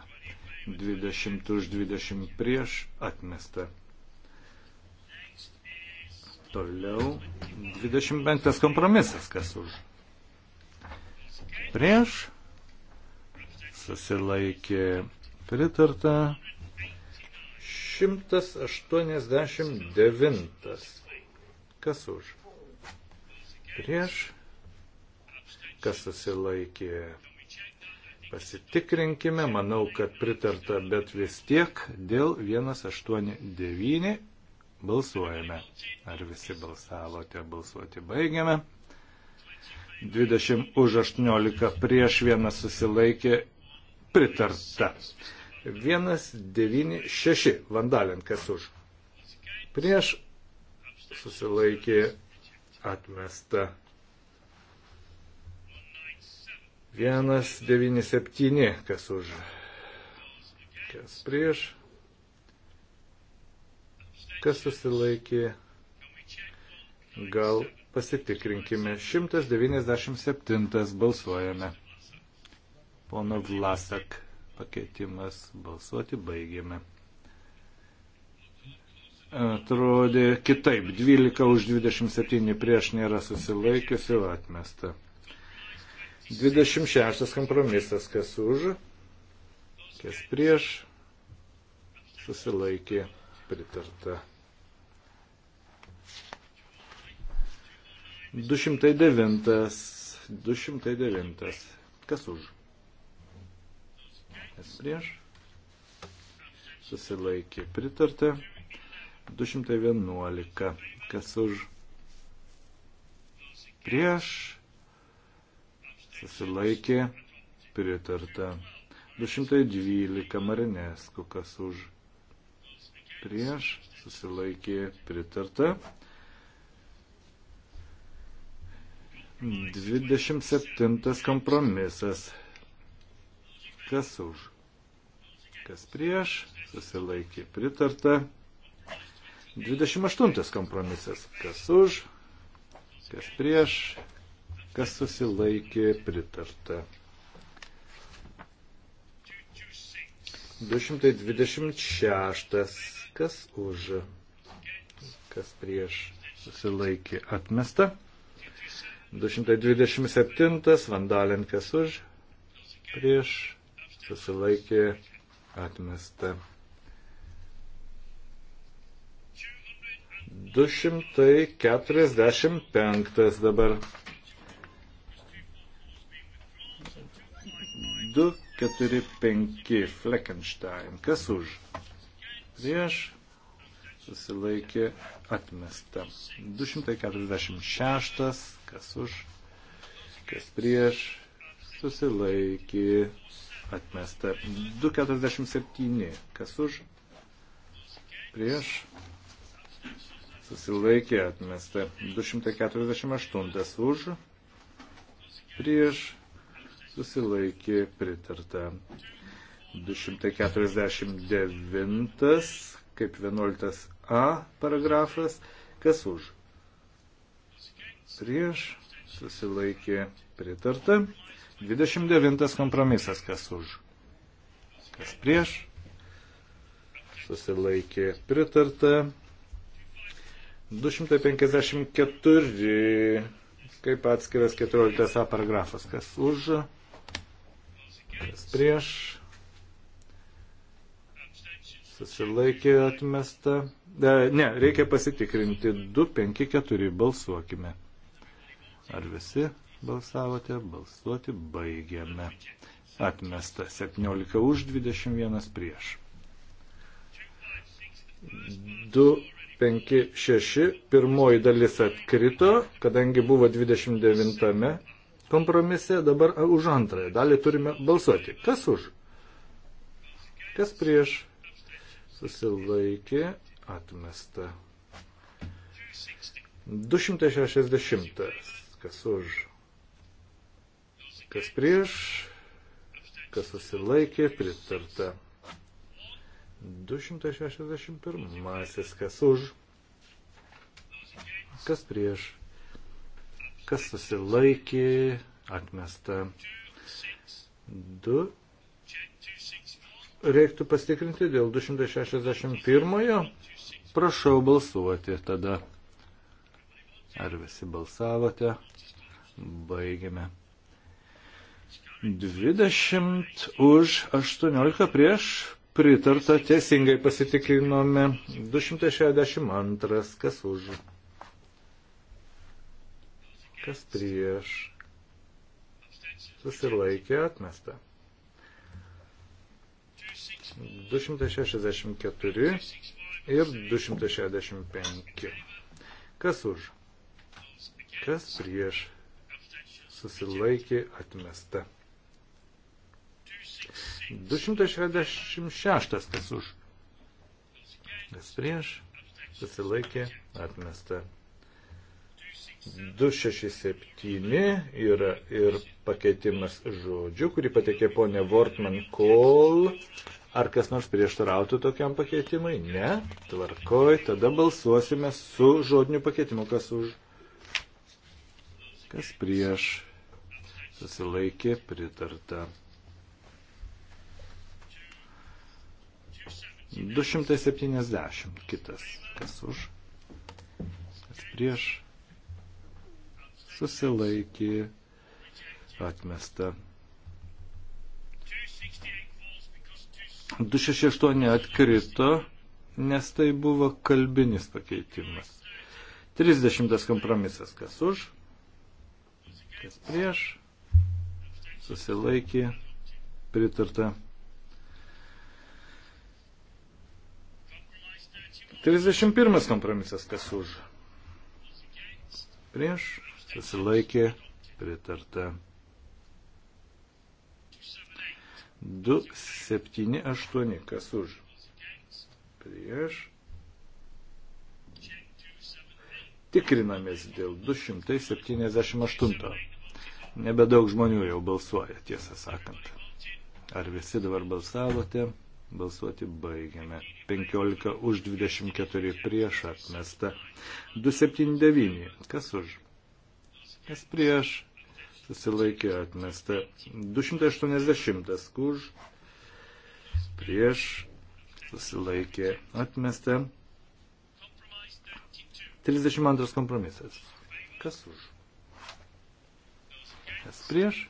20 už 20 prieš atmesta. Toliau 25 kompromisas, kas už. Prieš susilaikė pritarta 189. Kas už? Prieš kas susilaikė. Pasitikrinkime, manau, kad pritarta, bet vis tiek dėl 189 Balsuojame. Ar visi balsavote? Balsuoti baigiame. 20 už 18 prieš vieną susilaikė pritarta. 196 vandalin, kas už. Prieš susilaikė atmesta. 197, kas už. Kas prieš kas susilaikė, gal pasitikrinkime. 197 balsuojame. Pono Vlasak pakeitimas balsuoti baigėme. Atrodė kitaip. 12 už 27 prieš nėra susilaikiusių atmesta. 26 kompromisas, kas už, kas prieš, susilaikė pritarta. 209. 209. Kas už? Kas prieš? Susilaikė. Pritarta. 211. Kas už? Prieš? Susilaikė. Pritarta. 212. Marinesku. Kas už? Prieš? Susilaikė. Pritarta. 27 kompromisas. Kas už? Kas prieš? Susilaikė pritarta. 28 kompromisas. Kas už? Kas prieš? Kas susilaikė pritarta. 226. Kas už? Kas prieš? Susilaikė atmesta. 227 vandalinkės už, prieš, susilaikė, atmesta. 245 dabar. 245 Fleckenstein. Kas už? Prieš susilaikė atmesta. 246, kas už, kas prieš, susilaikė, atmesta. 247, kas už, prieš, susilaikė, atmesta. 248 už, prieš, susilaikė, pritarta. 249 kaip 11 A paragrafas, kas už. Prieš susilaikė pritarta. 29 kompromisas, kas už. Kas prieš susilaikė pritarta. 254 kaip atskiras 14 A paragrafas, kas už, kas prieš Susilaikė atmesta. E, ne, reikia pasitikrinti. 2, 5, 4. Balsuokime. Ar visi balsavote? Balsuoti baigiame. Atmesta 17 už 21 prieš. 2, 5, 6. Pirmoji dalis atkrito, kadangi buvo 29 kompromise, dabar už antrąją dalį turime balsuoti. Kas už? Kas prieš? susilaikė, atmesta. 260. Kas už, kas prieš, kas susilaikė, pritarta. 261. Masis, kas už, kas prieš, kas susilaikė, atmesta. 2, reiktų pastikrinti dėl 261. Prašau balsuoti tada. Ar visi balsavote? Baigiame. 20 už 18 prieš pritarta, teisingai pasitikrinome. 262. Kas už? Kas prieš? Susilaikė atmesta. 264 ir 265. Kas už? Kas prieš? Susilaikė atmesta. 266 kas už. Kas prieš? Susilaikė atmesta. 267 yra ir pakeitimas žodžių, kurį patikė ponė Vortman Kol Ar kas nors prieštarautų tokiam pakeitimui? Ne. Tvarkoj, tada balsuosime su žodiniu pakeitimu. Kas už? Kas prieš? Susilaikė pritarta. 270 kitas. Kas už? Kas prieš? Susilaikė atmesta. 268 atkrito, nes tai buvo kalbinis pakeitimas. 30 kompromisas. Kas už? Kas prieš? Susilaikė. Pritarta. 31 kompromisas. Kas už? Prieš? Susilaikė. Pritarta. 2, 7, 8, kas už. Prieš. Tikrinamės dėl 278. Nebedaug žmonių jau balsuoja, tiesą sakant. Ar visi dabar balsavote? Balsuoti baigiame. 15 už 24 prieš atmesta. 279. Kas už? Kas prieš? susilaikė atmesta. 280 už, prieš, susilaikė atmesta. 32 kompromisas. Kas už? Kas prieš?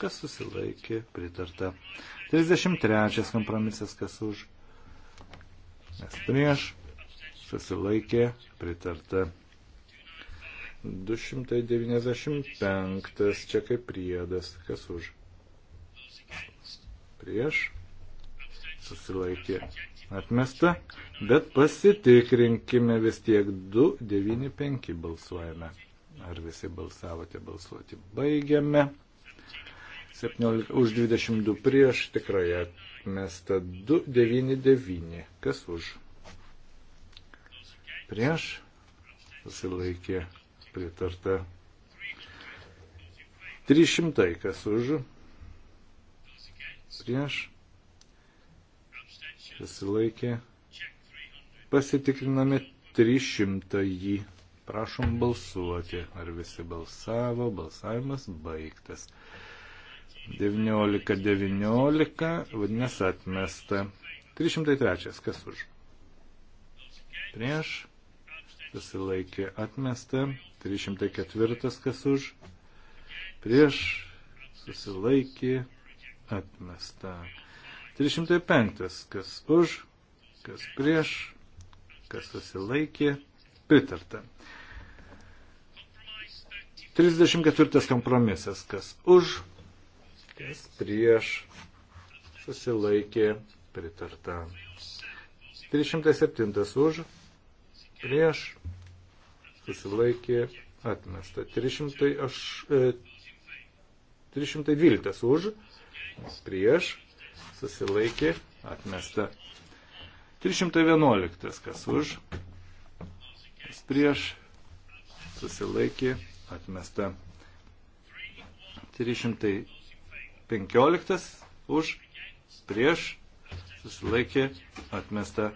Kas susilaikė? Pritarta. 33 kompromisas. Kas už? Kas prieš? Susilaikė. Pritarta. 295, čia kaip priedas, kas už. Prieš susilaikė atmesta, bet pasitikrinkime vis tiek 295 balsuojame. Ar visi balsavote balsuoti? Baigiame. 17 už 22 prieš tikrai atmesta 299. Kas už? Prieš susilaikė pritarta. 300 kas už, prieš, susilaikė. Pasitikriname 300 jį. Prašom balsuoti. Ar visi balsavo? Balsavimas baigtas. 19, 19, vadinasi atmesta. 303, kas už? Prieš, susilaikė atmesta. 304 kas už, prieš susilaikė atmesta. 305 kas už, kas prieš, kas susilaikė pritarta. 34 kompromisas, kas už, kas prieš, susilaikė, pritarta. 307 už, prieš, susilaikė atmesta. 300, aš, e, 312 už, prieš, susilaikė atmesta. 311 kas už, kas prieš, susilaikė atmesta. 315 už, prieš, susilaikė atmesta.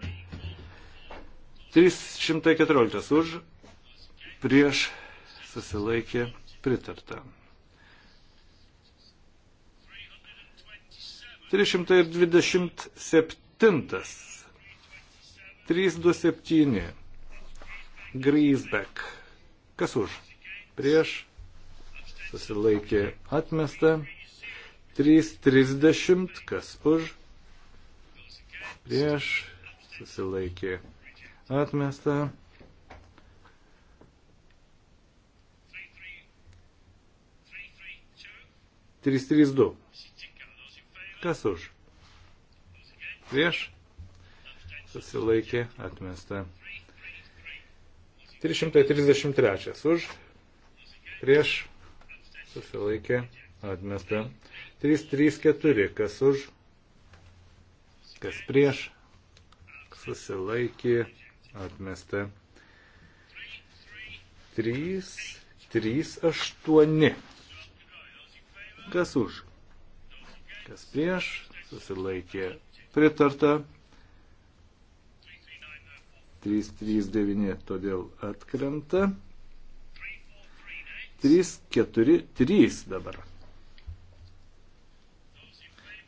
314 už, prieš susilaikė pritarta. 327. 327. Grisbek. Kas už? Prieš. Susilaikė atmesta. 330. Kas už? Prieš. Susilaikė atmesta. 332. Kas už? Prieš? Susilaikė atmesta. 333. Už? Prieš? Susilaikė atmesta. 334. Kas už? Kas prieš? Susilaikė atmesta. 3, 3, 8. Kas už? Kas prieš? Susilaikė pritarta. 339 todėl atkrenta. 343 dabar.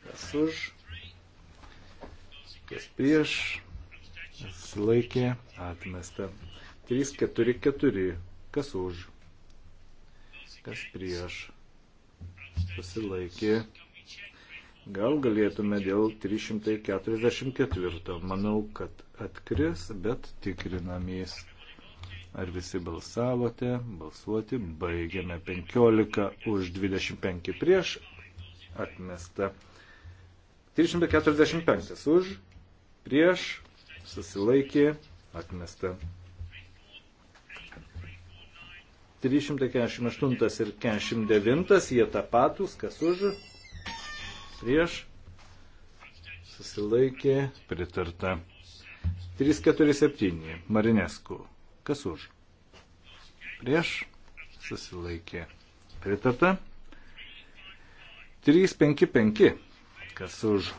Kas už? Kas prieš? Susilaikė atmesta. 344. Kas už? Kas prieš? susilaikė. Gal galėtume dėl 344. Manau, kad atkris, bet tikrinamės. Ar visi balsavote? Balsuoti baigiame 15 už 25 prieš. Atmesta. 345 už prieš susilaikė atmesta. 348 ir 49, jie tapatus, kas už, prieš, susilaikė, pritarta. 347, Marinesku, kas už, prieš, susilaikė, pritarta. 355, kas už,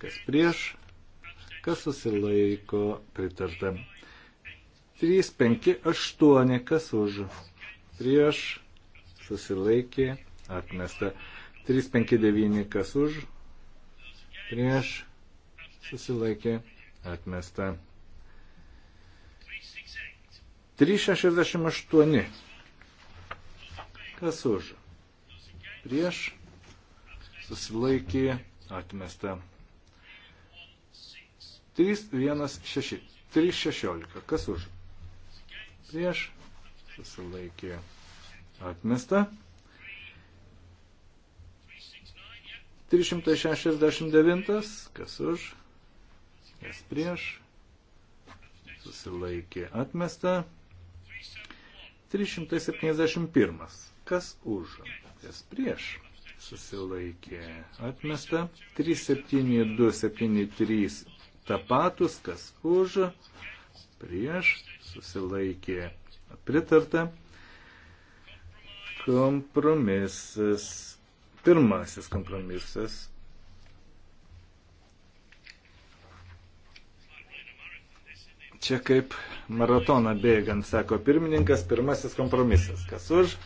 kas prieš, kas susilaiko, pritarta. 3, 5, 8, kas už, prieš, susilaikė, atmesta. 3, 5, 9, kas už, prieš, susilaikė, atmesta. 368. Kas už? Prieš susilaikė atmesta. 316. Kas už? prieš, susilaikė atmesta. 369, kas už, kas prieš, susilaikė atmesta. 371, kas už, kas prieš, susilaikė atmesta. 372, 73 tapatus, kas už, prieš, susilaikė pritarta. Kompromisas. Pirmasis kompromisas. Čia kaip maratoną bėgant, sako pirmininkas, pirmasis kompromisas. Kas už?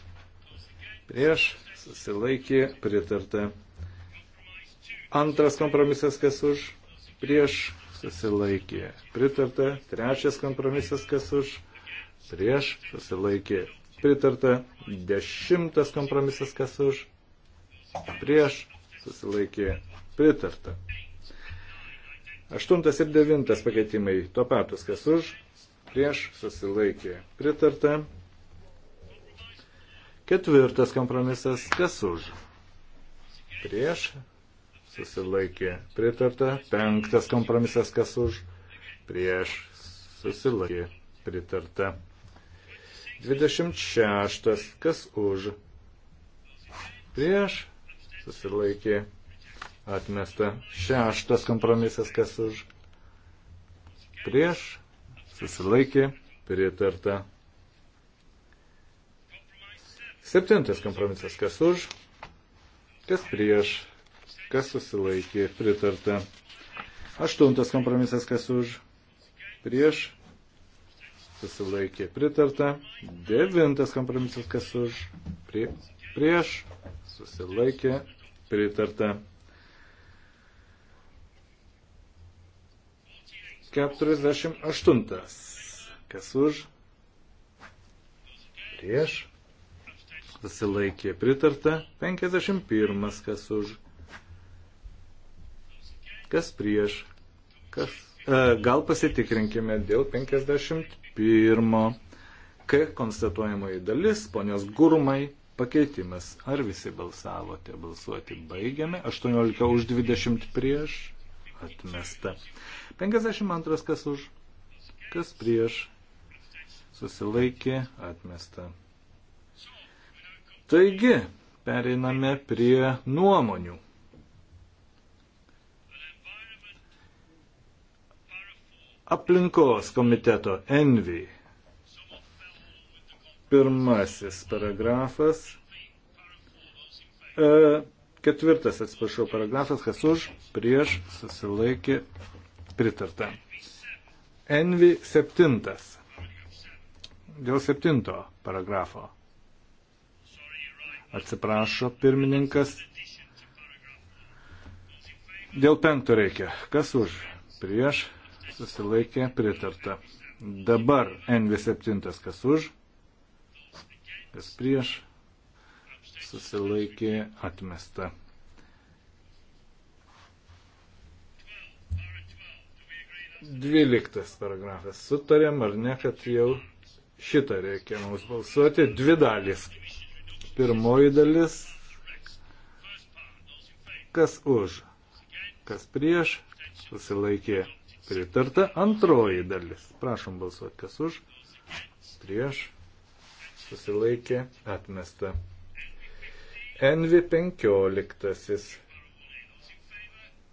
Prieš susilaikė pritarta. Antras kompromisas, kas už? Prieš susilaikė. Pritarta. Trečias kompromisas, kas už, prieš, susilaikė. Pritarta. Dešimtas kompromisas, kas už, prieš, susilaikė. Pritarta. Aštuntas ir devintas pakeitimai. Tuo patus, kas už, prieš, susilaikė. Pritarta. Ketvirtas kompromisas, kas už, prieš, susilaikė pritarta. Penktas kompromisas kas už, prieš susilaikė pritarta. 26 kas už, prieš susilaikė atmesta. Šeštas kompromisas kas už, prieš susilaikė pritarta. Septintas kompromisas, kas už, kas prieš, kas susilaikė, pritarta. Aštuntas kompromisas, kas už, prieš, susilaikė, pritarta. Devintas kompromisas, kas už, prie, prieš, susilaikė, pritarta. 48. Kas už, prieš, susilaikė, pritarta. 51. Kas už, kas prieš, kas. E, gal pasitikrinkime dėl 51. K konstatuojamoji dalis, ponios gurmai, pakeitimas. Ar visi balsavote? Balsuoti baigiame. 18 už 20 prieš. Atmesta. 52 kas už, kas prieš. Susilaikė. Atmesta. Taigi, pereiname prie nuomonių. aplinkos komiteto Envy. Pirmasis paragrafas. E, ketvirtas, atsiprašau, paragrafas, kas už, prieš, susilaikė, pritarta. Envy septintas. Dėl septinto paragrafo. Atsiprašo pirmininkas. Dėl penkto reikia. Kas už? Prieš susilaikė pritarta. Dabar NV7 kas už, kas prieš, susilaikė atmesta. Dvyliktas paragrafas. Sutarėm ar ne, kad jau šitą reikia mums balsuoti. Dvi dalys. Pirmoji dalis. Kas už, kas prieš, susilaikė Pritarta antroji dalis. Prašom balsuoti, kas už. Prieš. Susilaikė. Atmesta. NV15.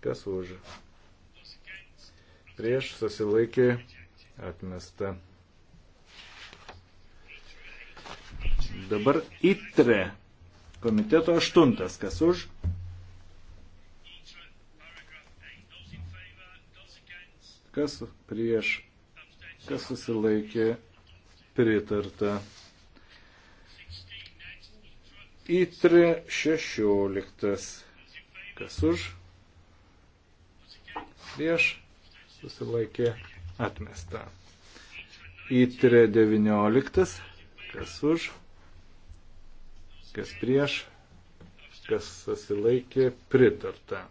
Kas už. Prieš. Susilaikė. Atmesta. Dabar ITRE. Komiteto aštuntas. Kas už. kas prieš, kas susilaikė pritarta. Įtri 16. Kas už? Prieš susilaikė atmesta. Įtri 19. Kas už? Kas prieš? Kas susilaikė pritarta.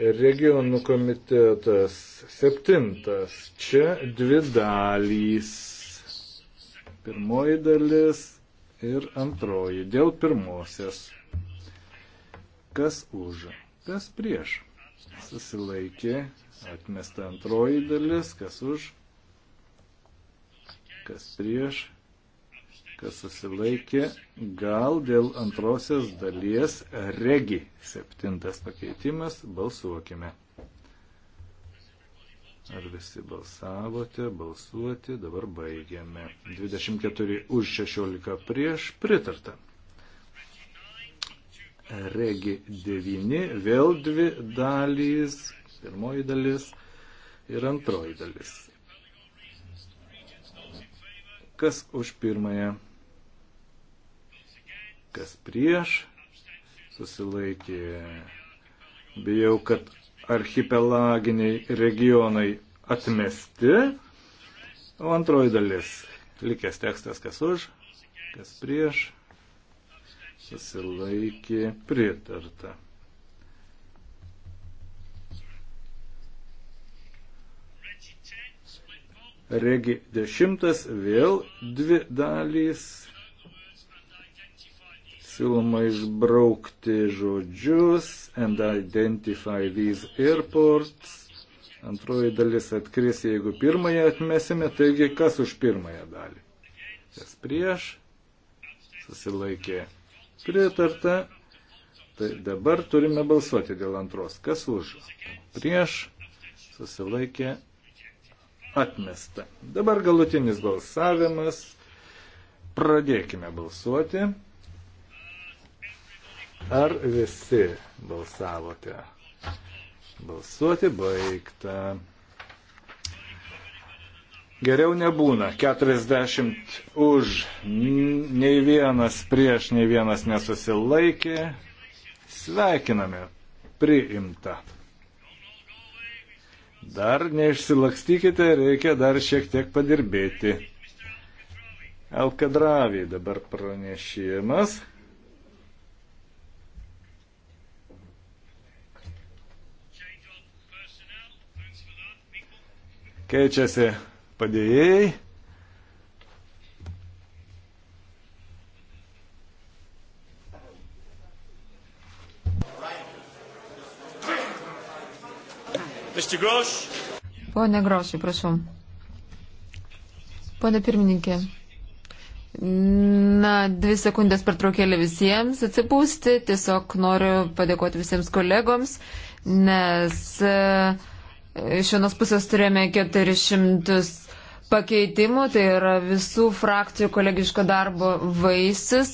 Regionų komitetas septintas. Čia dvi dalys. Pirmoji dalis ir antroji. Dėl pirmosios. Kas už? Kas prieš? Susilaikė. Atmesta antroji dalis. Kas už? Kas prieš? kas susilaikė, gal dėl antrosios dalies regi. Septintas pakeitimas, balsuokime. Ar visi balsavote, balsuoti, dabar baigiame. 24 už 16 prieš pritarta. Regi 9, vėl dvi dalys, pirmoji dalis ir antroji dalis. Kas už pirmąją? kas prieš, susilaikė. Bijau, kad archipelaginiai regionai atmesti. O antroji dalis. Likęs tekstas, kas už, kas prieš, susilaikė pritarta. Regi dešimtas vėl dvi dalys siūloma išbraukti žodžius and identify these airports. Antroji dalis atkris, jeigu pirmąją atmesime, taigi kas už pirmąją dalį? Kas prieš? Susilaikė. Pritarta. Tai dabar turime balsuoti dėl antros. Kas už? Prieš? Susilaikė. Atmesta. Dabar galutinis balsavimas. Pradėkime balsuoti. Ar visi balsavote? Balsuoti baigta. Geriau nebūna. 40 už, nei vienas prieš, nei vienas nesusilaikė. Sveikiname. Priimta. Dar neišsilakstykite, reikia dar šiek tiek padirbėti. Alkadravį dabar pranešimas. keičiasi padėjėjai. Pone Grošai, prašau. Pone pirmininkė. Na, dvi sekundės pertraukėlė visiems atsipūsti. Tiesiog noriu padėkoti visiems kolegoms, nes. Uh, iš vienos pusės turėjome 400 pakeitimų, tai yra visų frakcijų kolegiško darbo vaisis.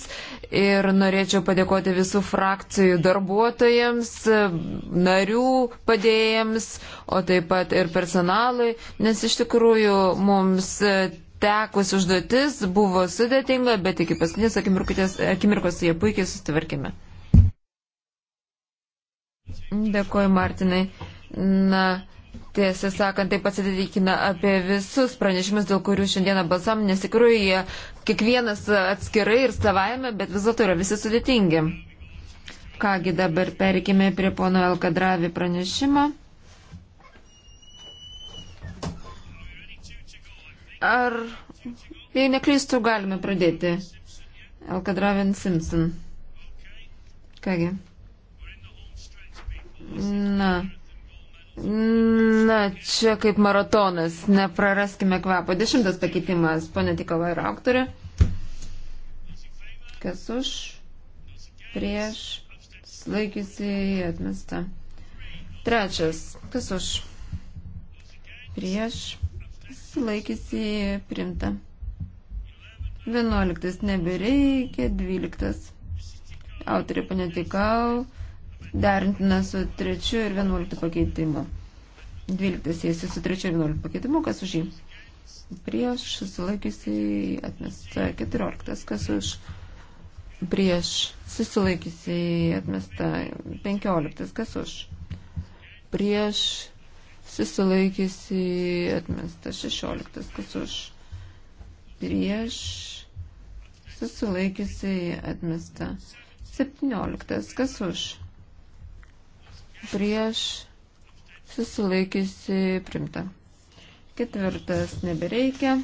Ir norėčiau padėkoti visų frakcijų darbuotojams, narių padėjėjams, o taip pat ir personalui, nes iš tikrųjų mums tekus užduotis buvo sudėtinga, bet iki paskutinės akimirkos jie puikiai sustvarkėme. Dėkuoju, Martinai. Na, Tiesą sakant, taip pasididykime apie visus pranešimus, dėl kurių šiandieną balsam, nes tikrųjų jie kiekvienas atskirai ir savaime, bet vis dėlto yra visi sudėtingi. Kągi dabar perikime prie pono Elkadravi pranešimo. Ar, jei neklystų, galime pradėti. Elkadravin Simpson. Kągi. Na. Na, čia kaip maratonas, nepraraskime kvapo. Dešimtas pakeitimas, ponė Tikova ir aktorė. Kas už, prieš, laikysi atmesta. Trečias, kas už, prieš, laikysi primta. Vienuoliktas nebereikia, dvyliktas. Autorė ponė Tikau derintina su trečiu ir vienuoliktu pakeitimu. Dvyliktas sėsi su trečiu ir vienuoliktu pakeitimu, kas už jį. Prieš susilaikysiai atmesta keturioliktas, kas už. Prieš susilaikysiai atmesta penkioliktas, kas už. Prieš susilaikysiai atmesta šešioliktas, kas už. Prieš susilaikysiai atmesta septynioliktas, kas už prieš susilaikiusi primta. Ketvirtas nebereikia.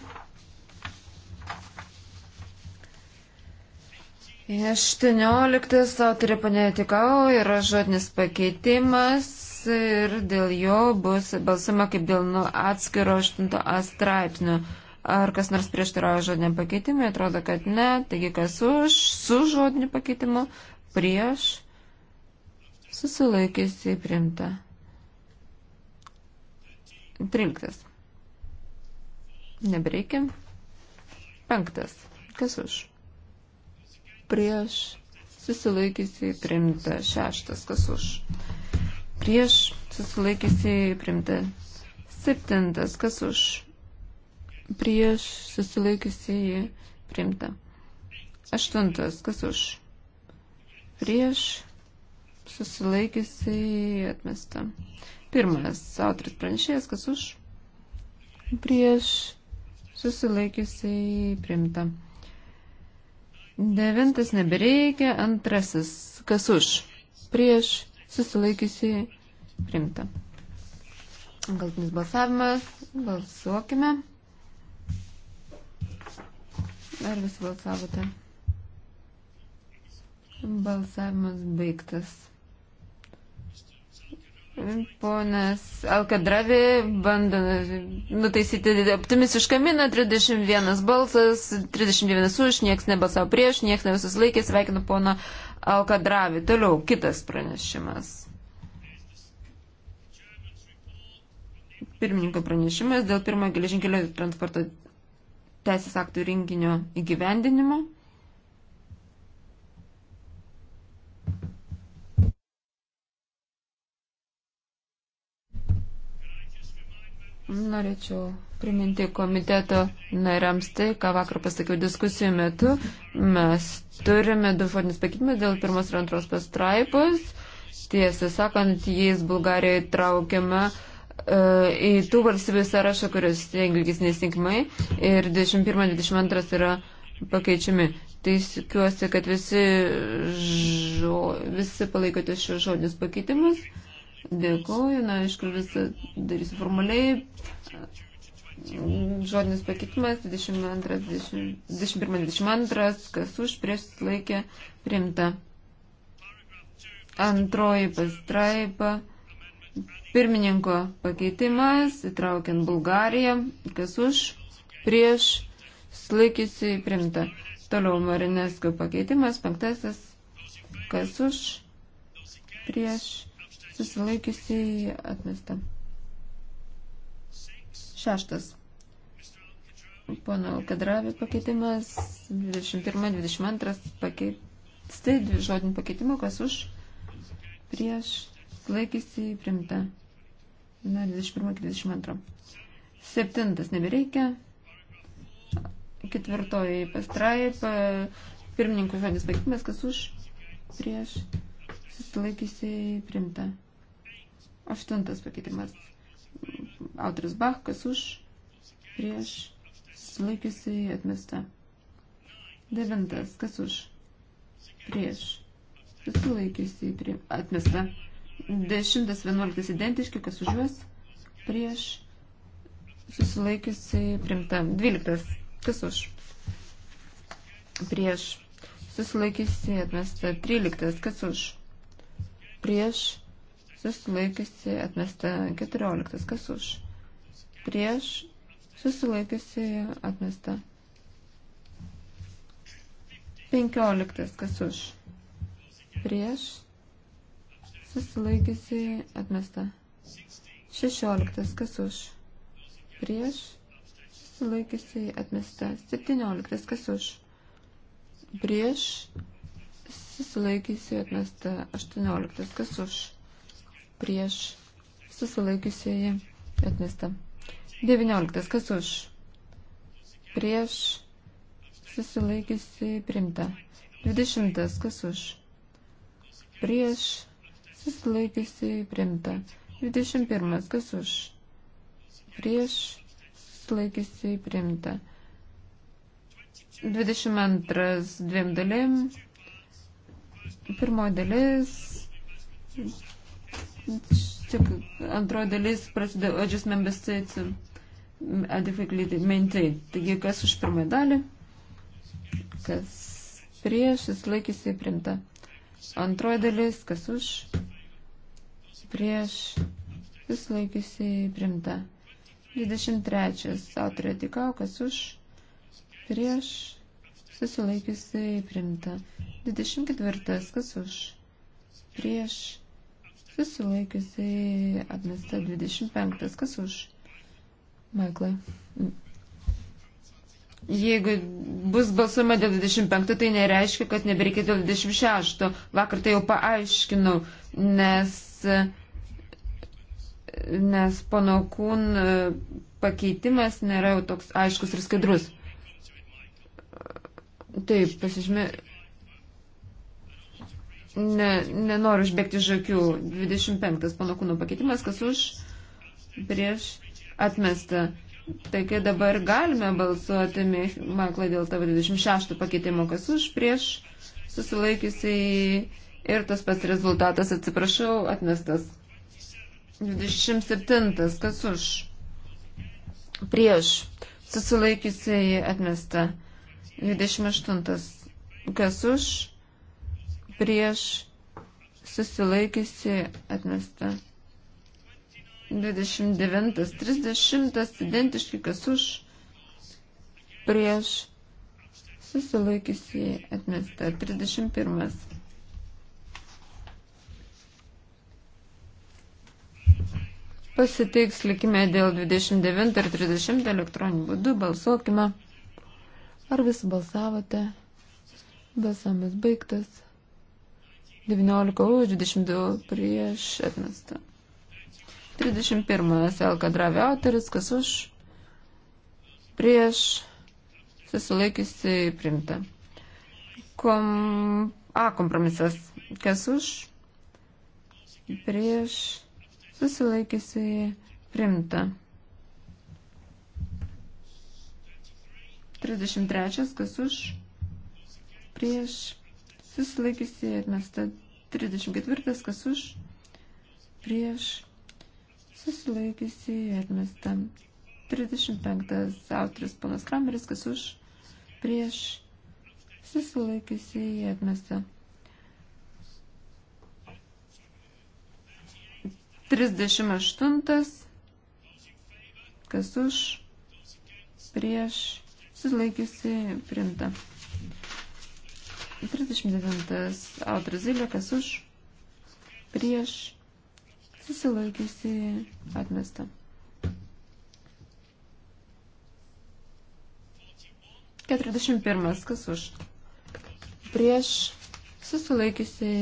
Aštuonioliktas autorė panetikau yra žodinis pakeitimas ir dėl jo bus balsama kaip dėl nu, atskiro 8a straipsnio. Ar kas nors prieštarauja žodiniam pakeitimui? Atrodo, kad ne. Taigi, kas už, su žodiniu pakeitimu, prieš susilaikiusiai primta. Trinktas. Nebereikia. Penktas. Kas už? Prieš susilaikiusiai primta. Šeštas. Kas už? Prieš susilaikiusiai primta. Septintas. Kas už? Prieš susilaikiusiai primta. Aštuntas. Kas už? Prieš susilaikiusiai atmesta. Pirmas autoris pranešėjas, kas už, prieš, susilaikiusiai primta. Devintas nebereikia, antrasis, kas už, prieš, susilaikiusiai primta. Galtinis balsavimas, balsuokime. Ar visi balsavote? Balsavimas baigtas. Ponas Alkadravi bando nutaisyti optimistišką miną, 31 balsas, 31 už, nieks nebalsavo prieš, nieks nesusilaikė, sveikinu pono Alkadravi. Toliau kitas pranešimas. Pirmininko pranešimas dėl pirmojo geležinkelio transporto teisės aktų rinkinio įgyvendinimo. Norėčiau priminti komiteto nariams tai, ką vakar pasakiau diskusijų metu. Mes turime du žodinius pakeitimus dėl pirmos ir antros pastraipos. Tiesą sakant, jais Bulgarija įtraukiama uh, į tų valstybių sąrašą, kurios englygis nesinkmai ir 21-22 yra pakeičiami. Tai tikiuosi, kad visi, žo, visi palaikote šios žodinius pakeitimus. Uh, Dėkuoju, na, aišku, visą darysiu formaliai. Žodinis pakeitimas 21-22, kas už prieš laikė primta. Antroji pastraipa. Pirmininko pakeitimas, įtraukiant Bulgariją, kas už prieš laikysi primta. Toliau Marinesko pakeitimas, penktasis, kas už prieš susilaikiusiai atmesta. Šeštas. Pono Kadravi pakeitimas 21-22 pakeisti, dvi žodinį pakeitimą, kas už, prieš, laikysi, primta. Na, 21-22. Septintas nebereikia. Ketvirtoji pastraipa, pirmininkų žodis pakeitimas, kas už, prieš, susilaikysiai primta. Aštuntas pakeitimas. Autoris Bach, kas už, prieš, susilaikysiai atmesta. Devintas, kas už, prieš, susilaikysiai atmesta. Dešimtas, vienuoliktas identiški, kas už juos, prieš, susilaikiusiai primta. 12. Kas už? Prieš. Susilaikiusiai atmesta. 13. Kas už? prieš susilaikiusi atmesta 14. Kas už? Prieš susilaikiusi atmesta 15. Kas už? Prieš susilaikiusi atmesta 16. Kas už? Prieš susilaikiusi atmesta 17. Kas už? Prieš susilaikiusiai atmesta 18, kas už, prieš, susilaikiusiai atmesta 19, kas už, prieš, susilaikiusiai primta 20, kas už, prieš, susilaikiusiai primta 21, kas už, prieš, susilaikiusiai primta 22 dviem dalim Pirmoji dalis. Tik antroji dalis prasideda Odžius Member States um, adequately maintained. Taigi, kas už pirmąją dalį, kas prieš, jis laikysi primta. Antroji dalis, kas už, prieš, jis laikysi primta. 23. Autorė tikau, kas už, prieš, susilaikiusiai primta. 24. Kas už? Prieš susilaikiusiai atmesta. 25. Kas už? Maiklai. Jeigu bus balsuojama dėl 25, tai nereiškia, kad nebereikia dėl 26. Vakar tai jau paaiškinau, nes, nes pono kūn e, pakeitimas nėra jau toks aiškus ir skaidrus. Taip, pasižymė. Ne, nenoriu užbėgti žakių. 25. Pono kūno pakeitimas, kas už prieš atmestą. Tai kai dabar galime balsuoti, Maklai, dėl tavo 26 pakeitimo, kas už prieš susilaikysiai ir tas pats rezultatas, atsiprašau, atmestas. 27. Kas už prieš susilaikysiai atmestą. 28. Kas už, prieš, susilaikysi, atmesta. 29. 30. Identiški, kas už, prieš, susilaikysi, atmesta. 31. Pasiteiks likime dėl 29 ir 30 elektroninių būdų, balsuokime. Ar visi balsavote? Balsavimas baigtas. 19 už 22 prieš atmestą. 31 Elka Dravė autoris, kas už prieš susilaikiusi primta. Kom... A kompromisas, kas už prieš susilaikiusi primta. 33 kas už, prieš, susilaikysi atmesta 34 kas už, prieš, susilaikysi atmesta 35 autorius ponas Krameris kas už, prieš, susilaikysi atmesta 38 kas už, prieš, susilaikiusi primta. 39 Audrazilė, kas už, prieš, susilaikiusi atmesta. 41 kas už, prieš, susilaikiusi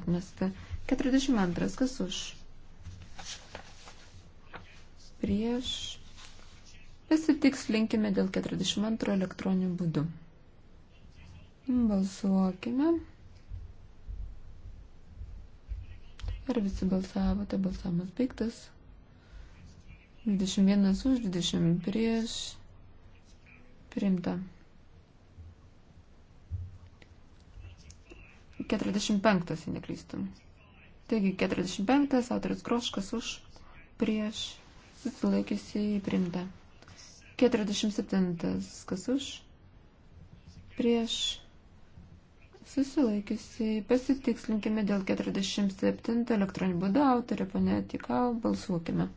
atmesta. 42 kas už, prieš, Pasitikslinkime dėl 42 elektroninių būdų. Balsuokime. Ar visi balsavote? Balsavimas baigtas. 21 už, 20 prieš. Primta. 45, jei neklystu. Taigi 45, autoris Groškas už, prieš, susilaikiusi į primtą. 47. Kas už? Prieš. Susilaikiusiai pasitikslinkime dėl 47 elektroninių būdų autorė, ponė Tikau, balsuokime.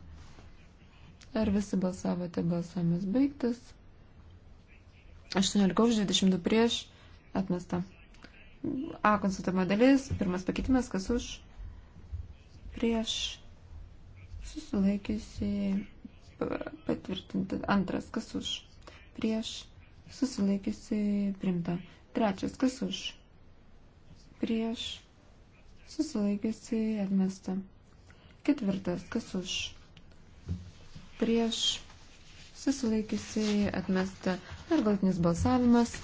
Ar visi balsavote, balsavimas baigtas? 18 už 22 prieš atmesta. A konsultama dalis, pirmas pakeitimas, kas už, prieš, susilaikiusiai patvirtinta. Antras, kas už, prieš, susilaikiusi, primta. Trečias, kas už, prieš, susilaikiusi, atmesta. Ketvirtas, kas už, prieš, susilaikiusi, atmesta. Ir galtinis balsavimas.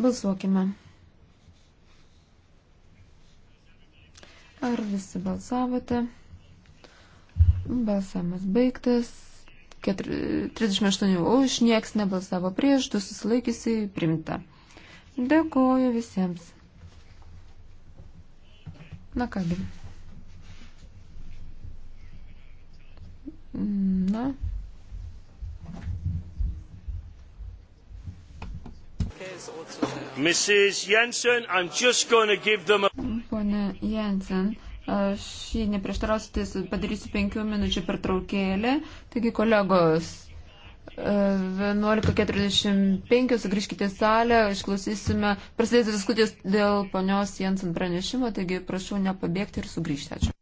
Balsuokime. Ar visi balsavote? Balsamas baigtas. 38 už, nieks nebalsavo prieš, du susilaikysi, primta. Dėkoju visiems. Na kągi. Na. Mrs. Jensen, I'm just going to give them a... Pone Jensen, Aš jį neprieštarausite, tai padarysiu penkių minučių per traukėlį. Taigi, kolegos, 11.45 e, sugrįžkite į salę, išklausysime, prasidės diskusijos dėl ponios Jensen pranešimo, taigi prašau nepabėgti ir sugrįžti. Ačiū.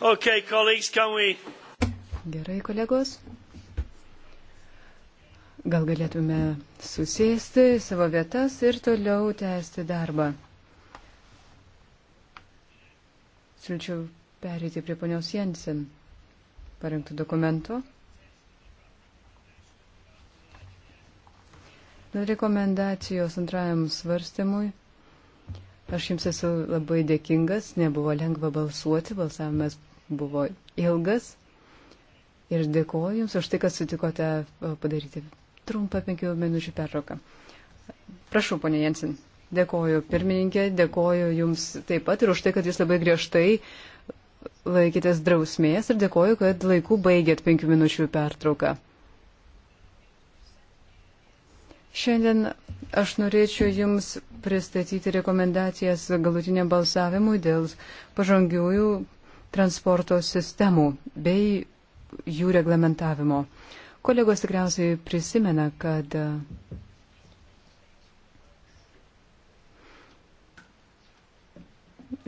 Okay, colleagues, can we... Gerai, kolegos. Gal galėtume susėsti savo vietas ir toliau tęsti darbą. Siūlyčiau perėti prie ponios Jensen parengtų dokumento. Dėl rekomendacijos antrajam svarstymui Aš jums esu labai dėkingas, nebuvo lengva balsuoti, balsavimas buvo ilgas ir dėkoju Jums už tai, kad sutikote e, padaryti trumpą penkių minučių pertrauką. Prašau, ponė Jensen. Dėkoju pirmininkė, dėkoju Jums taip pat ir už tai, kad Jūs labai griežtai laikytės drausmės ir dėkoju, kad laiku baigėt penkių minučių pertrauką. Šiandien aš norėčiau Jums pristatyti rekomendacijas galutiniam balsavimui dėl pažangiųjų transporto sistemų bei jų reglamentavimo. Kolegos tikriausiai prisimena, kad e,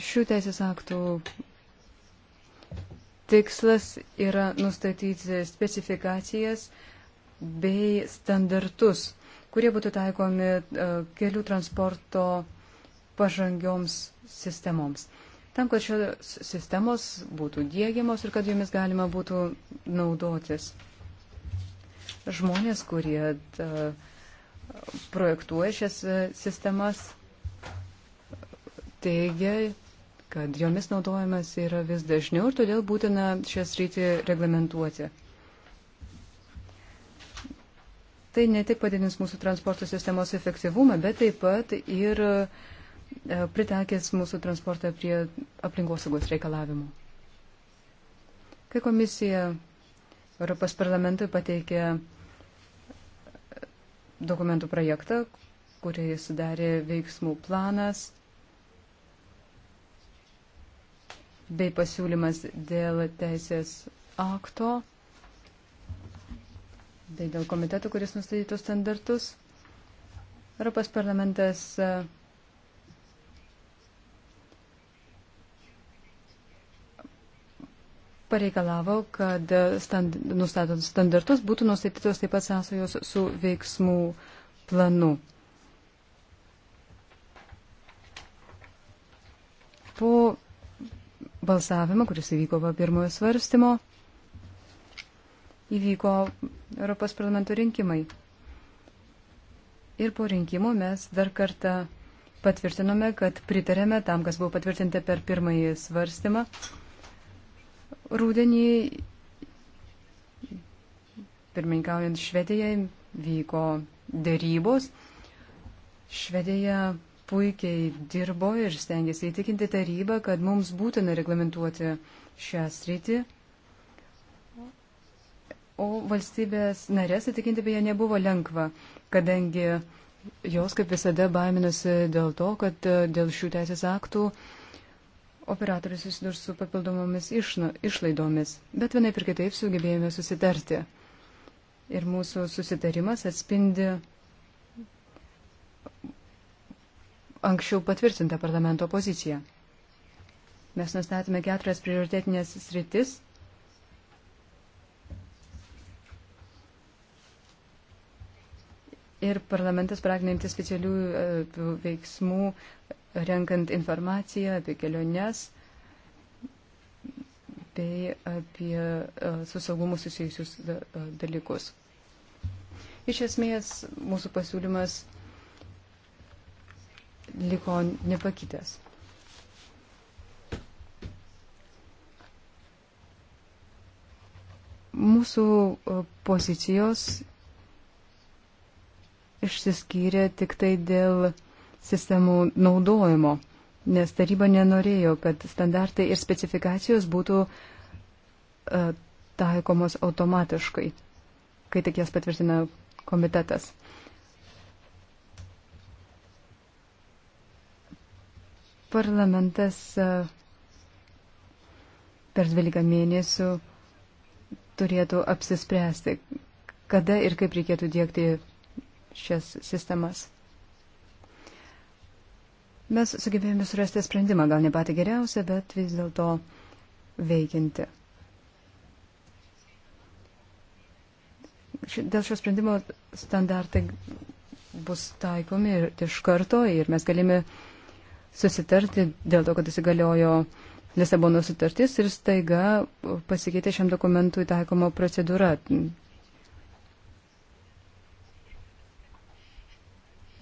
šių teisės aktų tikslas yra nustatyti specifikacijas bei standartus, kurie būtų taikomi e, kelių transporto pažangioms sistemoms tam, kad šios sistemos būtų dėgiamos ir kad jomis galima būtų naudotis. Žmonės, kurie da, projektuoja šias e, sistemas, teigia, kad jomis naudojimas yra vis dažniau ir todėl būtina šias rytį reglamentuoti. Tai ne tik padidins mūsų transporto sistemos efektyvumą, bet taip pat ir uh, E, pritaikęs mūsų transportą prie aplinkosaugos reikalavimų. Kai komisija Europos parlamentui pateikė e, dokumentų projektą, kurį sudarė veiksmų planas bei pasiūlymas dėl teisės akto, bei dėl komiteto, kuris nustatytų standartus. Europos parlamentas e, pareikalavo, kad stand, nustatant standartus būtų nustatytos taip pat sąsajos su veiksmų planu. Po balsavimo, kuris įvyko po pirmojo svarstymo, įvyko Europos parlamento rinkimai. Ir po rinkimų mes dar kartą patvirtinome, kad pritarėme tam, kas buvo patvirtinta per pirmąjį svarstymą. Rūdienį, pirmininkaujant Švedijai, vyko dėrybos. Švedija puikiai dirbo ir stengiasi įtikinti tarybą, kad mums būtina reglamentuoti šią sritį. O valstybės narės įtikinti beje nebuvo lengva, kadangi jos kaip visada baiminasi dėl to, kad dėl šių teisės aktų uh, operatorius susidurs su papildomomis išlaidomis, bet vienaip ir kitaip sugebėjome susitarti. Ir mūsų susitarimas atspindi anksčiau patvirtintą parlamento poziciją. Mes nustatėme keturias prioritetinės sritis. Ir parlamentas pragnantis specialių e, veiksmų renkant informaciją apie keliones bei apie e, su saugumu susijusius e, e, dalykus. Iš esmės mūsų pasiūlymas liko nepakitęs. Mūsų pozicijos išsiskyrė tik tai dėl sistemų naudojimo, nes taryba nenorėjo, kad standartai ir specifikacijos būtų uh, taikomos automatiškai, kai tik jas patvirtina komitetas. Parlamentas uh, per 12 mėnesių turėtų apsispręsti, kada ir kaip reikėtų dėkti šias sistemas. Mes sugebėjome surasti sprendimą, gal ne patį geriausią, bet vis dėlto veikinti. Dėl šio sprendimo standartai bus taikomi ir iš karto ir mes galime susitarti dėl to, kad įsigaliojo Lisabono sutartis ir staiga pasikeitė šiam dokumentui taikoma procedūra.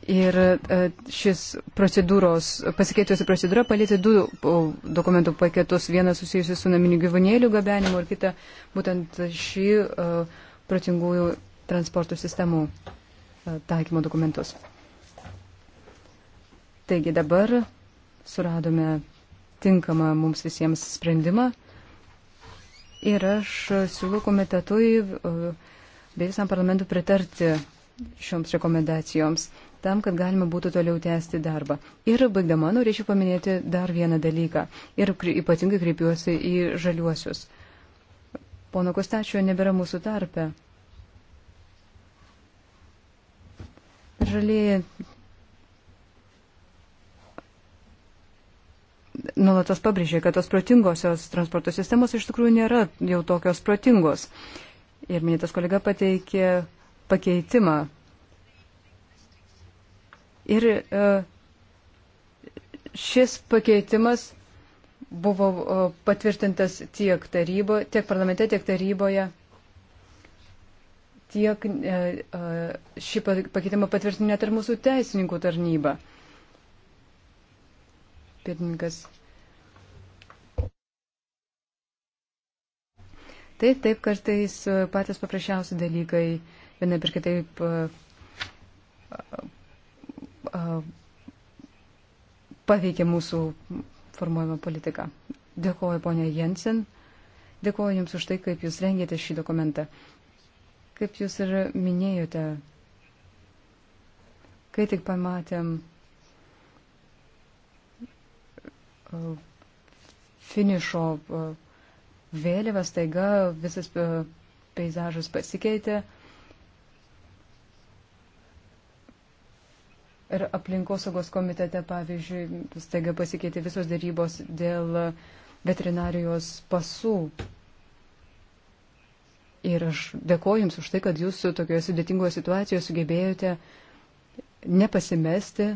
Ir e, šis procedūros, pasikeitusi procedūra palėtė du dokumentų paketus, vieną susijusi su naminių gyvūnėlių gabenimu ir kitą būtent šį uh, e, protingųjų transporto sistemų uh, taikymo dokumentus. Taigi dabar suradome tinkamą mums visiems sprendimą ir aš siūlau komitetui uh, bei visam parlamentu pritarti šioms rekomendacijoms tam, kad galima būtų toliau tęsti darbą. Ir baigdama norėčiau paminėti dar vieną dalyką. Ir ypatingai kreipiuosi į žaliuosius. Pono Kostačio nebėra mūsų tarpe. Žalieji nuolatos pabrėžė, kad tos protingosios transporto sistemos iš tikrųjų nėra jau tokios protingos. Ir minėtas kolega pateikė pakeitimą Ir e, šis pakeitimas buvo e, patvirtintas tiek, tarybo, tiek parlamente, tiek taryboje. Tiek e, šį pakeitimą patvirtino net ir mūsų teisininkų tarnyba. Pirmininkas. Taip, taip, kartais patys paprasčiausi dalykai vienaip ir kitaip paveikia mūsų formuojamą politiką. Dėkuoju ponia Jensen, dėkuoju Jums už tai, kaip Jūs rengėte šį dokumentą. Kaip Jūs ir minėjote, kai tik pamatėm finišo vėliavas, taiga visas peizažas pasikeitė. ir aplinkosaugos komitete, pavyzdžiui, staiga pasikeitė visos darybos dėl veterinarijos pasų. Ir aš dėkoju Jums už tai, kad Jūs tokioje sudėtingoje situacijoje sugebėjote nepasimesti.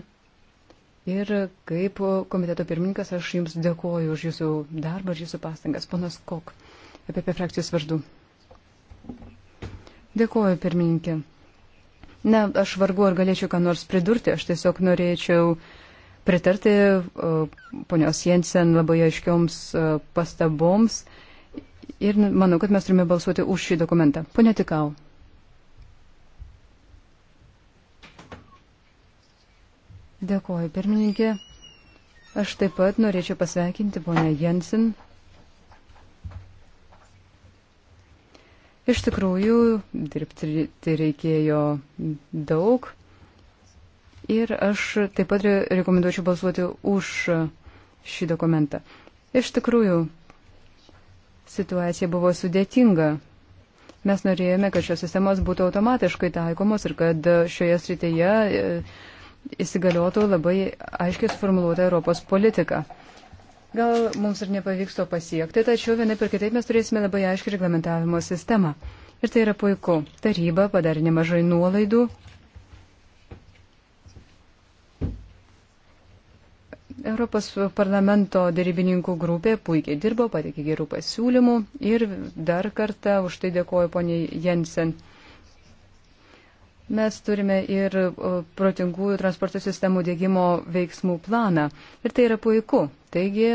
Ir kaip komiteto pirmininkas, aš Jums dėkoju už Jūsų darbą ir Jūsų pastangas. Ponas Kok, apie, apie frakcijos vardų. Dėkoju, pirmininkė. Na, aš vargu ar galėčiau ką nors pridurti, aš tiesiog norėčiau pritarti ponios Jensen labai aiškioms pastaboms ir manau, kad mes turime balsuoti už šį dokumentą. Pone Tikau. Dėkuoju, pirmininkė. Aš taip pat norėčiau pasveikinti ponę Jensen Iš tikrųjų, dirbti tai reikėjo daug. Ir aš taip pat rekomenduočiau balsuoti už šį dokumentą. Iš tikrųjų, situacija buvo sudėtinga. Mes norėjome, kad šios sistemos būtų automatiškai taikomos ir kad šioje srityje e, įsigaliotų labai aiškiai suformuoluota Europos politika. Gal mums ir nepavyks to pasiekti, tačiau vienai per kitaip mes turėsime labai aiškį reglamentavimo sistemą. Ir tai yra puiku. Taryba padarė nemažai nuolaidų. Europos parlamento darybininkų grupė puikiai dirbo, patikė gerų pasiūlymų ir dar kartą už tai dėkoju poniai Jensen. Mes turime ir protingųjų transporto sistemų dėgymo veiksmų planą. Ir tai yra puiku. Taigi,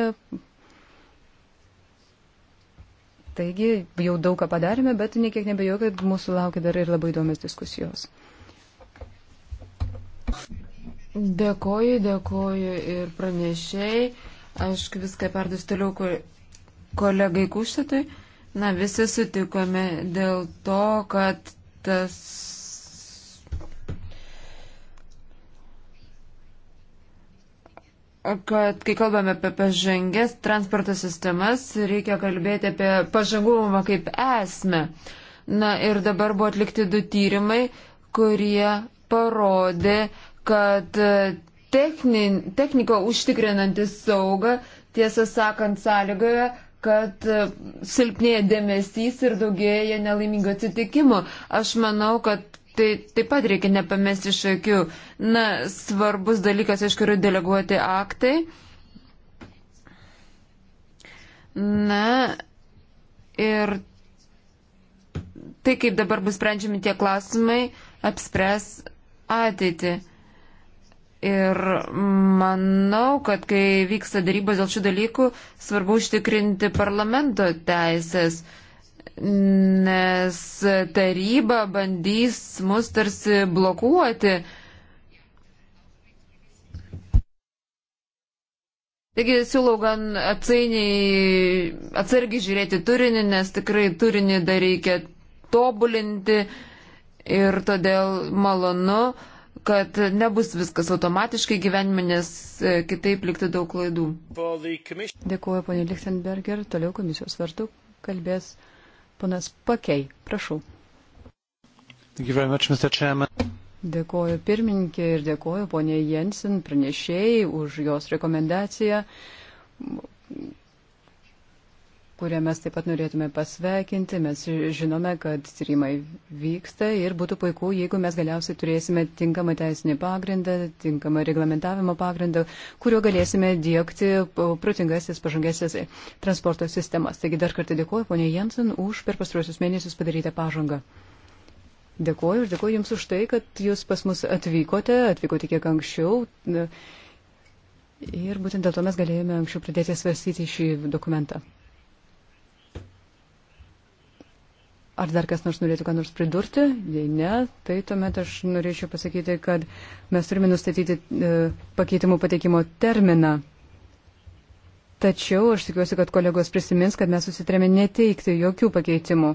taigi jau daug ką padarėme, bet niekiek nebejoju, kad mūsų laukia dar ir labai įdomios diskusijos. Dėkoju, dėkoju ir pranešiai. Aš viską perduosiu toliau kolegai Kuštatui. Na, visi sutikome dėl to, kad tas kad kai kalbame apie pažangės transporto sistemas, reikia kalbėti apie pažangumą kaip esmę. Na ir dabar buvo atlikti du tyrimai, kurie parodė, kad technin, techniko užtikrinantis saugą, tiesą sakant, sąlygoje, kad silpnėja dėmesys ir daugėja nelaimingų atsitikimų. Aš manau, kad tai taip pat reikia nepamesti iš akių. Na, svarbus dalykas, aišku, yra deleguoti aktai. Na, ir tai, kaip dabar bus sprendžiami tie klausimai, apspręs ateitį. Ir manau, kad kai vyksta darybos dėl šių dalykų, svarbu užtikrinti parlamento teisės. Uh, nes taryba bandys mus tarsi blokuoti. Taigi siūlau gan atsainiai, atsargiai žiūrėti turinį, nes tikrai turinį dar reikia tobulinti ir todėl malonu, kad nebus viskas automatiškai gyvenime, nes e, kitaip likti daug klaidų. Dėkuoju, ponė Lichtenberger. Toliau komisijos vardu kalbės Ponas Pakei, prašau. Dėkoju pirmininkė ir dėkoju ponė Jensen pranešėjai už jos rekomendaciją kurią mes taip pat norėtume pasveikinti. Mes žinome, kad tyrimai vyksta ir būtų puiku, jeigu mes galiausiai turėsime tinkamą teisinį pagrindą, tinkamą reglamentavimo pagrindą, kuriuo galėsime dėkti protingasis, pažangasis transporto sistemas. Taigi dar kartą dėkuoju ponė Jensen už per pastruosius mėnesius padarytą pažangą. Dėkuoju ir dėkuoju Jums už tai, kad Jūs pas mus atvykote, atvykote kiek anksčiau. Ir būtent dėl to mes galėjome anksčiau pradėti svarstyti šį dokumentą. Ar dar kas nors norėtų ką nors pridurti? Jei ne, tai tuomet aš norėčiau pasakyti, kad mes turime nustatyti e, pakeitimų pateikimo terminą. Tačiau aš tikiuosi, kad kolegos prisimins, kad mes susitrėmė neteikti jokių pakeitimų.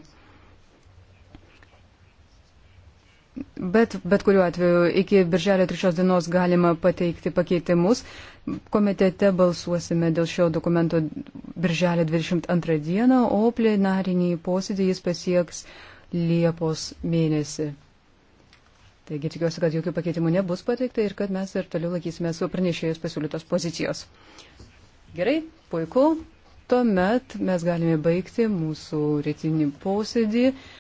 Bet, bet kuriuo atveju iki birželio 3 dienos galima pateikti pakeitimus. Komitete balsuosime dėl šio dokumento birželio 22 dieną, o plenarinį posėdį jis pasieks Liepos mėnesį. Taigi tikiuosi, kad jokių pakeitimų nebus pateikta ir kad mes ir toliau laikysime su pranešėjus pasiūlytos pozicijos. Gerai, puiku. Tuomet mes galime baigti mūsų rytinį posėdį.